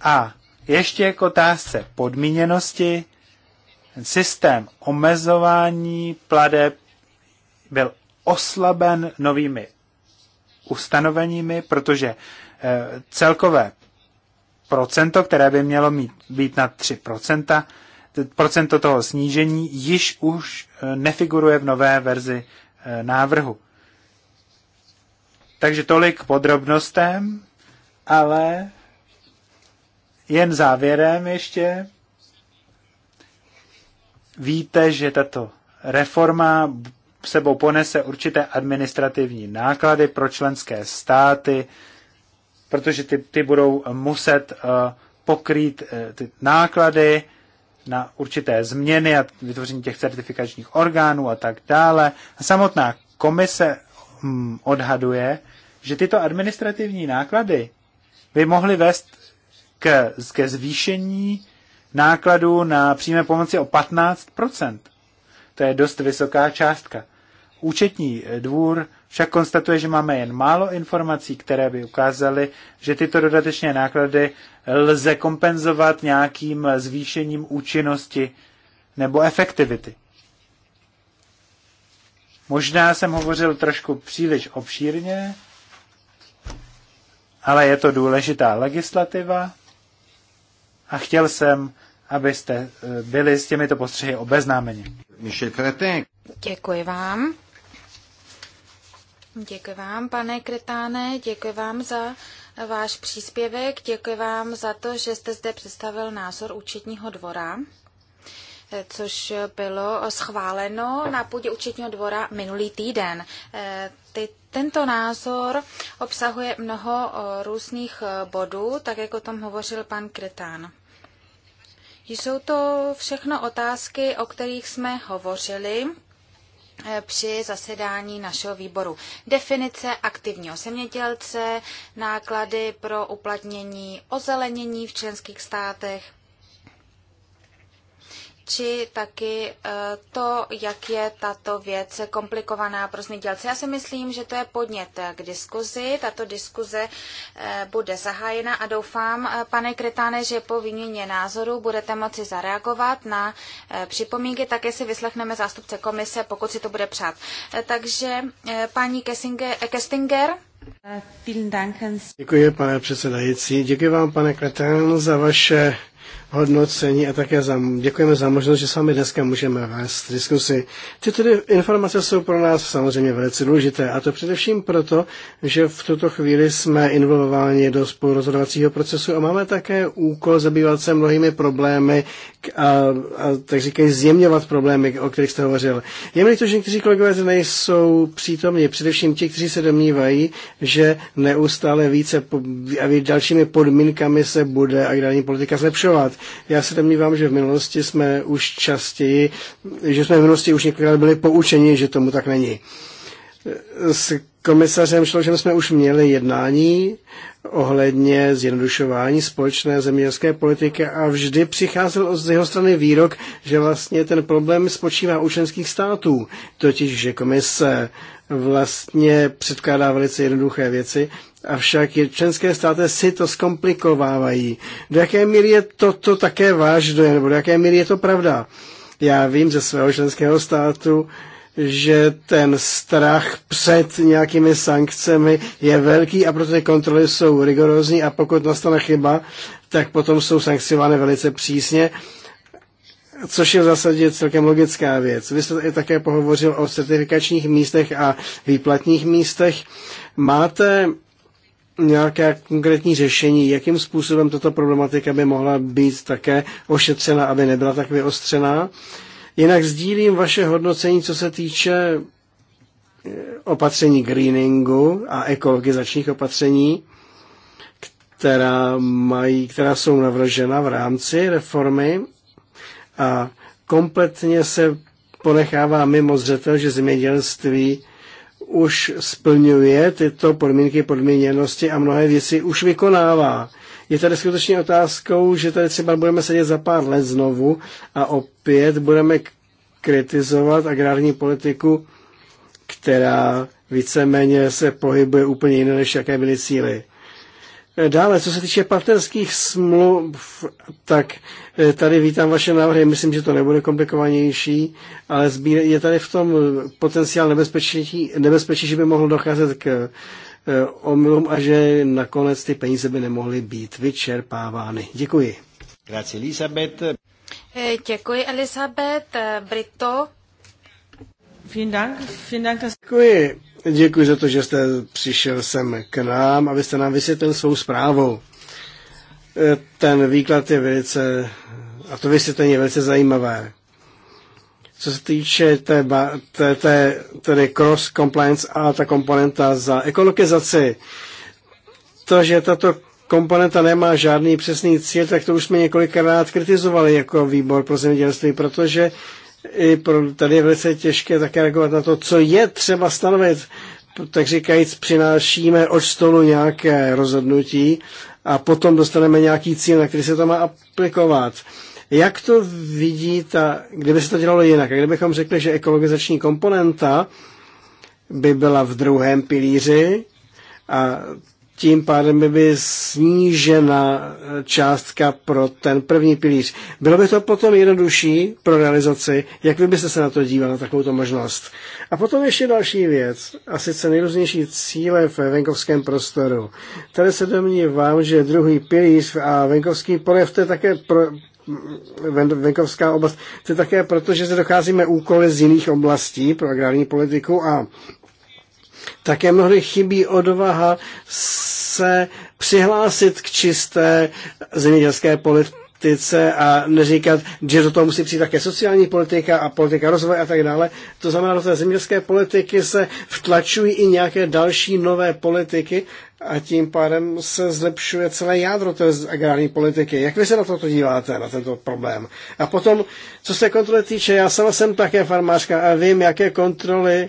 A ještě k otázce podmíněnosti. Ten systém omezování pladeb byl oslaben novými ustanoveními, protože eh, celkové procento, které by mělo mít, být na 3%, procento toho snížení již už eh, nefiguruje v nové verzi eh, návrhu. Takže tolik podrobnostem, ale jen závěrem ještě. Víte, že tato reforma sebou ponese určité administrativní náklady pro členské státy, protože ty, ty budou muset eh, pokrýt eh, ty náklady na určité změny a vytvoření těch certifikačních orgánů a tak dále. A samotná komise hm, odhaduje, že tyto administrativní náklady by mohly vést k ke zvýšení nákladů na přímé pomoci o 15 To je dost vysoká částka. Účetní dvůr však konstatuje, že máme jen málo informací, které by ukázaly, že tyto dodatečné náklady lze kompenzovat nějakým zvýšením účinnosti nebo efektivity. Možná jsem hovořil trošku příliš obšírně, ale je to důležitá legislativa a chtěl jsem, abyste eh, byli s těmito postřehy obeznámeni. Děkuji vám. Děkuji vám, pane Kretáne, děkuji vám za váš příspěvek, děkuji vám za to, že jste zde představil názor účetního dvora, což bylo schváleno na půdě účetního dvora minulý týden. Ty, tento názor obsahuje mnoho různých bodů, tak jak o tom hovořil pan Kretán. Jsou to všechno otázky, o kterých jsme hovořili Eh, při zasedání našeho výboru. Definice aktivního semědělce, náklady pro uplatnění ozelenění v členských státech, či taky eh, to, jak je tato věc komplikovaná pro zemědělce. Já si myslím, že to je podnět k diskuzi. Tato diskuze eh, bude zahájena a doufám, eh, pane Kretáne, že po výměně názoru budete moci zareagovat na připomínky. Také si vyslechneme zástupce komise, pokud si to bude přát. Takže paní Kestinger. Děkuji, pane předsedající. Děkuji vám, pane Kretán, za vaše hodnocení a také za, děkujeme za možnost, že s vámi dneska můžeme vést diskusi. Tyto informace jsou pro nás samozřejmě velice důležité a to především proto, že v tuto chvíli jsme involvováni do spolurozhodovacího procesu a máme také úkol zabývat se mnohými problémy a, a tak říkají zjemňovat problémy, o kterých jste hovořil. Je mi to, že někteří kolegové nejsou přítomni, především ti, kteří se domnívají, že neustále více po, a dalšími podmínkami se bude agrární politika zlepšovat. Já se domnívám, že v minulosti jsme už častěji, že jsme v minulosti už několikrát byli poučeni, že tomu tak není. S komisařem že jsme už měli jednání ohledně zjednodušování společné zemědělské politiky a vždy přicházel z jeho strany výrok, že vlastně ten problém spočívá u členských států, totiž že komise vlastně předkládá velice jednoduché věci, avšak členské státy si to zkomplikovávají. Do jaké míry je toto to také váš dojem, nebo do jaké míry je to pravda? Já vím ze svého členského státu, že ten strach před nějakými sankcemi je velký a proto ty kontroly jsou rigorózní a pokud nastane chyba, tak potom jsou sankcionovány velice přísně což je v zásadě celkem logická věc. Vy jste i také pohovořil o certifikačních místech a výplatních místech. Máte nějaké konkrétní řešení, jakým způsobem tato problematika by mohla být také ošetřena, aby nebyla tak vyostřená. Jinak sdílím vaše hodnocení, co se týče eh, opatření greeningu a ekologizačních opatření, která, mají, která jsou navržena v rámci reformy a kompletně se ponechává mimo zřetel, že zemědělství už splňuje tyto podmínky podmíněnosti a mnohé věci už vykonává. Je tady skutečně otázkou, že tady třeba budeme sedět za pár let znovu a opět budeme kritizovat agrární politiku, která víceméně se pohybuje úplně jiné, než jaké byly cíly. Eh, dále, co se týče partnerských smluv, tak eh, tady vítám vaše návrhy, myslím, že to nebude komplikovanější, ale je tady v tom potenciál nebezpečí, nebezpečí že by mohlo docházet k eh, omylům a že nakonec ty peníze by nemohly být vyčerpávány. Děkuji. Grazie, Elisabeth. Děkuji, Elisabeth. Brito. Vielen Dank. Vielen Dank, Děkuji. Děkuji za to, že jste přišel sem k nám, abyste nám vysvětlil svou zprávu. E, ten výklad je velice, a to vysvětlení je velice zajímavé. Co se týče té, té, té tedy cross compliance a ta komponenta za ekologizaci, to, že tato komponenta nemá žádný přesný cíl, tak to už jsme několikrát kritizovali jako výbor pro zemědělství, protože i pro, tady je velice těžké také reagovat na to, co je třeba stanovit. Tak říkajíc, přinášíme od stolu nějaké rozhodnutí a potom dostaneme nějaký cíl, na který se to má aplikovat. Jak to vidí ta, kdyby se to dělalo jinak? A kdybychom řekli, že ekologizační komponenta by byla v druhém pilíři a tím pádem by by snížena eh, částka pro ten první pilíř. Bylo by to potom jednodušší pro realizaci, jak vy byste se na to díval, na takovou možnost. A potom ještě další věc, a sice nejrůznější cíle v venkovském prostoru. Tady se domnívám, že druhý pilíř a venkovský projev, to je také pro, venkovská oblast, to je také proto, že se docházíme úkoly z jiných oblastí pro agrární politiku a také mnohdy chybí odvaha se přihlásit k čisté zemědělské politice a neříkat, že do toho musí přijít také sociální politika a politika rozvoje a tak dále. To znamená, do té zemědělské politiky se vtlačují i nějaké další nové politiky a tím pádem se zlepšuje celé jádro té agrární politiky. Jak vy se na toto díváte, na tento problém? A potom, co se kontroly týče, já sama jsem také farmářka a vím, jaké kontroly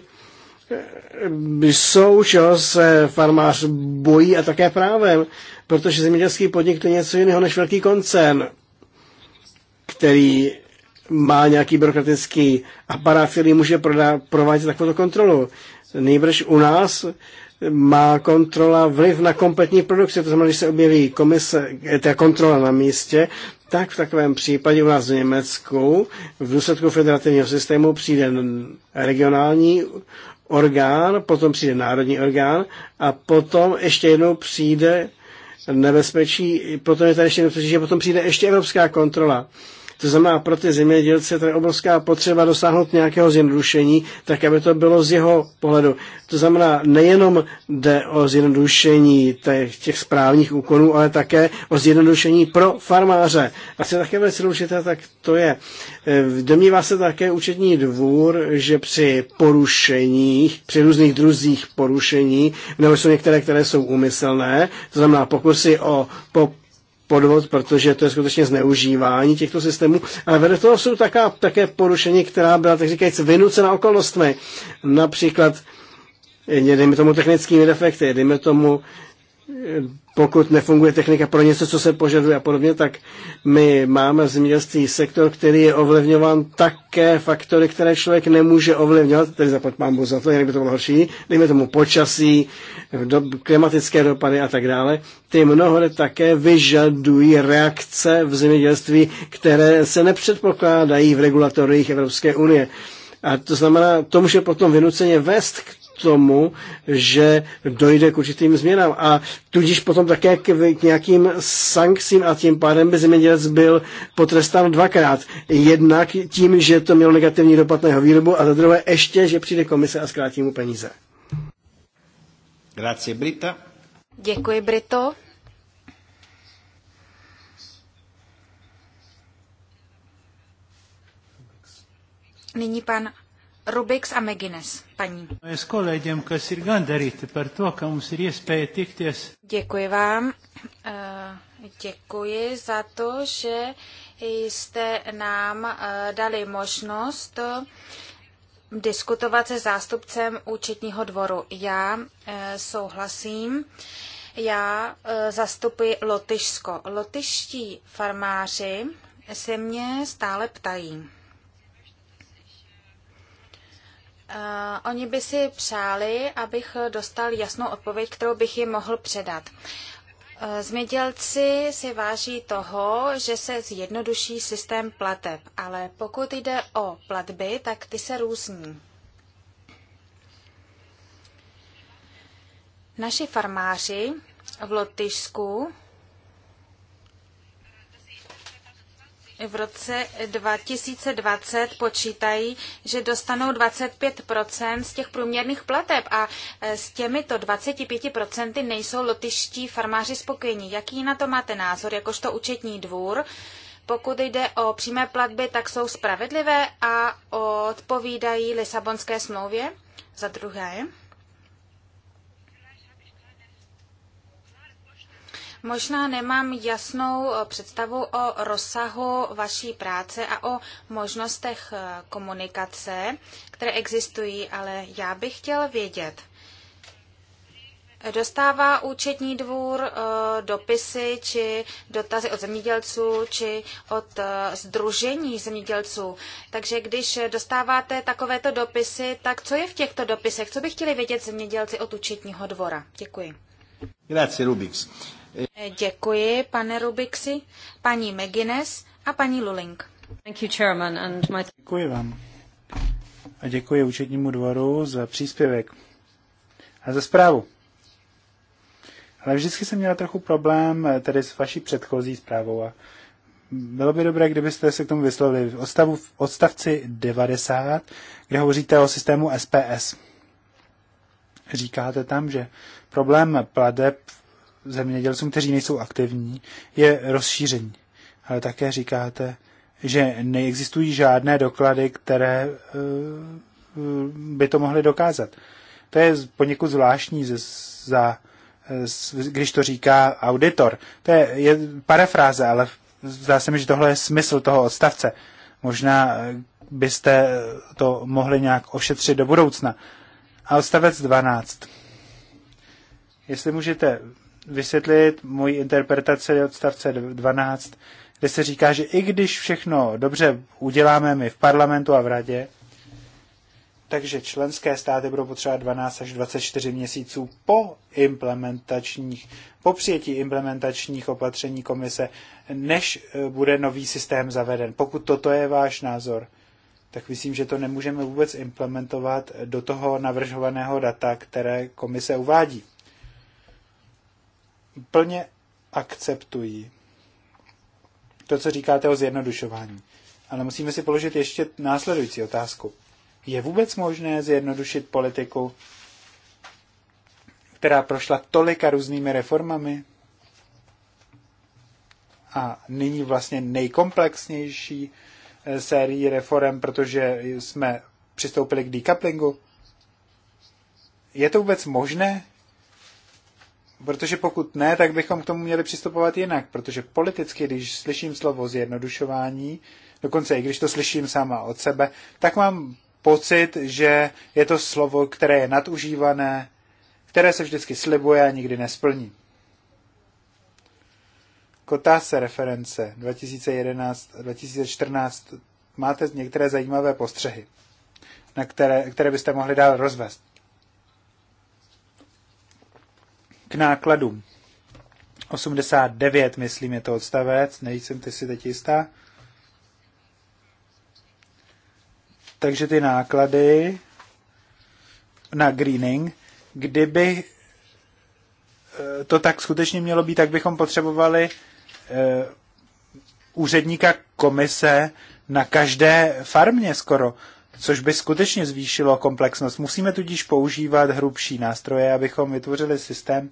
jsou, čeho se farmář bojí a také právem, protože zemědělský podnik to je něco jiného než velký koncern, který má nějaký byrokratický aparát, který může provádět takovou kontrolu. Nejbrž u nás má kontrola vliv na kompletní produkci, to znamená, když se objeví komise, eh, ta kontrola na místě, tak v takovém případě u nás v Německu v důsledku federativního systému přijde regionální orgán, potom přijde národní orgán a potom ještě jednou přijde nebezpečí, potom je tady ještě nebezpečí, že potom přijde ještě evropská kontrola. To znamená, pro ty zemědělce to je obrovská potřeba dosáhnout nějakého zjednodušení, tak aby to bylo z jeho pohledu. To znamená, nejenom jde o zjednodušení těch, těch správních úkonů, ale také o zjednodušení pro farmáře. A co je také velice důležité, tak to je. Eh, domnívá se také účetní dvůr, že při porušeních, při různých druzích porušení, nebo jsou některé, které jsou úmyslné, to znamená pokusy o po podvod, protože to je skutečně zneužívání těchto systémů, ale vedle toho jsou taká, také porušení, která byla, tak říkajíc, vynucena okolnostmi. Například eh, dejme tomu technickými defekty, dejme tomu pokud nefunguje technika pro něco, co se požaduje a podobně, tak my máme v zemědělství sektor, který je ovlivňován také faktory, které člověk nemůže ovlivňovat, tedy zaplat mám za to, jinak by to bylo horší, dejme tomu počasí, do, klimatické dopady a tak dále. Ty mnohdy také vyžadují reakce v zemědělství, které se nepředpokládají v regulatorích Evropské unie. A to znamená, to může potom vynuceně vést k tomu, že dojde k určitým změnám a tudíž potom také k, k nějakým sankcím a tím pádem by zemědělec byl potrestán dvakrát. Jednak tím, že to mělo negativní dopad na jeho výrobu a za druhé ještě, že přijde komise a zkrátí mu peníze. Grazie, Brita. Děkuji, Brito. Nyní pan Rubix a Megines, paní. Děkuji vám. Eh, děkuji za to, že jste nám eh, dali možnost eh, diskutovat se zástupcem účetního dvoru. Já souhlasím. Já zastupuji Lotyšsko. Lotyští farmáři se mě stále ptají. Uh, oni by si přáli, abych dostal jasnou odpověď, kterou bych jim mohl předat. Eh, Změdělci si váží toho, že se zjednoduší systém plateb, ale pokud jde o platby, tak ty se různí. Naši farmáři v Lotyšsku v roce 2020 počítají, že dostanou 25 z těch průměrných plateb a e, s těmito 25 nejsou lotiští, farmáři spokojení. Jaký na to máte názor, jakožto účetní dvůr? Pokud jde o přímé platby, tak jsou spravedlivé a odpovídají Lisabonské smlouvě? Za druhé. Možná nemám jasnou eh, představu o rozsahu vaší práce a o možnostech eh, komunikace, které existují, ale já bych chtěl vědět. Dostává účetní dvůr eh, dopisy či dotazy od zemědělců či od združení zemědělců. Takže když dostáváte takovéto dopisy, tak co je v těchto dopisech? Co by chtěli vědět zemědělci od účetního dvora? Děkuji. Grazie, Rubiks. Děkuji, pane Rubiksi, paní Megines a paní Luling. Thank you, Chairman, and my... Děkuji vám. A děkuji účetnímu dvoru za příspěvek a za zprávu. Ale vždycky jsem měla trochu problém eh, tedy s vaší předchozí zprávou a bylo by dobré, kdybyste se k tomu vyslovili v, odstavu, v odstavci 90, kde hovoříte o systému SPS. Říkáte tam, že problém pladeb zemědělcům, kteří nejsou aktivní, je rozšíření. Ale také říkáte, že neexistují žádné doklady, které eh, by to mohly dokázat. To je poněkud zvláštní za eh, když to říká auditor. To je, je parafráze, ale zdá se mi, že tohle je smysl toho odstavce. Možná eh, byste to mohli nějak ošetřit do budoucna. A odstavec 12. Jestli můžete vysvětlit moji interpretaci odstavce 12, kde se říká, že i když všechno dobře uděláme my v parlamentu a v radě, takže členské státy budou potřebovat 12 až 24 měsíců po implementačních, po přijetí implementačních opatření komise, než eh, bude nový systém zaveden. Pokud toto je váš názor, tak myslím, že to nemůžeme vůbec implementovat do toho navržovaného data, které komise uvádí plně akceptují to, co říkáte o zjednodušování. Ale musíme si položit ještě následující otázku. Je vůbec možné zjednodušit politiku, která prošla tolika různými reformami a nyní vlastně nejkomplexnější eh, sérií reform, protože jsme přistoupili k decouplingu? Je to vůbec možné? Protože pokud ne, tak bychom k tomu měli přistupovat jinak, protože politicky, když slyším slovo zjednodušování, dokonce i když to slyším sama od sebe, tak mám pocit, že je to slovo, které je nadužívané, které se vždycky slibuje a nikdy nesplní. Kotá se reference 2011-2014 máte některé zajímavé postřehy, na které, které byste mohli dál rozvést. k nákladům. 89, myslím, je to odstavec, nejsem ty si teď jistá. Takže ty náklady na greening, kdyby eh, to tak skutečně mělo být, tak bychom potřebovali eh, úředníka komise na každé farmě skoro což by skutečně zvýšilo komplexnost. Musíme tudíž používat hrubší nástroje, abychom vytvořili systém,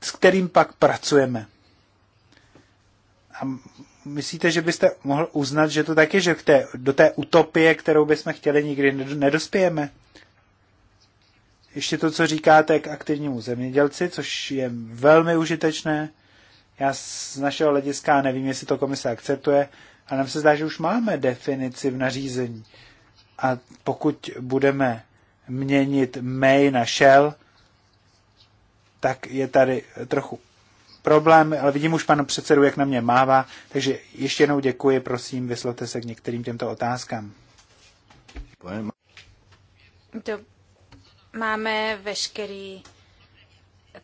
s kterým pak pracujeme. A myslíte, že byste mohl uznat, že to tak je, že té, do té utopie, kterou bychom chtěli, nikdy nedospějeme? Ještě to, co říkáte k aktivnímu zemědělci, což je velmi užitečné. Já z našeho hlediska nevím, jestli to komise akceptuje, a nám se zdá, že už máme definici v nařízení. A pokud budeme měnit may na shell, tak je tady trochu problém, ale vidím už panu předsedu, jak na mě mává, takže ještě jednou děkuji, prosím, vyslovte se k některým těmto otázkám. To máme veškerý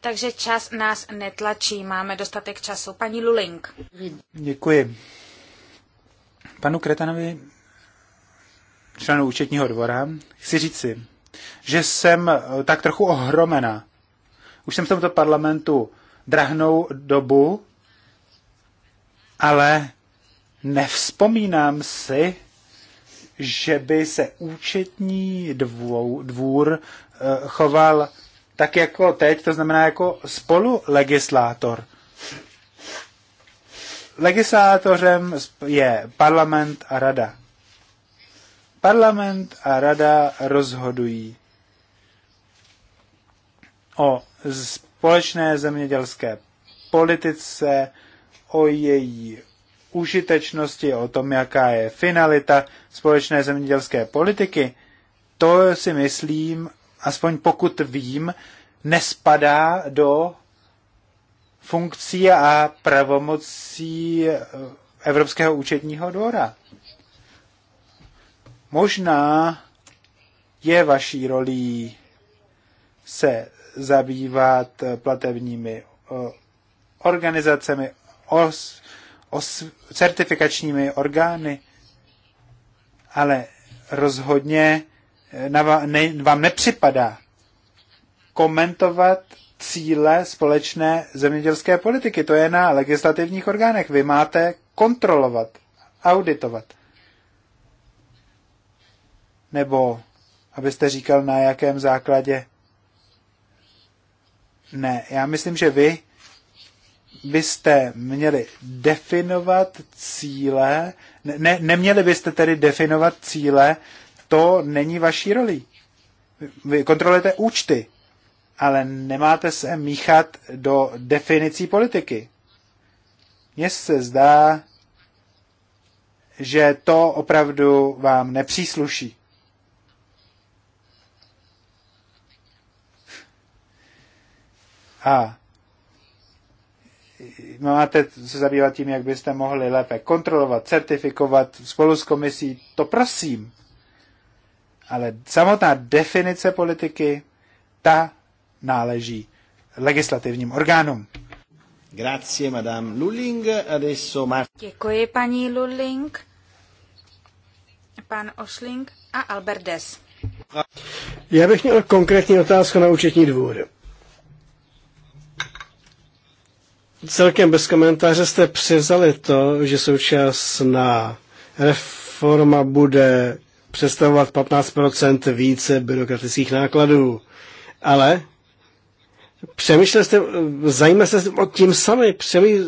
takže čas nás netlačí, máme dostatek času. Paní Luling. Děkuji. Panu Kretanovi, členu účetního dvora, chci říci, že jsem eh, tak trochu ohromena. Už jsem v tomto parlamentu drahnou dobu, ale nevzpomínám si, že by se účetní dvou, dvůr eh, choval tak jako teď, to znamená jako spolulegislátor legislátorem je parlament a rada. Parlament a rada rozhodují o společné zemědělské politice, o její užitečnosti, o tom, jaká je finalita společné zemědělské politiky, to si myslím, aspoň pokud vím, nespadá do funkcí a pravomocí eh, Evropského účetního dvora. Možná je vaší rolí se zabývat platebními eh, organizacemi, os, os, certifikačními orgány, ale rozhodně eh, na vám, ne, vám nepřipadá komentovat cíle společné zemědělské politiky. To je na legislativních orgánech. Vy máte kontrolovat, auditovat. Nebo abyste říkal, na jakém základě. Ne, já myslím, že vy byste měli definovat cíle, ne, neměli byste tedy definovat cíle, to není vaší roli. Vy kontrolujete účty, ale nemáte se míchat do definicí politiky. Mně se zdá, že to opravdu vám nepřísluší. A máte se zabývat tím, jak byste mohli lépe kontrolovat, certifikovat spolu s komisí, to prosím. Ale samotná definice politiky, ta náleží legislativním orgánům. Grazie, madame Lulling. Adesso Martin. Děkuji, paní Lulling, pan Osling a Albert Des. Já bych měl konkrétní otázku na účetní dvůr. Celkem bez komentáře jste přizali to, že současná reforma bude představovat 15 více byrokratických nákladů. Ale Přemýšleli jste, zajímali jste o tím sami, přemý,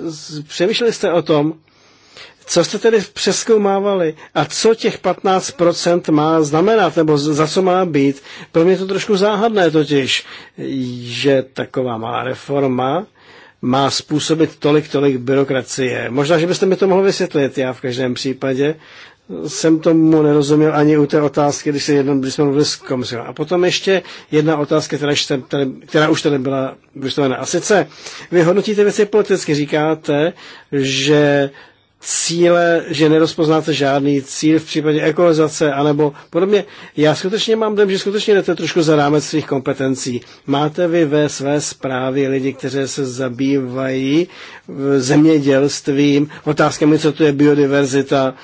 přemýšleli jste o tom, co jste tedy přeskoumávali a co těch 15% má znamenat, nebo za co má být? Pro mě je to trošku záhadné totiž, že taková má reforma má způsobit tolik, tolik byrokracie. Možná, že byste mi to mohli vysvětlit. Já v každém případě jsem tomu nerozuměl ani u té otázky, když, se jednou když jsme mluvili s komisem. A potom ještě jedna otázka, která, tady, která už tady byla vystavena. A sice, vy hodnotíte věci politicky, říkáte, že cíle, že nerozpoznáte žádný cíl v případě ekolizace, anebo podobně. Já skutečně mám dojem, že skutečně jdete trošku za rámec svých kompetencí. Máte vy ve své zprávě lidi, kteří se zabývají zemědělstvím, otázkami, co to je biodiverzita,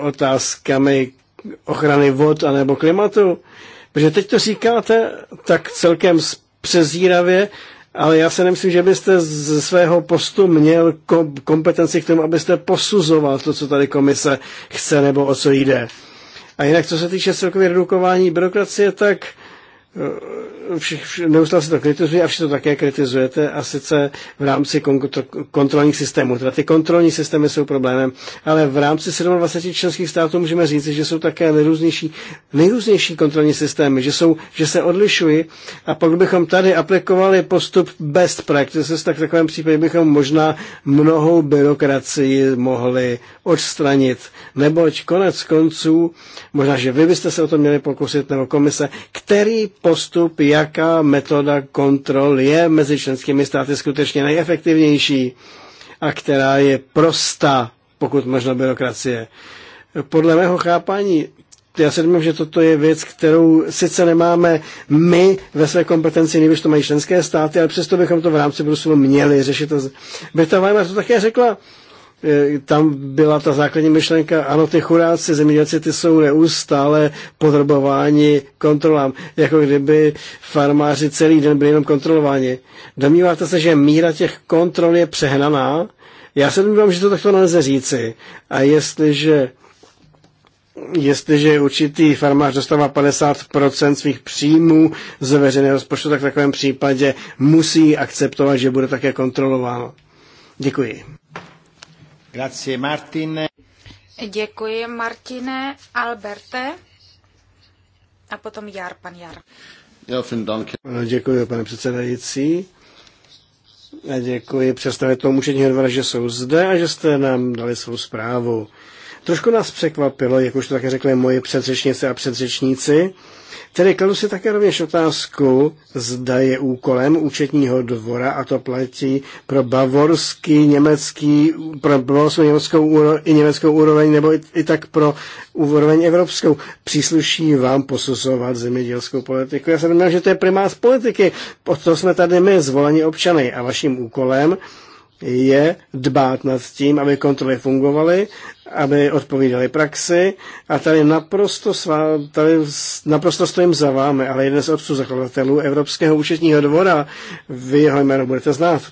otázkami ochrany vod anebo klimatu? Protože teď to říkáte tak celkem přezíravě, ale já se nemyslím, že byste ze svého postu měl kompetenci k tomu, abyste posuzoval to, co tady komise chce nebo o co jde. A jinak, co se týče celkově redukování byrokracie, tak všich, neustále se to kritizuje a vše to také kritizujete a sice v rámci kontrolních systémů. Teda ty kontrolní systémy jsou problémem, ale v rámci 27 členských států můžeme říct, že jsou také nejrůznější, nejrůznější kontrolní systémy, že, jsou, že se odlišují a pokud bychom tady aplikovali postup best practices, tak v takovém případě bychom možná mnohou byrokracii mohli odstranit. Neboť konec konců, možná, že vy byste se o to měli pokusit, nebo komise, který postup, jak jaká metoda kontrol je mezi členskými státy skutečně nejefektivnější a která je prostá, pokud možno byrokracie. Podle mého chápání, já se domnívám, že toto je věc, kterou sice nemáme my ve své kompetenci, nejvíc to mají členské státy, ale přesto bychom to v rámci Bruselu měli řešit. Beta Weimer to také řekla, E, tam byla ta základní myšlenka, ano, ty chudáci zemědělci, ty jsou neustále podrobováni kontrolám, jako kdyby farmáři celý den byli jenom kontrolováni. Domníváte se, že míra těch kontrol je přehnaná? Já se domnívám, že to takto nelze říci. A jestliže jestliže určitý farmář dostává 50% svých příjmů z veřejného rozpočtu, tak v takovém případě musí akceptovat, že bude také kontrolováno. Děkuji. Grazie, Martin. Děkuji, Martine, Alberte a potom Jar, pan Jar. Děkuji, pane předsedající. A děkuji představitelům Mučení Hedvara, že jsou zde a že jste nám dali svou zprávu. Trošku nás překvapilo, jak už to také řekli moje předřečnice a předřečníci, Tedy kladu si také rovněž otázku, zda je úkolem účetního dvora, a to platí pro bavorský, německý, pro bavorskou německou úro, i německou úroveň, nebo i, i tak pro úroveň evropskou. Přísluší vám posuzovat zemědělskou politiku. Já se domnívám, že to je primát politiky. O to jsme tady my, zvolení občany. A vaším úkolem je dbát nad tím, aby kontroly fungovaly, aby odpovídaly praxi a tady naprosto, svá, tady naprosto stojím za vámi, ale jeden z otců zakladatelů Evropského účetního dvora, vy jeho jméno budete znát,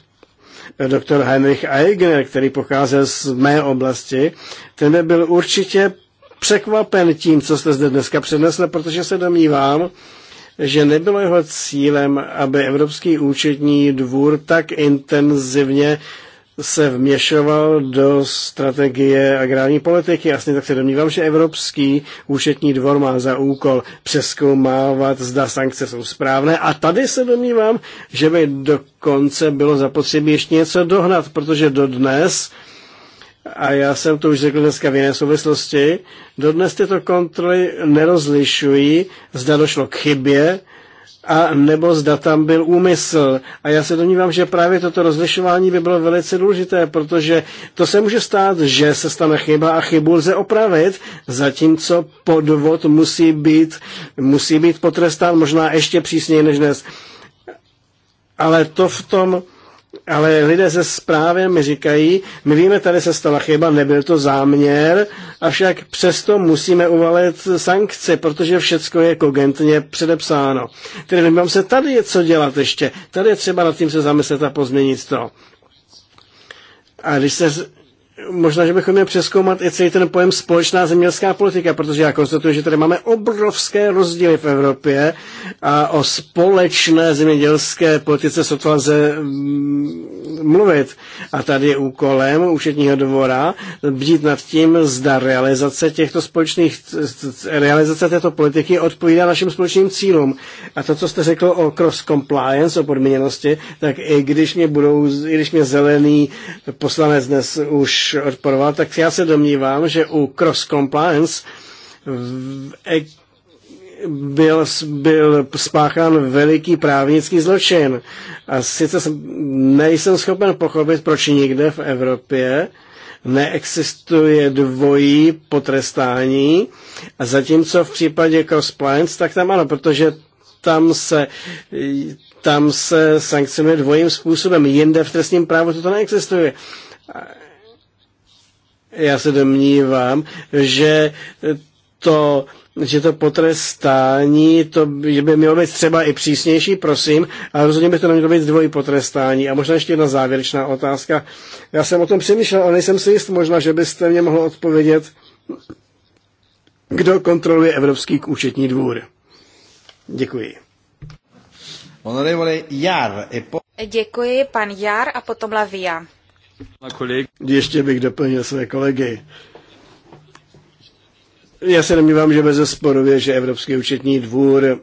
doktor Heinrich Eigner, který pocházel z mé oblasti, ten byl určitě překvapen tím, co jste zde dneska přednesl, protože se domnívám, že nebylo jeho cílem, aby Evropský účetní dvůr tak intenzivně se vměšoval do strategie agrární politiky. Jasně, tak se domnívám, že Evropský účetní dvor má za úkol přeskoumávat, zda sankce jsou správné. A tady se domnívám, že by dokonce bylo zapotřebí ještě něco dohnat, protože dodnes dnes a já jsem to už řekl dneska v jiné souvislosti, dodnes tyto kontroly nerozlišují, zda došlo k chybě, a nebo zda tam byl úmysl. A já se domnívám, že právě toto rozlišování by bylo velice důležité, protože to se může stát, že se stane chyba a chybu lze opravit, zatímco podvod musí být, musí být potrestán možná ještě přísněji než dnes. Ale to v tom, ale lidé ze zprávě mi říkají, my víme, tady se stala chyba, nebyl to záměr, avšak přesto musíme uvalit sankce, protože všecko je kogentně předepsáno. Tedy nemám se, tady je co dělat ještě, tady je třeba nad tím se zamyslet a pozměnit to. A když se možná, že bychom měli přeskoumat i celý ten pojem společná zemědělská politika, protože já konstatuji, že tady máme obrovské rozdíly v Evropě a o společné zemědělské politice sotva lze mm, mluvit. A tady je úkolem účetního dvora bdít nad tím, zda realizace těchto společných, realizace této politiky odpovídá našim společným cílům. A to, co jste řekl o cross compliance, o podmíněnosti, tak i když mě budou, i když mě zelený poslanec dnes už odporoval, tak já se domnívám, že u cross compliance byl, byl spáchán veliký právnický zločin. A sice jsem, nejsem schopen pochopit, proč nikde v Evropě neexistuje dvojí potrestání, a zatímco v případě Compliance, tak tam ano, protože tam se, tam se sankcionuje dvojím způsobem. Jinde v trestním právu toto neexistuje já se domnívám, že to že to potrestání, to, že by mělo být třeba i přísnější, prosím, ale rozhodně by to nemělo být dvojí potrestání. A možná ještě jedna závěrečná otázka. Já jsem o tom přemýšlel, ale nejsem si jist, možná, že byste mě mohl odpovědět, kdo kontroluje Evropský účetní dvůr. Děkuji. Jar. Děkuji, pan Jar a potom Lavia. Ještě bych doplnil své kolegy. Já se nemývám, že bez sporu je, že Evropský účetní dvůr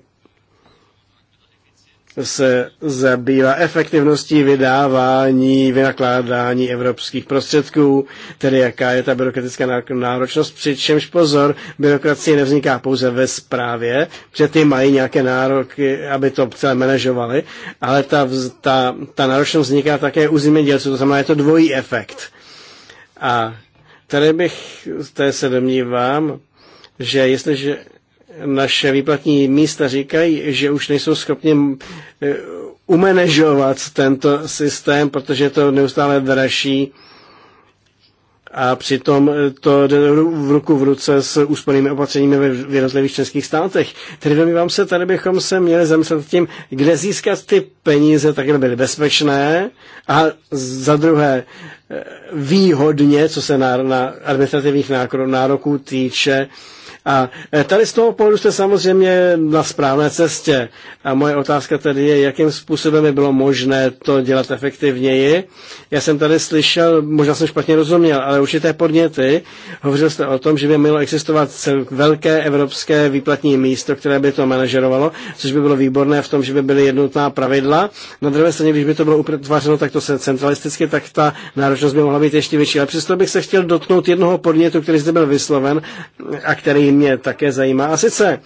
se zabývá efektivností vydávání, vynakládání evropských prostředků, tedy jaká je ta byrokratická náročnost, přičemž pozor, byrokracie nevzniká pouze ve správě, protože ty mají nějaké nároky, aby to celé manažovali, ale ta, ta, ta náročnost vzniká také u zemědělců, to znamená, je to dvojí efekt. A tady bych, tady se domnívám, že jestliže naše výplatní místa říkají, že už nejsou schopni eh, umanežovat tento systém, protože je to neustále dražší a přitom to jde v ruku v ruce s úspornými opatřeními v jednotlivých českých státech. Tedy domnívám se, tady bychom se měli zamyslet tím, kde získat ty peníze, tak aby byly bezpečné a za druhé eh, výhodně, co se na, na administrativních nároků týče, a e, tady z toho pohledu jste samozřejmě na správné cestě. A moje otázka tedy je, jakým způsobem by bylo možné to dělat efektivněji. Já jsem tady slyšel, možná jsem špatně rozuměl, ale určité podněty. Hovořil jste o tom, že by mělo existovat velké evropské výplatní místo, které by to manažerovalo, což by bylo výborné v tom, že by byly jednotná pravidla. Na druhé straně, když by to bylo utvářeno takto centralisticky, tak ta náročnost by mohla být ještě větší. Ale přesto bych se chtěl dotknout jednoho podnětu, který zde byl vysloven a který mě také zajímá. A sice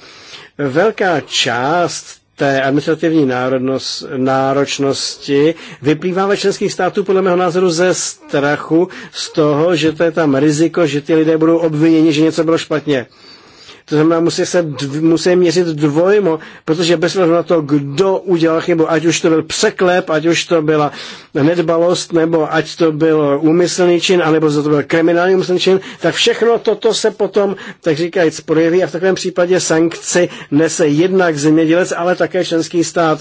velká část té administrativní národnost, náročnosti vyplývá ve členských států podle mého názoru ze strachu z toho, že to je tam riziko, že ty lidé budou obviněni, že něco bylo špatně. To znamená, musí se musí měřit dvojmo, protože bez ohledu na to, kdo udělal chybu, ať už to byl překlep, ať už to byla nedbalost, nebo ať to byl úmyslný čin, anebo za to byl kriminální úmyslný čin, tak všechno toto se potom, tak říkajíc, projeví a v takovém případě sankci nese jednak zemědělec, ale také členský stát.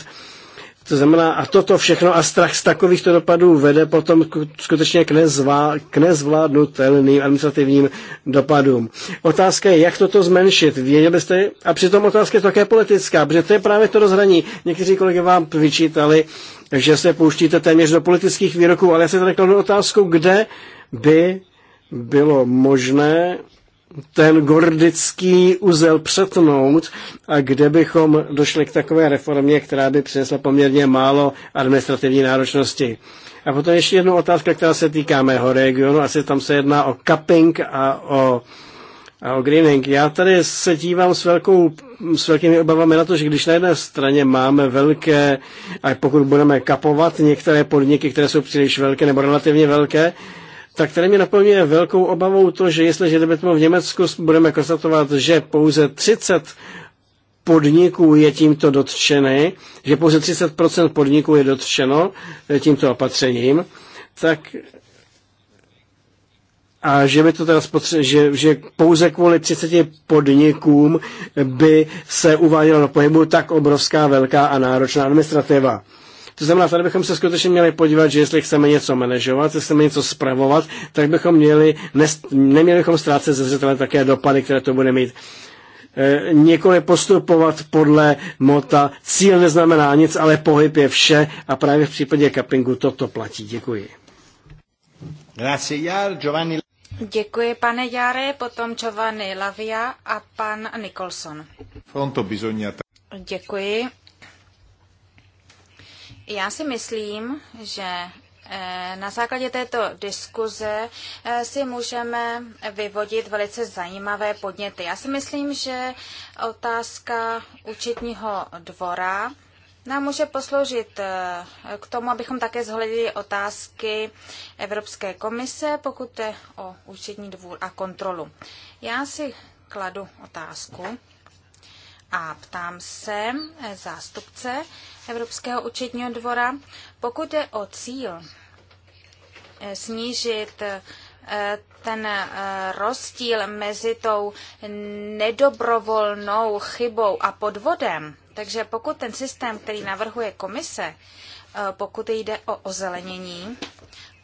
To znamená, a toto všechno a strach z takovýchto dopadů vede potom skutečně k, nezvá, k nezvládnutelným administrativním dopadům. Otázka je, jak toto zmenšit. Věděli byste a přitom otázka je také politická, protože to je právě to rozhraní. Někteří kolegy vám vyčítali, že se pouštíte téměř do politických výroků, ale já se tady kladu otázku, kde by bylo možné ten gordický uzel přetnout a kde bychom došli k takové reformě, která by přinesla poměrně málo administrativní náročnosti. A potom ještě jednu otázka, která se týká mého regionu, asi tam se jedná o cupping a o, a o greening. Já tady se dívám s, velkou, s velkými obavami na to, že když na jedné straně máme velké, a pokud budeme kapovat některé podniky, které jsou příliš velké nebo relativně velké, tak tady mě naplňuje velkou obavou to, že jestliže debetmo v Německu, budeme konstatovat, že pouze 30 podniků je tímto dotčeny, že pouze 30% podniků je dotčeno eh, tímto opatřením, tak a že by to teda spotře- že, že pouze kvůli 30 podnikům by se uváděla do pohybu tak obrovská, velká a náročná administrativa. To znamená, tady bychom se skutečně měli podívat, že jestli chceme něco manažovat, jestli chceme něco spravovat, tak bychom měli, neměli bychom ztrácet ze zřetele také dopady, které to bude mít e, nikoli postupovat podle mota. Cíl neznamená nic, ale pohyb je vše a právě v případě kapingu toto platí. Děkuji. Děkuji, pane Jare, potom Giovanni Lavia a pan Nicholson. Děkuji. Já si myslím, že eh, na základě této diskuze eh, si můžeme vyvodit velice zajímavé podněty. Já si myslím, že otázka účetního dvora nám může posloužit eh, k tomu, abychom také zhledili otázky Evropské komise, pokud je o účetní dvůr a kontrolu. Já si kladu otázku a ptám se zástupce Evropského účetního dvora. Pokud je o cíl eh, snížit eh, ten eh, rozdíl mezi tou nedobrovolnou chybou a podvodem, takže pokud ten systém, který navrhuje komise, pokud jde o ozelenění,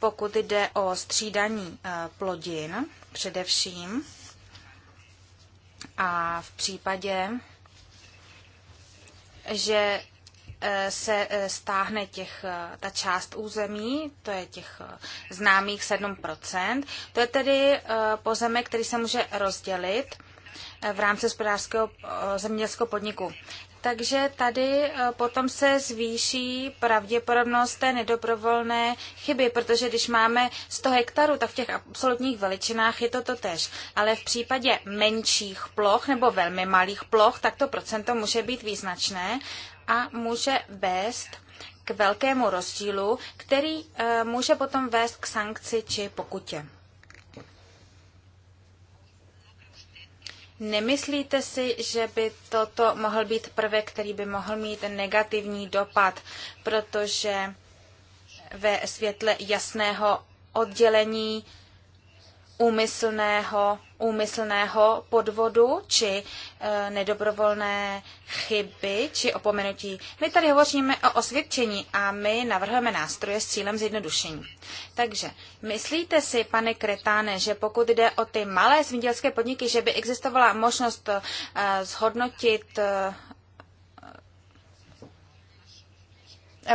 pokud jde o střídaní plodin především a v případě, že Eh, se eh, stáhne těch, eh, ta část území, to je těch známých 7%. To je tedy pozemek, který se může rozdělit v rámci hospodářského zemědělského podniku. Takže tady potom se zvýší pravděpodobnost té nedobrovolné chyby, protože když máme 100 hektarů, tak v těch absolutních veličinách je to totež. Ale v případě menších ploch nebo velmi malých ploch, tak to procento může být význačné a může vést k velkému rozdílu, který eh, může potom vést k sankci či pokutě. Nemyslíte si, že by toto mohl být prvek, který by mohl mít negativní dopad, protože ve světle jasného oddělení úmyslného, úmyslného podvodu či e, nedobrovolné chyby či opomenutí. My tady hovoříme o osvědčení a my navrhujeme nástroje s cílem zjednodušení. Takže myslíte si, pane Kretáne, že pokud jde o ty malé zemědělské podniky, že by existovala možnost e, zhodnotit e,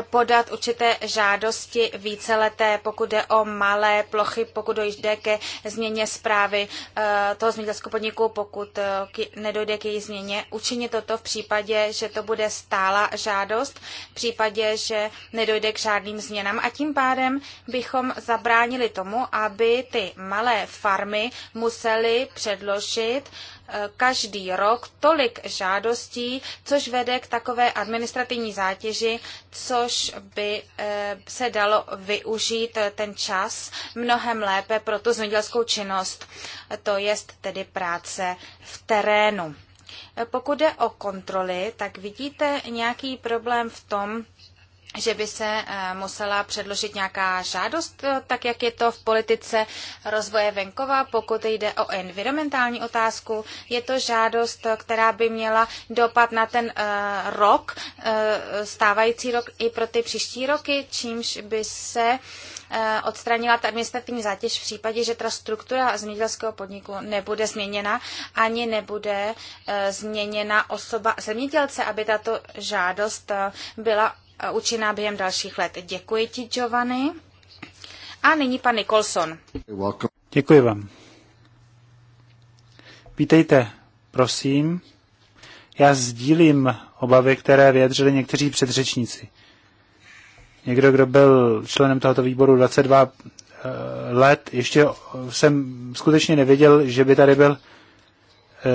podat určité žádosti víceleté, pokud jde o malé plochy, pokud dojde ke změně zprávy eh, toho zemědělského podniku, pokud eh, nedojde k její změně. Učině toto v případě, že to bude stála žádost, v případě, že nedojde k žádným změnám. A tím pádem bychom zabránili tomu, aby ty malé farmy musely předložit každý rok tolik žádostí, což vede k takové administrativní zátěži, což by eh, se dalo využít eh, ten čas mnohem lépe pro tu zemědělskou činnost, to jest tedy práce v terénu. Pokud jde o kontroly, tak vidíte nějaký problém v tom, že by se eh, musela předložit nějaká žádost, eh, tak jak je to v politice rozvoje venkova, pokud jde o environmentální otázku. Je to žádost, eh, která by měla dopad na ten rok, stávající rok i pro ty příští roky, čímž by se odstranila ta administrativní zátěž v případě, že ta struktura zemědělského podniku nebude změněna, ani nebude změněna osoba zemědělce, aby tato žádost byla účinná během dalších let. Děkuji ti, Giovanni. A nyní pan Nicholson. Děkuji vám. Vítejte, prosím. Já sdílím obavy, které vyjadřili někteří předřečníci. Někdo, kdo byl členem tohoto výboru 22 eh, let, ještě jsem skutečně nevěděl, že by tady byl eh,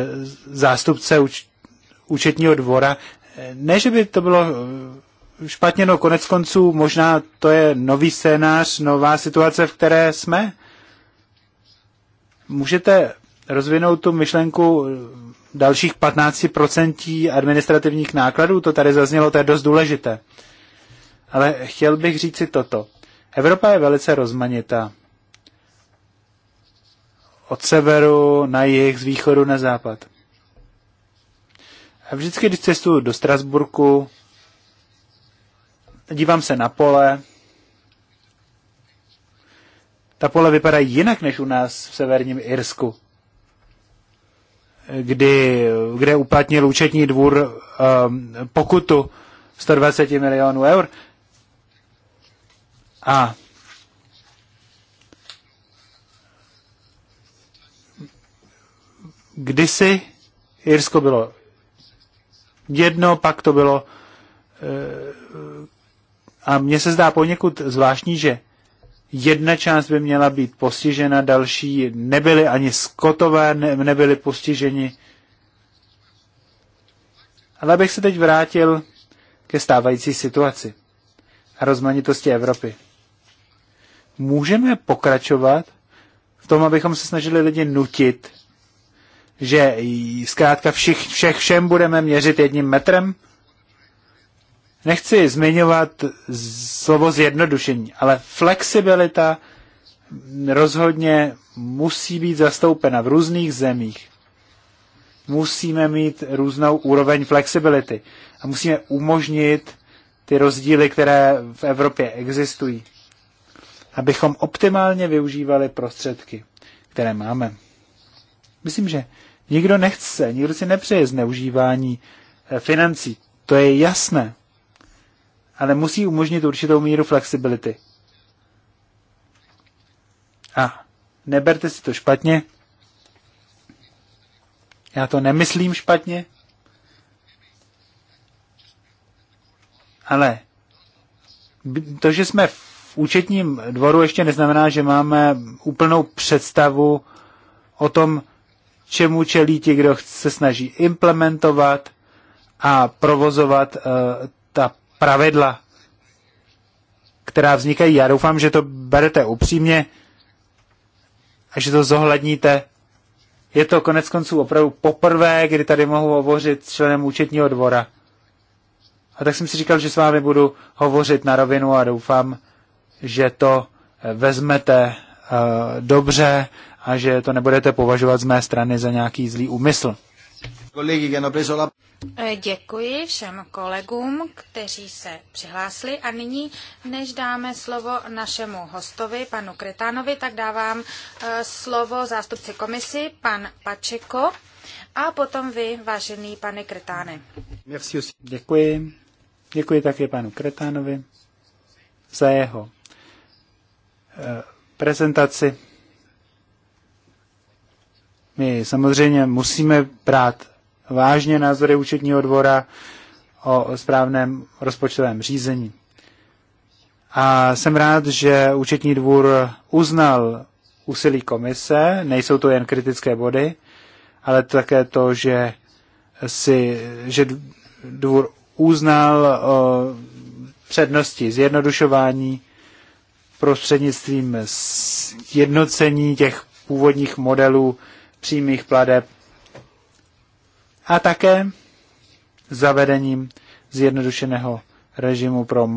zástupce účetního dvora. Eh, ne, že by to bylo špatně, no konec konců možná to je nový scénář, nová situace, v které jsme. Můžete rozvinout tu myšlenku dalších 15% administrativních nákladů, to tady zaznělo, to je dost důležité. Ale chtěl bych říct si toto. Evropa je velice rozmanitá. Od severu na jih, z východu na západ. A vždycky, když cestuju do Strasburku, dívám se na pole. Ta pole vypadají jinak než u nás v severním Irsku, kdy, kde uplatnil účetní dvůr um, pokutu 120 milionů eur. A kdysi Irsko bylo jedno, pak to bylo eh, a mně se zdá poněkud zvláštní, že jedna část by měla být postižena, další nebyly ani skotové, ne, nebyly postiženi. Ale abych se teď vrátil ke stávající situaci a rozmanitosti Evropy. Můžeme pokračovat v tom, abychom se snažili lidi nutit, že zkrátka všich, všech všem budeme měřit jedním metrem? Nechci zmiňovat slovo zjednodušení, ale flexibilita rozhodně musí být zastoupena v různých zemích. Musíme mít různou úroveň flexibility a musíme umožnit ty rozdíly, které v Evropě existují, abychom optimálně využívali prostředky, které máme. Myslím, že nikdo nechce, nikdo si nepřeje zneužívání eh, financí. To je jasné ale musí umožnit určitou míru flexibility. A neberte si to špatně. Já to nemyslím špatně. Ale to, že jsme v účetním dvoru, ještě neznamená, že máme úplnou představu o tom, čemu čelí ti, kdo se snaží implementovat a provozovat uh, ta pravidla, která vznikají. Já doufám, že to berete upřímně a že to zohledníte. Je to konec konců opravdu poprvé, kdy tady mohu hovořit s členem účetního dvora. A tak jsem si říkal, že s vámi budu hovořit na rovinu a doufám, že to eh, vezmete uh, dobře a že to nebudete považovat z mé strany za nějaký zlý úmysl. No eh, děkuji všem kolegům, kteří se přihlásili a nyní, než dáme slovo našemu hostovi, panu Kretánovi, tak dávám eh, slovo zástupci komisi, pan Pačeko a potom vy, vážený pane Kretáne. Děkuji. Děkuji také panu Kretánovi za jeho eh, prezentaci my samozřejmě musíme brát vážně názory účetního dvora o správném rozpočtovém řízení. A jsem rád, že účetní dvůr uznal úsilí komise, nejsou to jen kritické body, ale také to, že si, že dvůr uznal přednosti zjednodušování prostřednictvím jednocení těch původních modelů přímých pladeb a také zavedením zjednodušeného režimu pro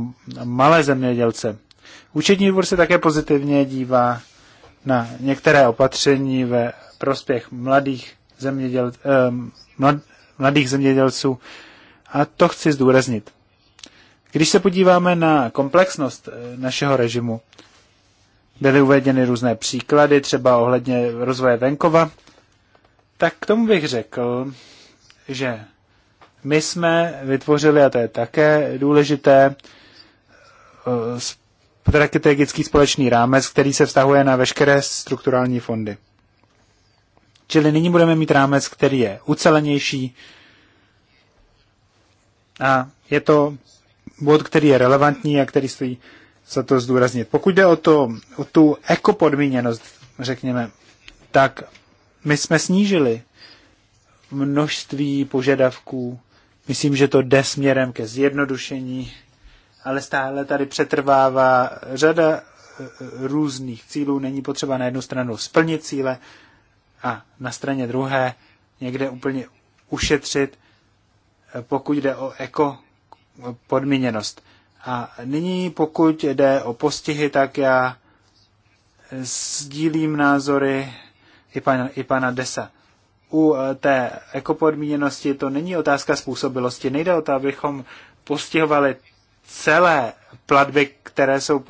malé zemědělce. Účetní dvůr se také pozitivně dívá na některé opatření ve prospěch mladých, zeměděl, eh, mlad, mladých zemědělců a to chci zdůraznit. Když se podíváme na komplexnost eh, našeho režimu, byly uvedeny různé příklady, třeba ohledně rozvoje venkova, tak k tomu bych řekl, že my jsme vytvořili, a to je také důležité, eh, strategický společný rámec, který se vztahuje na veškeré strukturální fondy. Čili nyní budeme mít rámec, který je ucelenější a je to bod, který je relevantní a který stojí za to zdůraznit. Pokud jde o, to, o tu ekopodmíněnost, řekněme, tak my jsme snížili množství požadavků. Myslím, že to jde směrem ke zjednodušení, ale stále tady přetrvává řada e, e, různých cílů. Není potřeba na jednu stranu splnit cíle a na straně druhé někde úplně ušetřit, e, pokud jde o eko podmíněnost. A nyní, pokud jde o postihy, tak já sdílím názory i pana, i pana Desa. U eh, té ekopodmíněnosti to není otázka způsobilosti. Nejde o to, abychom postihovali celé platby, které jsou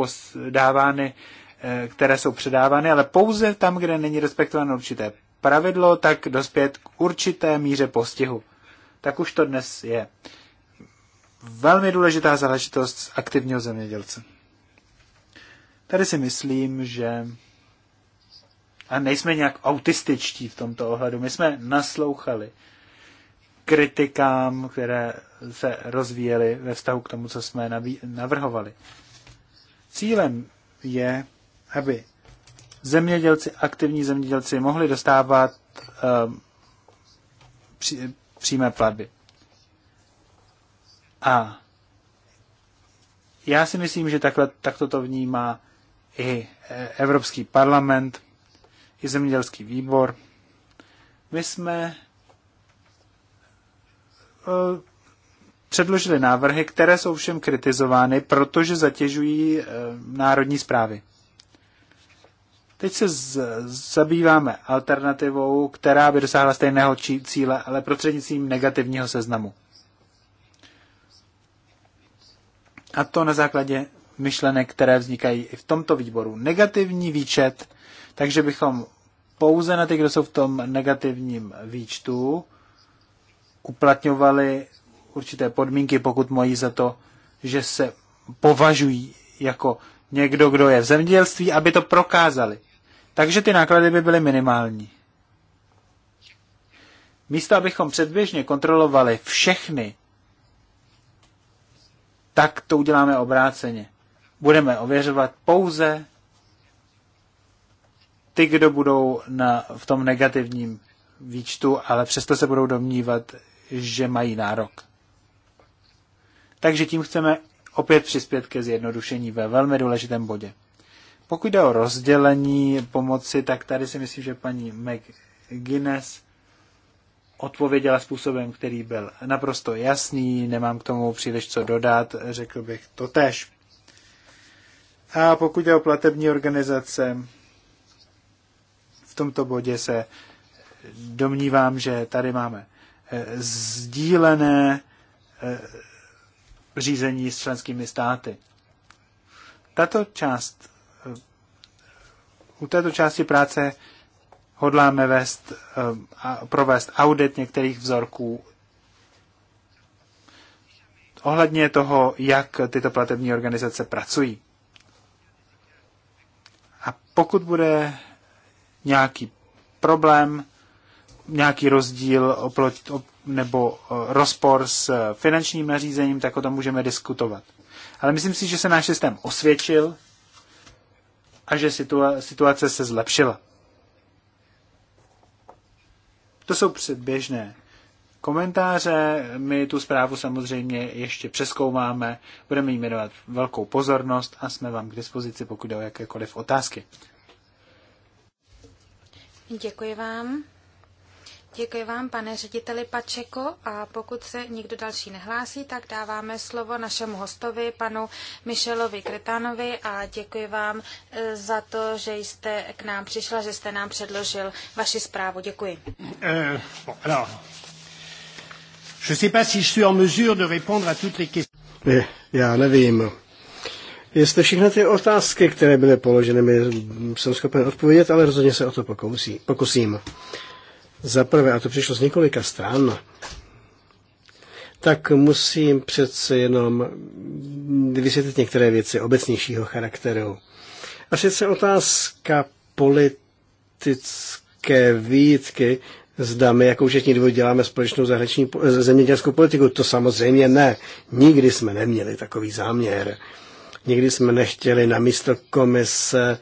dávány, eh, které jsou předávány, ale pouze tam, kde není respektováno určité pravidlo, tak dospět k určité míře postihu. Tak už to dnes je. Velmi důležitá záležitost aktivního zemědělce. Tady si myslím, že a nejsme nějak autističtí v tomto ohledu. My jsme naslouchali kritikám, které se rozvíjely ve vztahu k tomu, co jsme navrhovali. Cílem je, aby zemědělci, aktivní zemědělci mohli dostávat um, ehm, pří, přímé platby. A já si myslím, že takhle, takto to vnímá i e, Evropský parlament i zemědělský výbor. My jsme eh, předložili návrhy, které jsou všem kritizovány, protože zatěžují eh, národní zprávy. Teď se z, zabýváme alternativou, která by dosáhla stejného či, cíle, ale prostřednictvím negativního seznamu. A to na základě myšlenek, které vznikají i v tomto výboru. Negativní výčet takže bychom pouze na ty, kdo jsou v tom negativním výčtu, uplatňovali určité podmínky, pokud mají za to, že se považují jako někdo, kdo je v zemědělství, aby to prokázali. Takže ty náklady by byly minimální. Místo, abychom předběžně kontrolovali všechny, tak to uděláme obráceně. Budeme ověřovat pouze ty, kdo budou na, v tom negativním výčtu, ale přesto se budou domnívat, že mají nárok. Takže tím chceme opět přispět ke zjednodušení ve velmi důležitém bodě. Pokud jde o rozdělení pomoci, tak tady si myslím, že paní McGuinness odpověděla způsobem, který byl naprosto jasný, nemám k tomu příliš co dodat, řekl bych to tež. A pokud jde o platební organizace, tomto bodě se domnívám, že tady máme eh, sdílené eh, řízení s členskými státy. Tato část, eh, u této části práce hodláme vést, provést audit některých vzorků ohledně toho, jak tyto platební organizace pracují. A pokud bude nějaký problém, nějaký rozdíl oproti, nebo eh, rozpor s eh, finančním nařízením, tak o tom můžeme diskutovat. Ale myslím si, že se náš systém osvědčil a že situace se zlepšila. To jsou předběžné komentáře. My tu zprávu samozřejmě ještě přeskoumáme, budeme jí věnovat velkou pozornost a jsme vám k dispozici, pokud jde o jakékoliv otázky. Děkuji vám. Děkuji vám, pane řediteli Pačeko. A pokud se nikdo další nehlásí, tak dáváme slovo našemu hostovi, panu Michelovi Kretanovi. a děkuji vám eh, za to, že jste k nám přišla, že jste nám předložil vaši zprávu. Děkuji. Eh, eh, já nevím, Jestli všechny ty otázky, které byly položeny, mi jsem schopen odpovědět, ale rozhodně se o to pokusí, pokusím. Za prvé, a to přišlo z několika stran, tak musím přece jenom vysvětlit některé věci obecnějšího charakteru. A sice otázka politické výtky, zda my jako účetní dvoj děláme společnou zahraniční zemědělskou politiku. To samozřejmě ne. Nikdy jsme neměli takový záměr. Nikdy jsme nechtěli na místo komise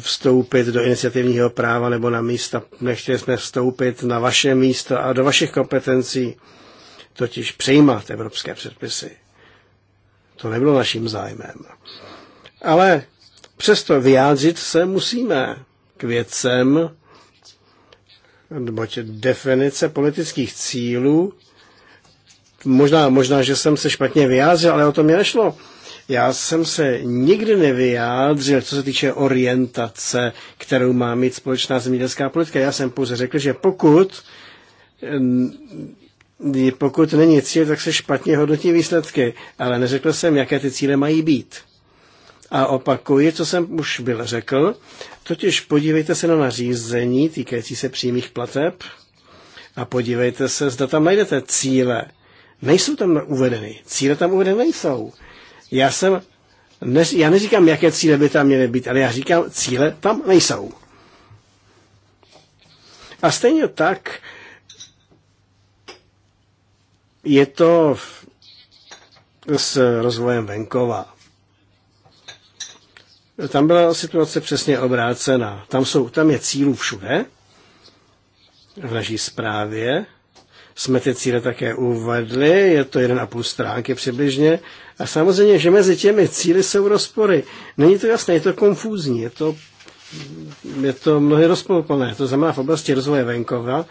vstoupit do iniciativního práva nebo na místa. Nechtěli jsme vstoupit na vaše místo a do vašich kompetencí, totiž přijímat evropské předpisy. To nebylo naším zájmem. Ale přesto vyjádřit se musíme k věcem, nebo definice politických cílů, možná, možná, že jsem se špatně vyjádřil, ale o tom mě nešlo já jsem se nikdy nevyjádřil, co se týče orientace, kterou má mít společná zemědělská politika. Já jsem pouze řekl, že pokud pokud není cíl, tak se špatně hodnotí výsledky, ale neřekl jsem, jaké ty cíle mají být. A opakuji, co jsem už byl řekl, totiž podívejte se na nařízení týkající se přímých plateb a podívejte se, zda tam najdete cíle. Nejsou tam uvedeny. Cíle tam uvedeny nejsou. Já jsem, neř, já neříkám, jaké cíle by tam měly být, ale já říkám, cíle tam nejsou. A stejně tak je to s rozvojem venkova. Tam byla situace přesně obrácená. Tam, jsou, tam je cílů všude, v naší zprávě, jsme ty cíle také uvedli, je to jeden a půl stránky přibližně. A samozřejmě, že mezi těmi cíly jsou rozpory. Není to jasné, je to konfúzní, je to, je to mnohdy rozpolplné. To znamená v oblasti rozvoje venkova.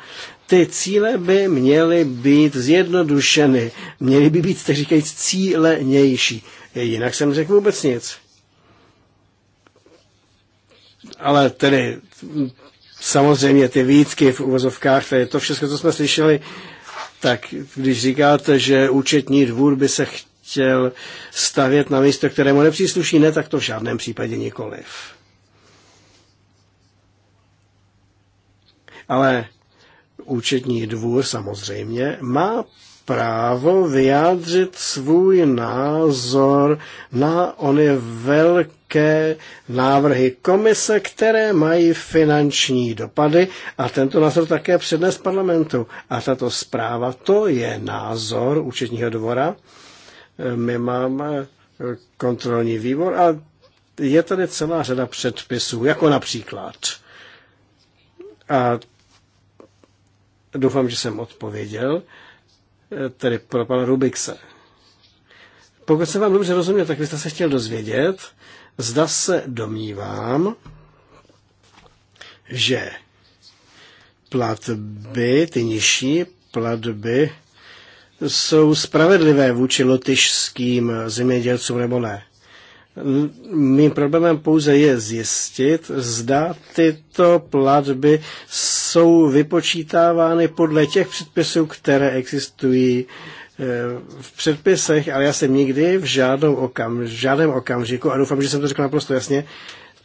Ty cíle by měly být zjednodušeny, měly by být, tak říkajíc, cílenější. Jinak jsem řekl vůbec nic. Ale tedy samozřejmě ty výtky v uvozovkách, to je to všechno, co jsme slyšeli, tak když říkáte, že účetní dvůr by se chtěl stavět na místo, kterému nepřísluší, ne, tak to v žádném případě nikoliv. Ale účetní dvůr samozřejmě má právo vyjádřit svůj názor na ony velké návrhy komise, které mají finanční dopady a tento názor také přednes parlamentu. A tato zpráva, to je názor účetního dvora. My máme kontrolní výbor a je tady celá řada předpisů, jako například. A doufám, že jsem odpověděl tedy pro pana Rubikse. Pokud jsem vám dobře rozuměl, tak byste se chtěl dozvědět, zda se domnívám, že platby, ty nižší platby, jsou spravedlivé vůči lotyšským zemědělcům nebo ne. Mým problémem pouze je zjistit, zda tyto platby jsou vypočítávány podle těch předpisů, které existují eh, v předpisech, ale já jsem nikdy v, v žádném okamžiku, a doufám, že jsem to řekl naprosto jasně,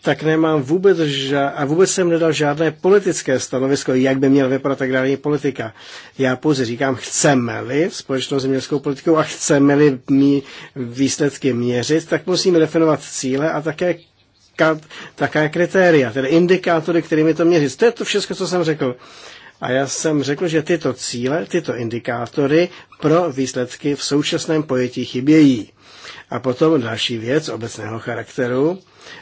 tak nemám vůbec ža- a vůbec jsem nedal žádné politické stanovisko, jak by měla vypadat agrární politika. Já pouze říkám, chceme-li společnou zemědělskou politikou a chceme-li mý výsledky měřit, tak musíme definovat cíle a také kat, také kritéria, tedy indikátory, kterými to měřit. To je to všechno, co jsem řekl. A já jsem řekl, že tyto cíle, tyto indikátory pro výsledky v současném pojetí chybějí. A potom další věc obecného charakteru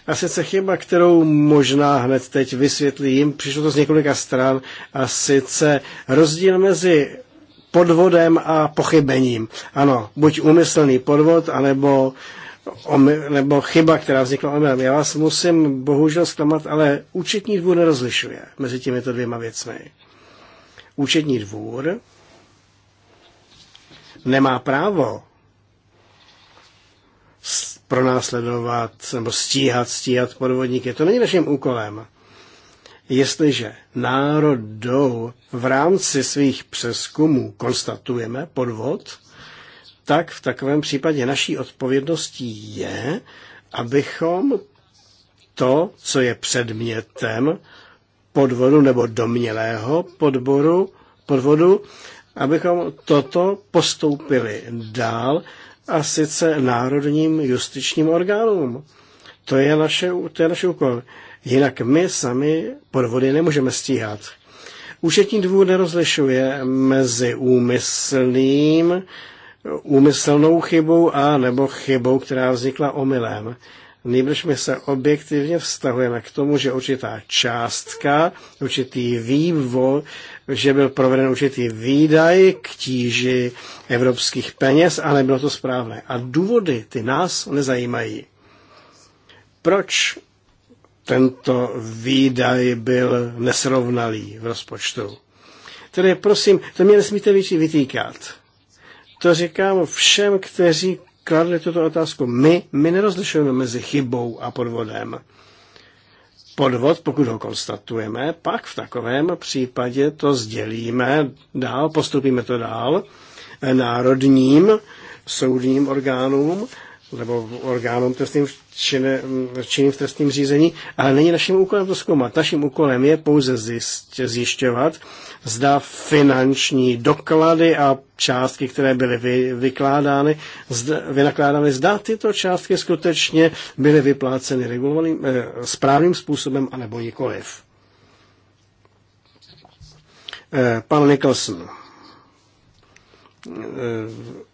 a sice chyba, kterou možná hned teď vysvětlím, přišlo to z několika stran, a sice rozdíl mezi podvodem a pochybením. Ano, buď úmyslný podvod, anebo omy, nebo chyba, která vznikla omylem. Já vás musím bohužel zklamat, ale účetní dvůr nerozlišuje mezi těmito dvěma věcmi. Účetní dvůr nemá právo pronásledovat nebo stíhat, stíhat podvodníky. To není naším úkolem. Jestliže národou v rámci svých přeskumů konstatujeme podvod, tak v takovém případě naší odpovědností je, abychom to, co je předmětem podvodu nebo domnělého podboru, podvodu, abychom toto postoupili dál a sice národním justičním orgánům. To je, naše, to je naše úkol. Jinak my sami podvody nemůžeme stíhat. Účetní dvůr nerozlišuje mezi úmyslným, úmyslnou chybou a nebo chybou, která vznikla omylem nejbrž my se objektivně vztahujeme k tomu, že určitá částka, určitý vývoj, že byl proveden určitý výdaj k tíži evropských peněz, ale bylo to správné. A důvody ty nás nezajímají. Proč tento výdaj byl nesrovnalý v rozpočtu? Tedy prosím, to mě nesmíte vytýkat. To říkám všem, kteří kladli tuto otázku. My, my nerozlišujeme mezi chybou a podvodem. Podvod, pokud ho konstatujeme, pak v takovém případě to sdělíme dál, postupíme to dál eh, národním soudním orgánům nebo orgánům trestným v činným v trestním řízení, ale není naším úkolem to zkoumat. Naším úkolem je pouze zjišť, zjišťovat, zda finanční doklady a částky, které byly vy, vykládány, zda, vynakládány, zda tyto částky skutečně byly vypláceny regulovaným, eh, správným způsobem, anebo nikoliv. Eh, pan Nicholson. Eh,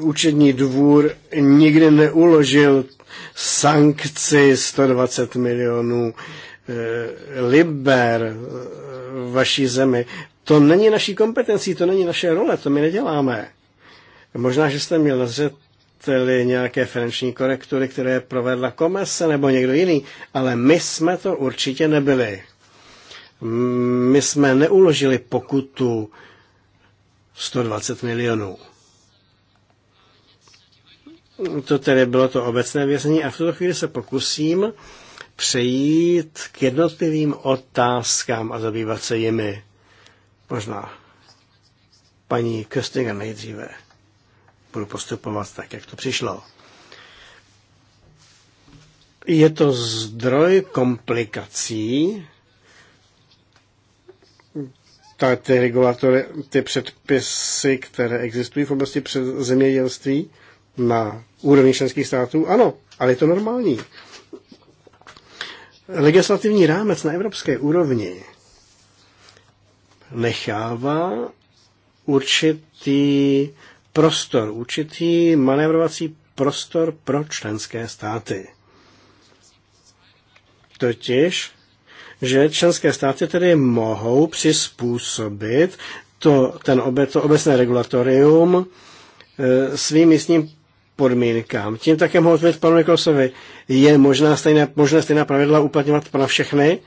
účetní eh, dvůr nikdy neuložil sankci 120 milionů eh, liber eh, vaší zemi. To není naší kompetencí, to není naše role, to my neděláme. Možná, že jste měl na zřeteli nějaké finanční korektury, které provedla komise nebo někdo jiný, ale my jsme to určitě nebyli. My jsme neuložili pokutu 120 milionů to tedy bylo to obecné vězení a v tuto chvíli se pokusím přejít k jednotlivým otázkám a zabývat se jimi. Možná paní Köstinger nejdříve. Budu postupovat tak, jak to přišlo. Je to zdroj komplikací, ta, ty regulatory, ty předpisy, které existují v oblasti zemědělství na úrovni členských států, ano, ale je to normální. Legislativní rámec na evropské úrovni nechává určitý prostor, určitý manévrovací prostor pro členské státy. Totiž, že členské státy tedy mohou přizpůsobit to, ten obe, to obecné regulatorium e, svým místním podmínkám. Tím také mohu odpovědět panu Miklosovi. Je možná stejná, možné stejná pravidla uplatňovat na všechny?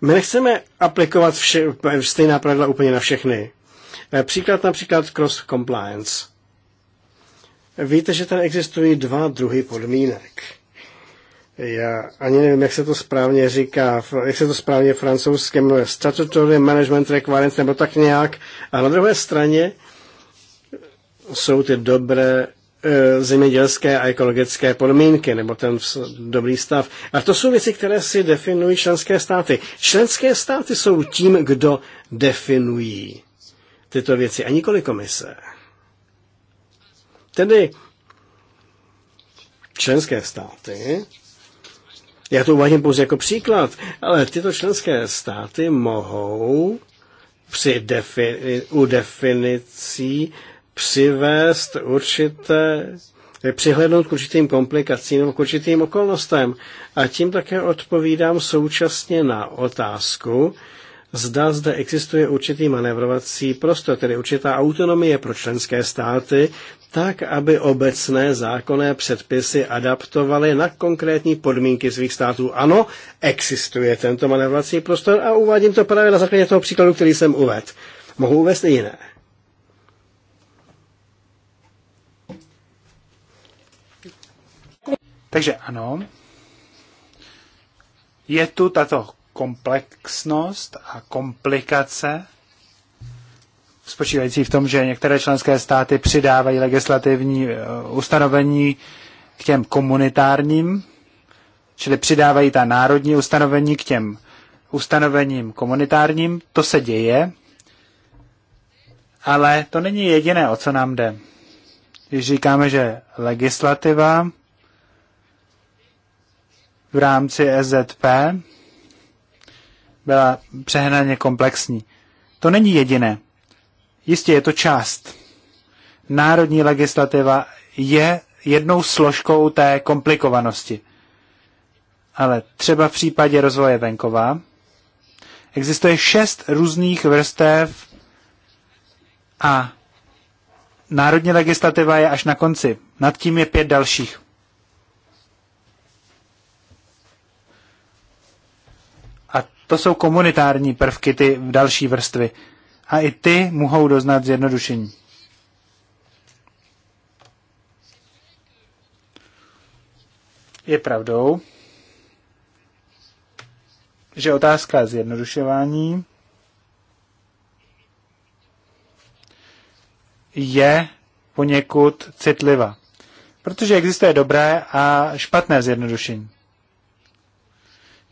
My nechceme aplikovat vše, stejná pravidla úplně na všechny. Eh, příklad například cross compliance. Víte, že tady existují dva druhy podmínek. Já ani nevím, jak se to správně říká, jak se to správně francouzsky mluví, statutory management requirements nebo tak nějak. A na druhé straně jsou ty dobré E, zemědělské a ekologické podmínky, nebo ten dobrý stav. A to jsou věci, které si definují členské státy. Členské státy jsou tím, kdo definují tyto věci, a nikoli komise. Tedy členské státy, já to uvádím pouze jako příklad, ale tyto členské státy mohou při defini- u definicí přivést určité, eh, přihlednout k určitým komplikacím nebo k určitým okolnostem. A tím také odpovídám současně na otázku, zda zde existuje určitý manevrovací prostor, tedy určitá autonomie pro členské státy, tak, aby obecné zákonné předpisy adaptovaly na konkrétní podmínky svých států. Ano, existuje tento manevrovací prostor a uvádím to právě na základě toho příkladu, který jsem uvedl. Mohu uvést i jiné. Takže ano, je tu tato komplexnost a komplikace, spočívající v tom, že některé členské státy přidávají legislativní eh, ustanovení k těm komunitárním, čili přidávají ta národní ustanovení k těm ustanovením komunitárním. To se děje, ale to není jediné, o co nám jde. Když říkáme, že legislativa v rámci EZP byla přehnaně komplexní. To není jediné. Jistě je to část. Národní legislativa je jednou složkou té komplikovanosti. Ale třeba v případě rozvoje venkova existuje šest různých vrstev a národní legislativa je až na konci. Nad tím je pět dalších. To jsou komunitární prvky, ty další vrstvy. A i ty mohou doznat zjednodušení. Je pravdou, že otázka zjednodušování je poněkud citlivá. Protože existuje dobré a špatné zjednodušení.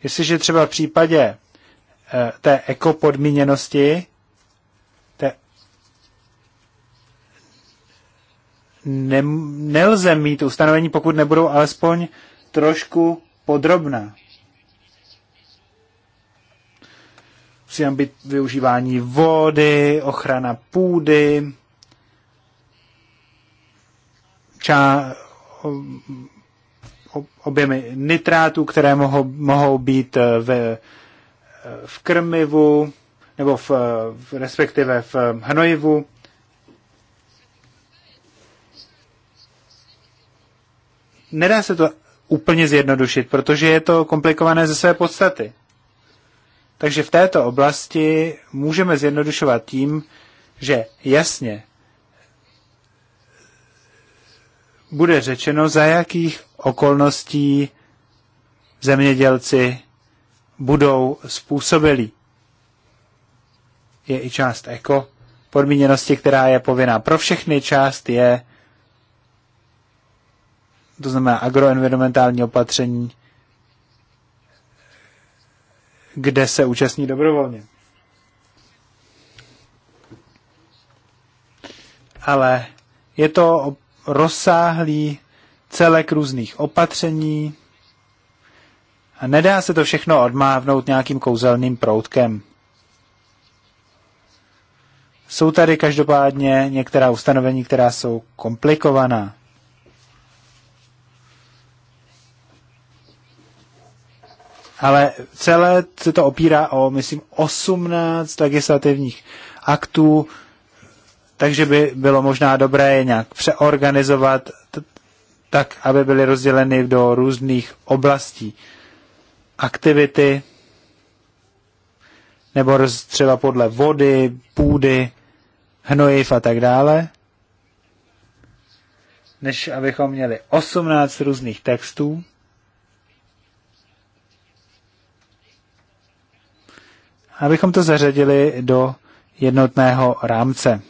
Jestliže třeba v případě Eh, té ekopodmíněnosti, té ne, nelze mít ustanovení, pokud nebudou alespoň trošku podrobná. Musí tam být využívání vody, ochrana půdy, ča, objemy nitrátů, které mohou, mohou být eh, ve v krmivu, nebo v, respektive v hnojivu. Nedá se to úplně zjednodušit, protože je to komplikované ze své podstaty. Takže v této oblasti můžeme zjednodušovat tím, že jasně bude řečeno, za jakých okolností zemědělci budou způsobilí. Je i část eko podmíněnosti, která je povinná pro všechny. Část je, to znamená agroenvironmentální opatření, kde se účastní dobrovolně. Ale je to rozsáhlý celek různých opatření, a nedá se to všechno odmávnout nějakým kouzelným proutkem. Jsou tady každopádně některá ustanovení, která jsou komplikovaná. Ale celé se to opírá o, myslím, 18 legislativních aktů, takže by bylo možná dobré je nějak přeorganizovat tak, aby byly rozděleny do různých oblastí aktivity, nebo třeba podle vody, půdy, hnojiv a tak dále, než abychom měli 18 různých textů, abychom to zařadili do jednotného rámce.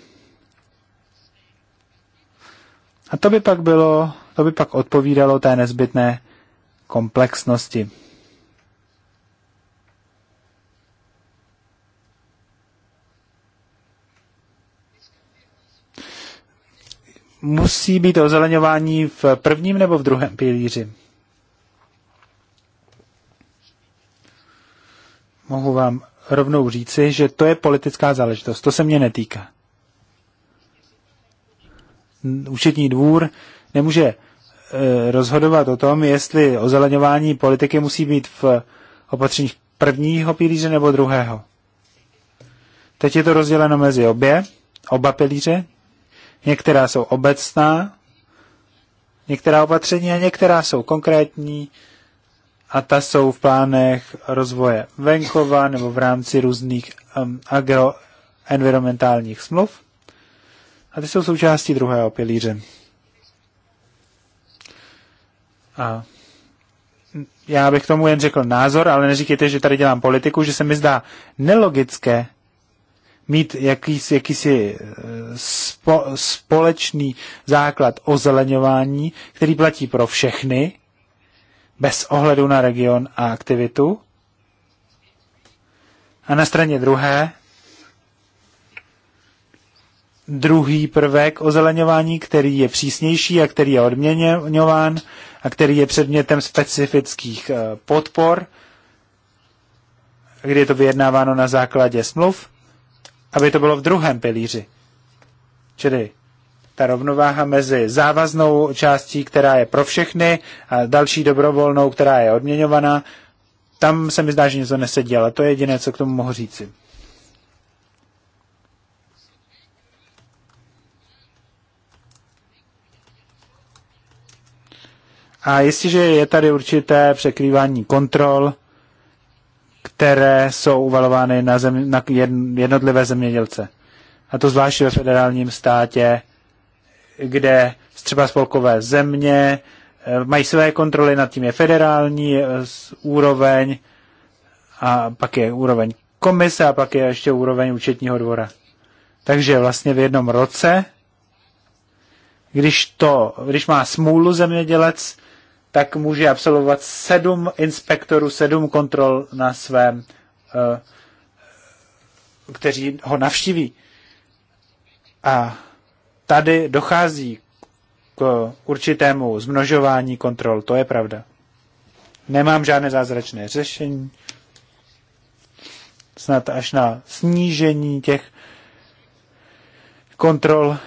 A to by pak bylo, to by pak odpovídalo té nezbytné komplexnosti. musí být ozeleňování v prvním nebo v druhém pilíři? Mohu vám rovnou říci, že to je politická záležitost. To se mě netýká. Účetní dvůr nemůže e, rozhodovat o tom, jestli ozeleňování politiky musí být v opatřeních prvního pilíře nebo druhého. Teď je to rozděleno mezi obě, oba pilíře, Některá jsou obecná, některá opatření a některá jsou konkrétní a ta jsou v plánech rozvoje venkova nebo v rámci různých um, agroenvironmentálních smluv. A ty jsou součástí druhého pilíře. A já bych tomu jen řekl názor, ale neříkejte, že tady dělám politiku, že se mi zdá nelogické, mít jakýsi, jakýsi eh, spo, společný základ ozeleňování, který platí pro všechny, bez ohledu na region a aktivitu. A na straně druhé, druhý prvek ozeleňování, který je přísnější a který je odměňován a který je předmětem specifických eh, podpor, kdy je to vyjednáváno na základě smluv aby to bylo v druhém pilíři. Čili ta rovnováha mezi závaznou částí, která je pro všechny, a další dobrovolnou, která je odměňovaná, tam se mi zdá, že něco nesedí, ale to je jediné, co k tomu mohu říci. A jestliže je tady určité překrývání kontrol, které jsou uvalovány na, zem, na jednotlivé zemědělce. A to zvláště ve federálním státě, kde třeba spolkové země eh, mají své kontroly, nad tím je federální eh, úroveň a pak je úroveň komise a pak je ještě úroveň účetního dvora. Takže vlastně v jednom roce, když, to, když má smůlu zemědělec, tak může absolvovat sedm inspektorů, sedm kontrol na svém, eh, kteří ho navštíví. A tady dochází k určitému zmnožování kontrol, to je pravda. Nemám žádné zázračné řešení, snad až na snížení těch kontrol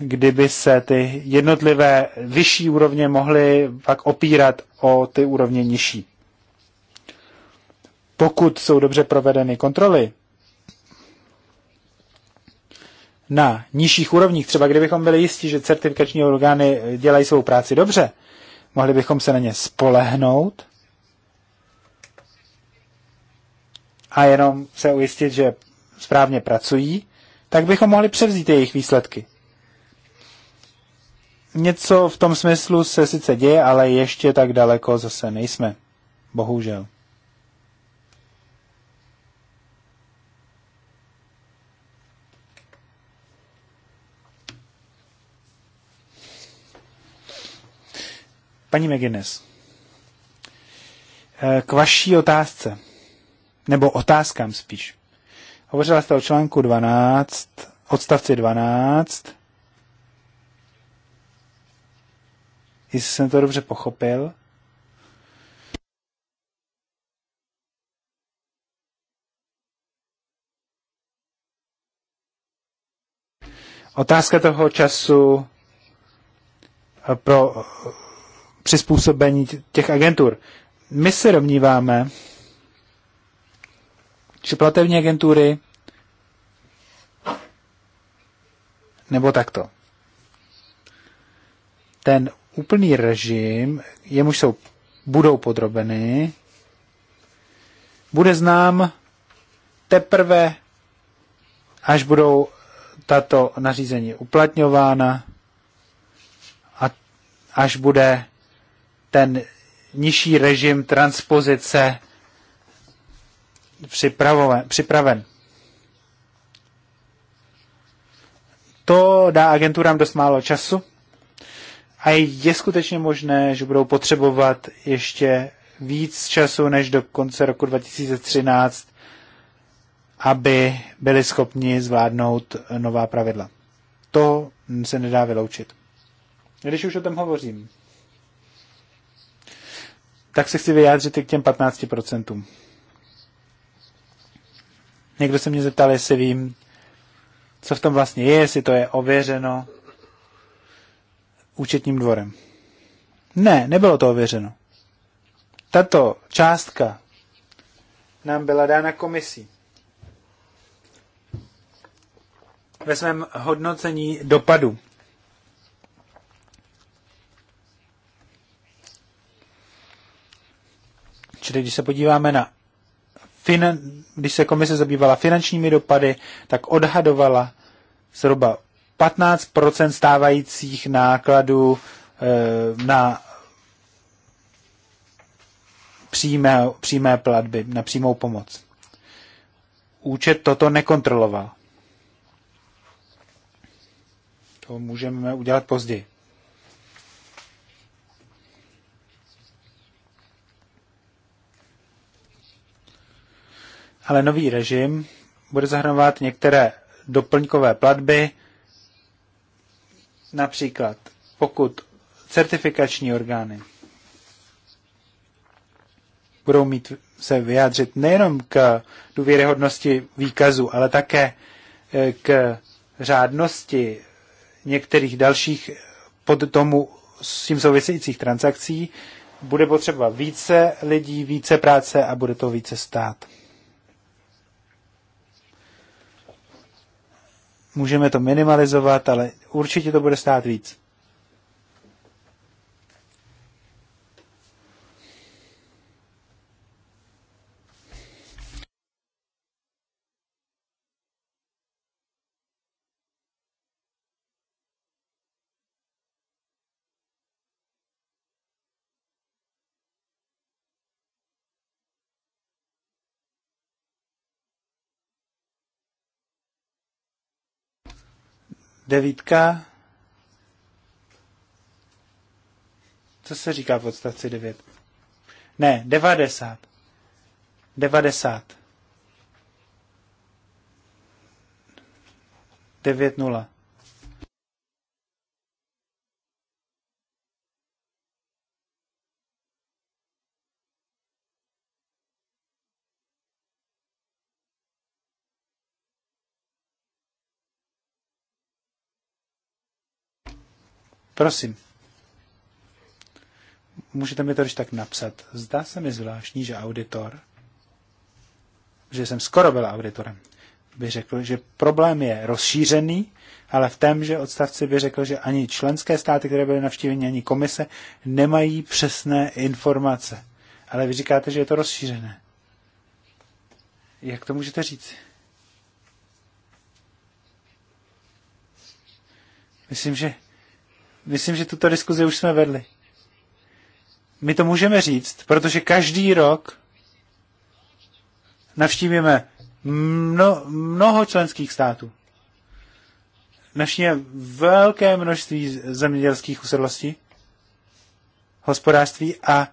kdyby se ty jednotlivé vyšší úrovně mohly pak opírat o ty úrovně nižší. Pokud jsou dobře provedeny kontroly na nižších úrovních, třeba kdybychom byli jistí, že certifikační orgány dělají svou práci dobře, mohli bychom se na ně spolehnout a jenom se ujistit, že správně pracují, tak bychom mohli převzít jejich výsledky něco v tom smyslu se sice děje, ale ještě tak daleko zase nejsme. Bohužel. Paní McGuinness, eh, k vaší otázce, nebo otázkám spíš. Hovořila jste o článku 12, odstavci 12, jestli jsem to dobře pochopil, Otázka toho času eh, pro eh, přizpůsobení těch agentur. My se domníváme, že platební agentury nebo takto. Ten úplný režim, jemuž jsou, budou podrobeny, bude znám teprve, až budou tato nařízení uplatňována a až bude ten nižší režim transpozice připraven. To dá agenturám dost málo času a je skutečně možné, že budou potřebovat ještě víc času než do konce roku 2013, aby byli schopni zvládnout nová pravidla. To se nedá vyloučit. Když už o tom hovořím, tak se chci vyjádřit i k těm 15%. Někdo se mě zeptal, jestli vím, co v tom vlastně je, jestli to je ověřeno účetním dvorem. Ne, nebylo to ověřeno. Tato částka nám byla dána komisí. Ve svém hodnocení dopadu. Čili když se podíváme na finan... když se komise zabývala finančními dopady, tak odhadovala zhruba 15 stávajících nákladů eh, na přímé, přímé platby, na přímou pomoc. Účet toto nekontroloval. To můžeme udělat později. Ale nový režim bude zahrnovat některé doplňkové platby Například, pokud certifikační orgány budou mít se vyjádřit nejenom k důvěryhodnosti výkazu, ale také eh, k řádnosti některých dalších pod tomu s tím souvisejících transakcí, bude potřeba více lidí, více práce a bude to více stát. Můžeme to minimalizovat, ale určitě to bude stát víc. Devítka. Co se říká v odstavci 9? Ne, 90. 90. Devět nula. Prosím. Můžete mi to když tak napsat. Zdá se mi zvláštní, že auditor, že jsem skoro byl auditorem, by řekl, že problém je rozšířený, ale v že odstavci by řekl, že ani členské státy, které byly navštíveny, ani komise nemají přesné informace. Ale vy říkáte, že je to rozšířené. Jak to můžete říct? Myslím, že myslím, že tuto diskuzi už jsme vedli. My to můžeme říct, protože každý rok navštívíme mno, mnoho členských států. Navštívíme velké množství zemědělských usedlostí, hospodářství a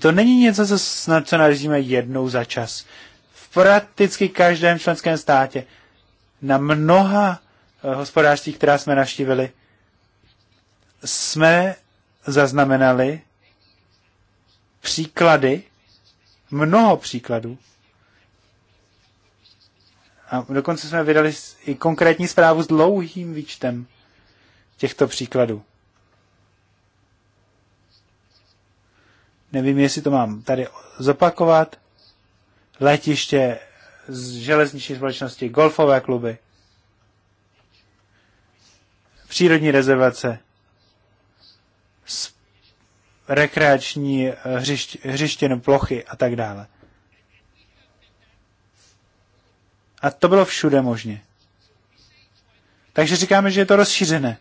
to není něco, co, snad, co narazíme jednou za čas. V prakticky každém členském státě na mnoha eh, hospodářství, která jsme navštívili, jsme zaznamenali příklady, mnoho příkladů. A dokonce jsme vydali i konkrétní zprávu s dlouhým výčtem těchto příkladů. Nevím, jestli to mám tady zopakovat. Letiště z železniční společnosti, golfové kluby, přírodní rezervace, rekreační eh, hřišť, nebo plochy a tak dále. A to bylo všude možně. Takže říkáme, že je to rozšířené.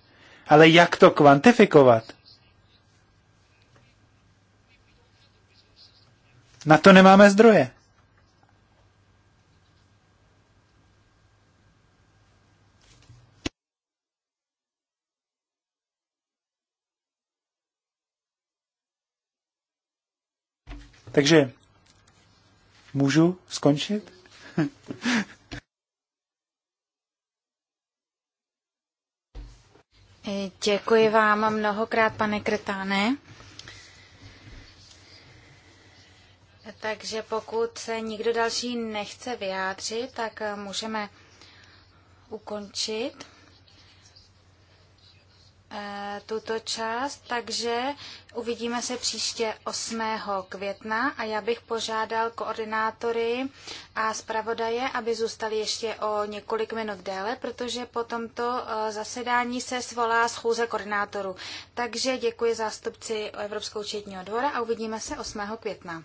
Ale jak to kvantifikovat? Na to nemáme zdroje. Takže můžu skončit? Děkuji vám mnohokrát, pane Kretáne. Takže pokud se nikdo další nechce vyjádřit, tak můžeme ukončit. Eh, tuto část, takže uvidíme se příště 8. května a já bych požádal koordinátory a zpravodaje, aby zůstali ještě o několik minut déle, protože po tomto eh, zasedání se svolá schůze koordinátorů. Takže děkuji zástupci Evropského účetního dvora a uvidíme se 8. května.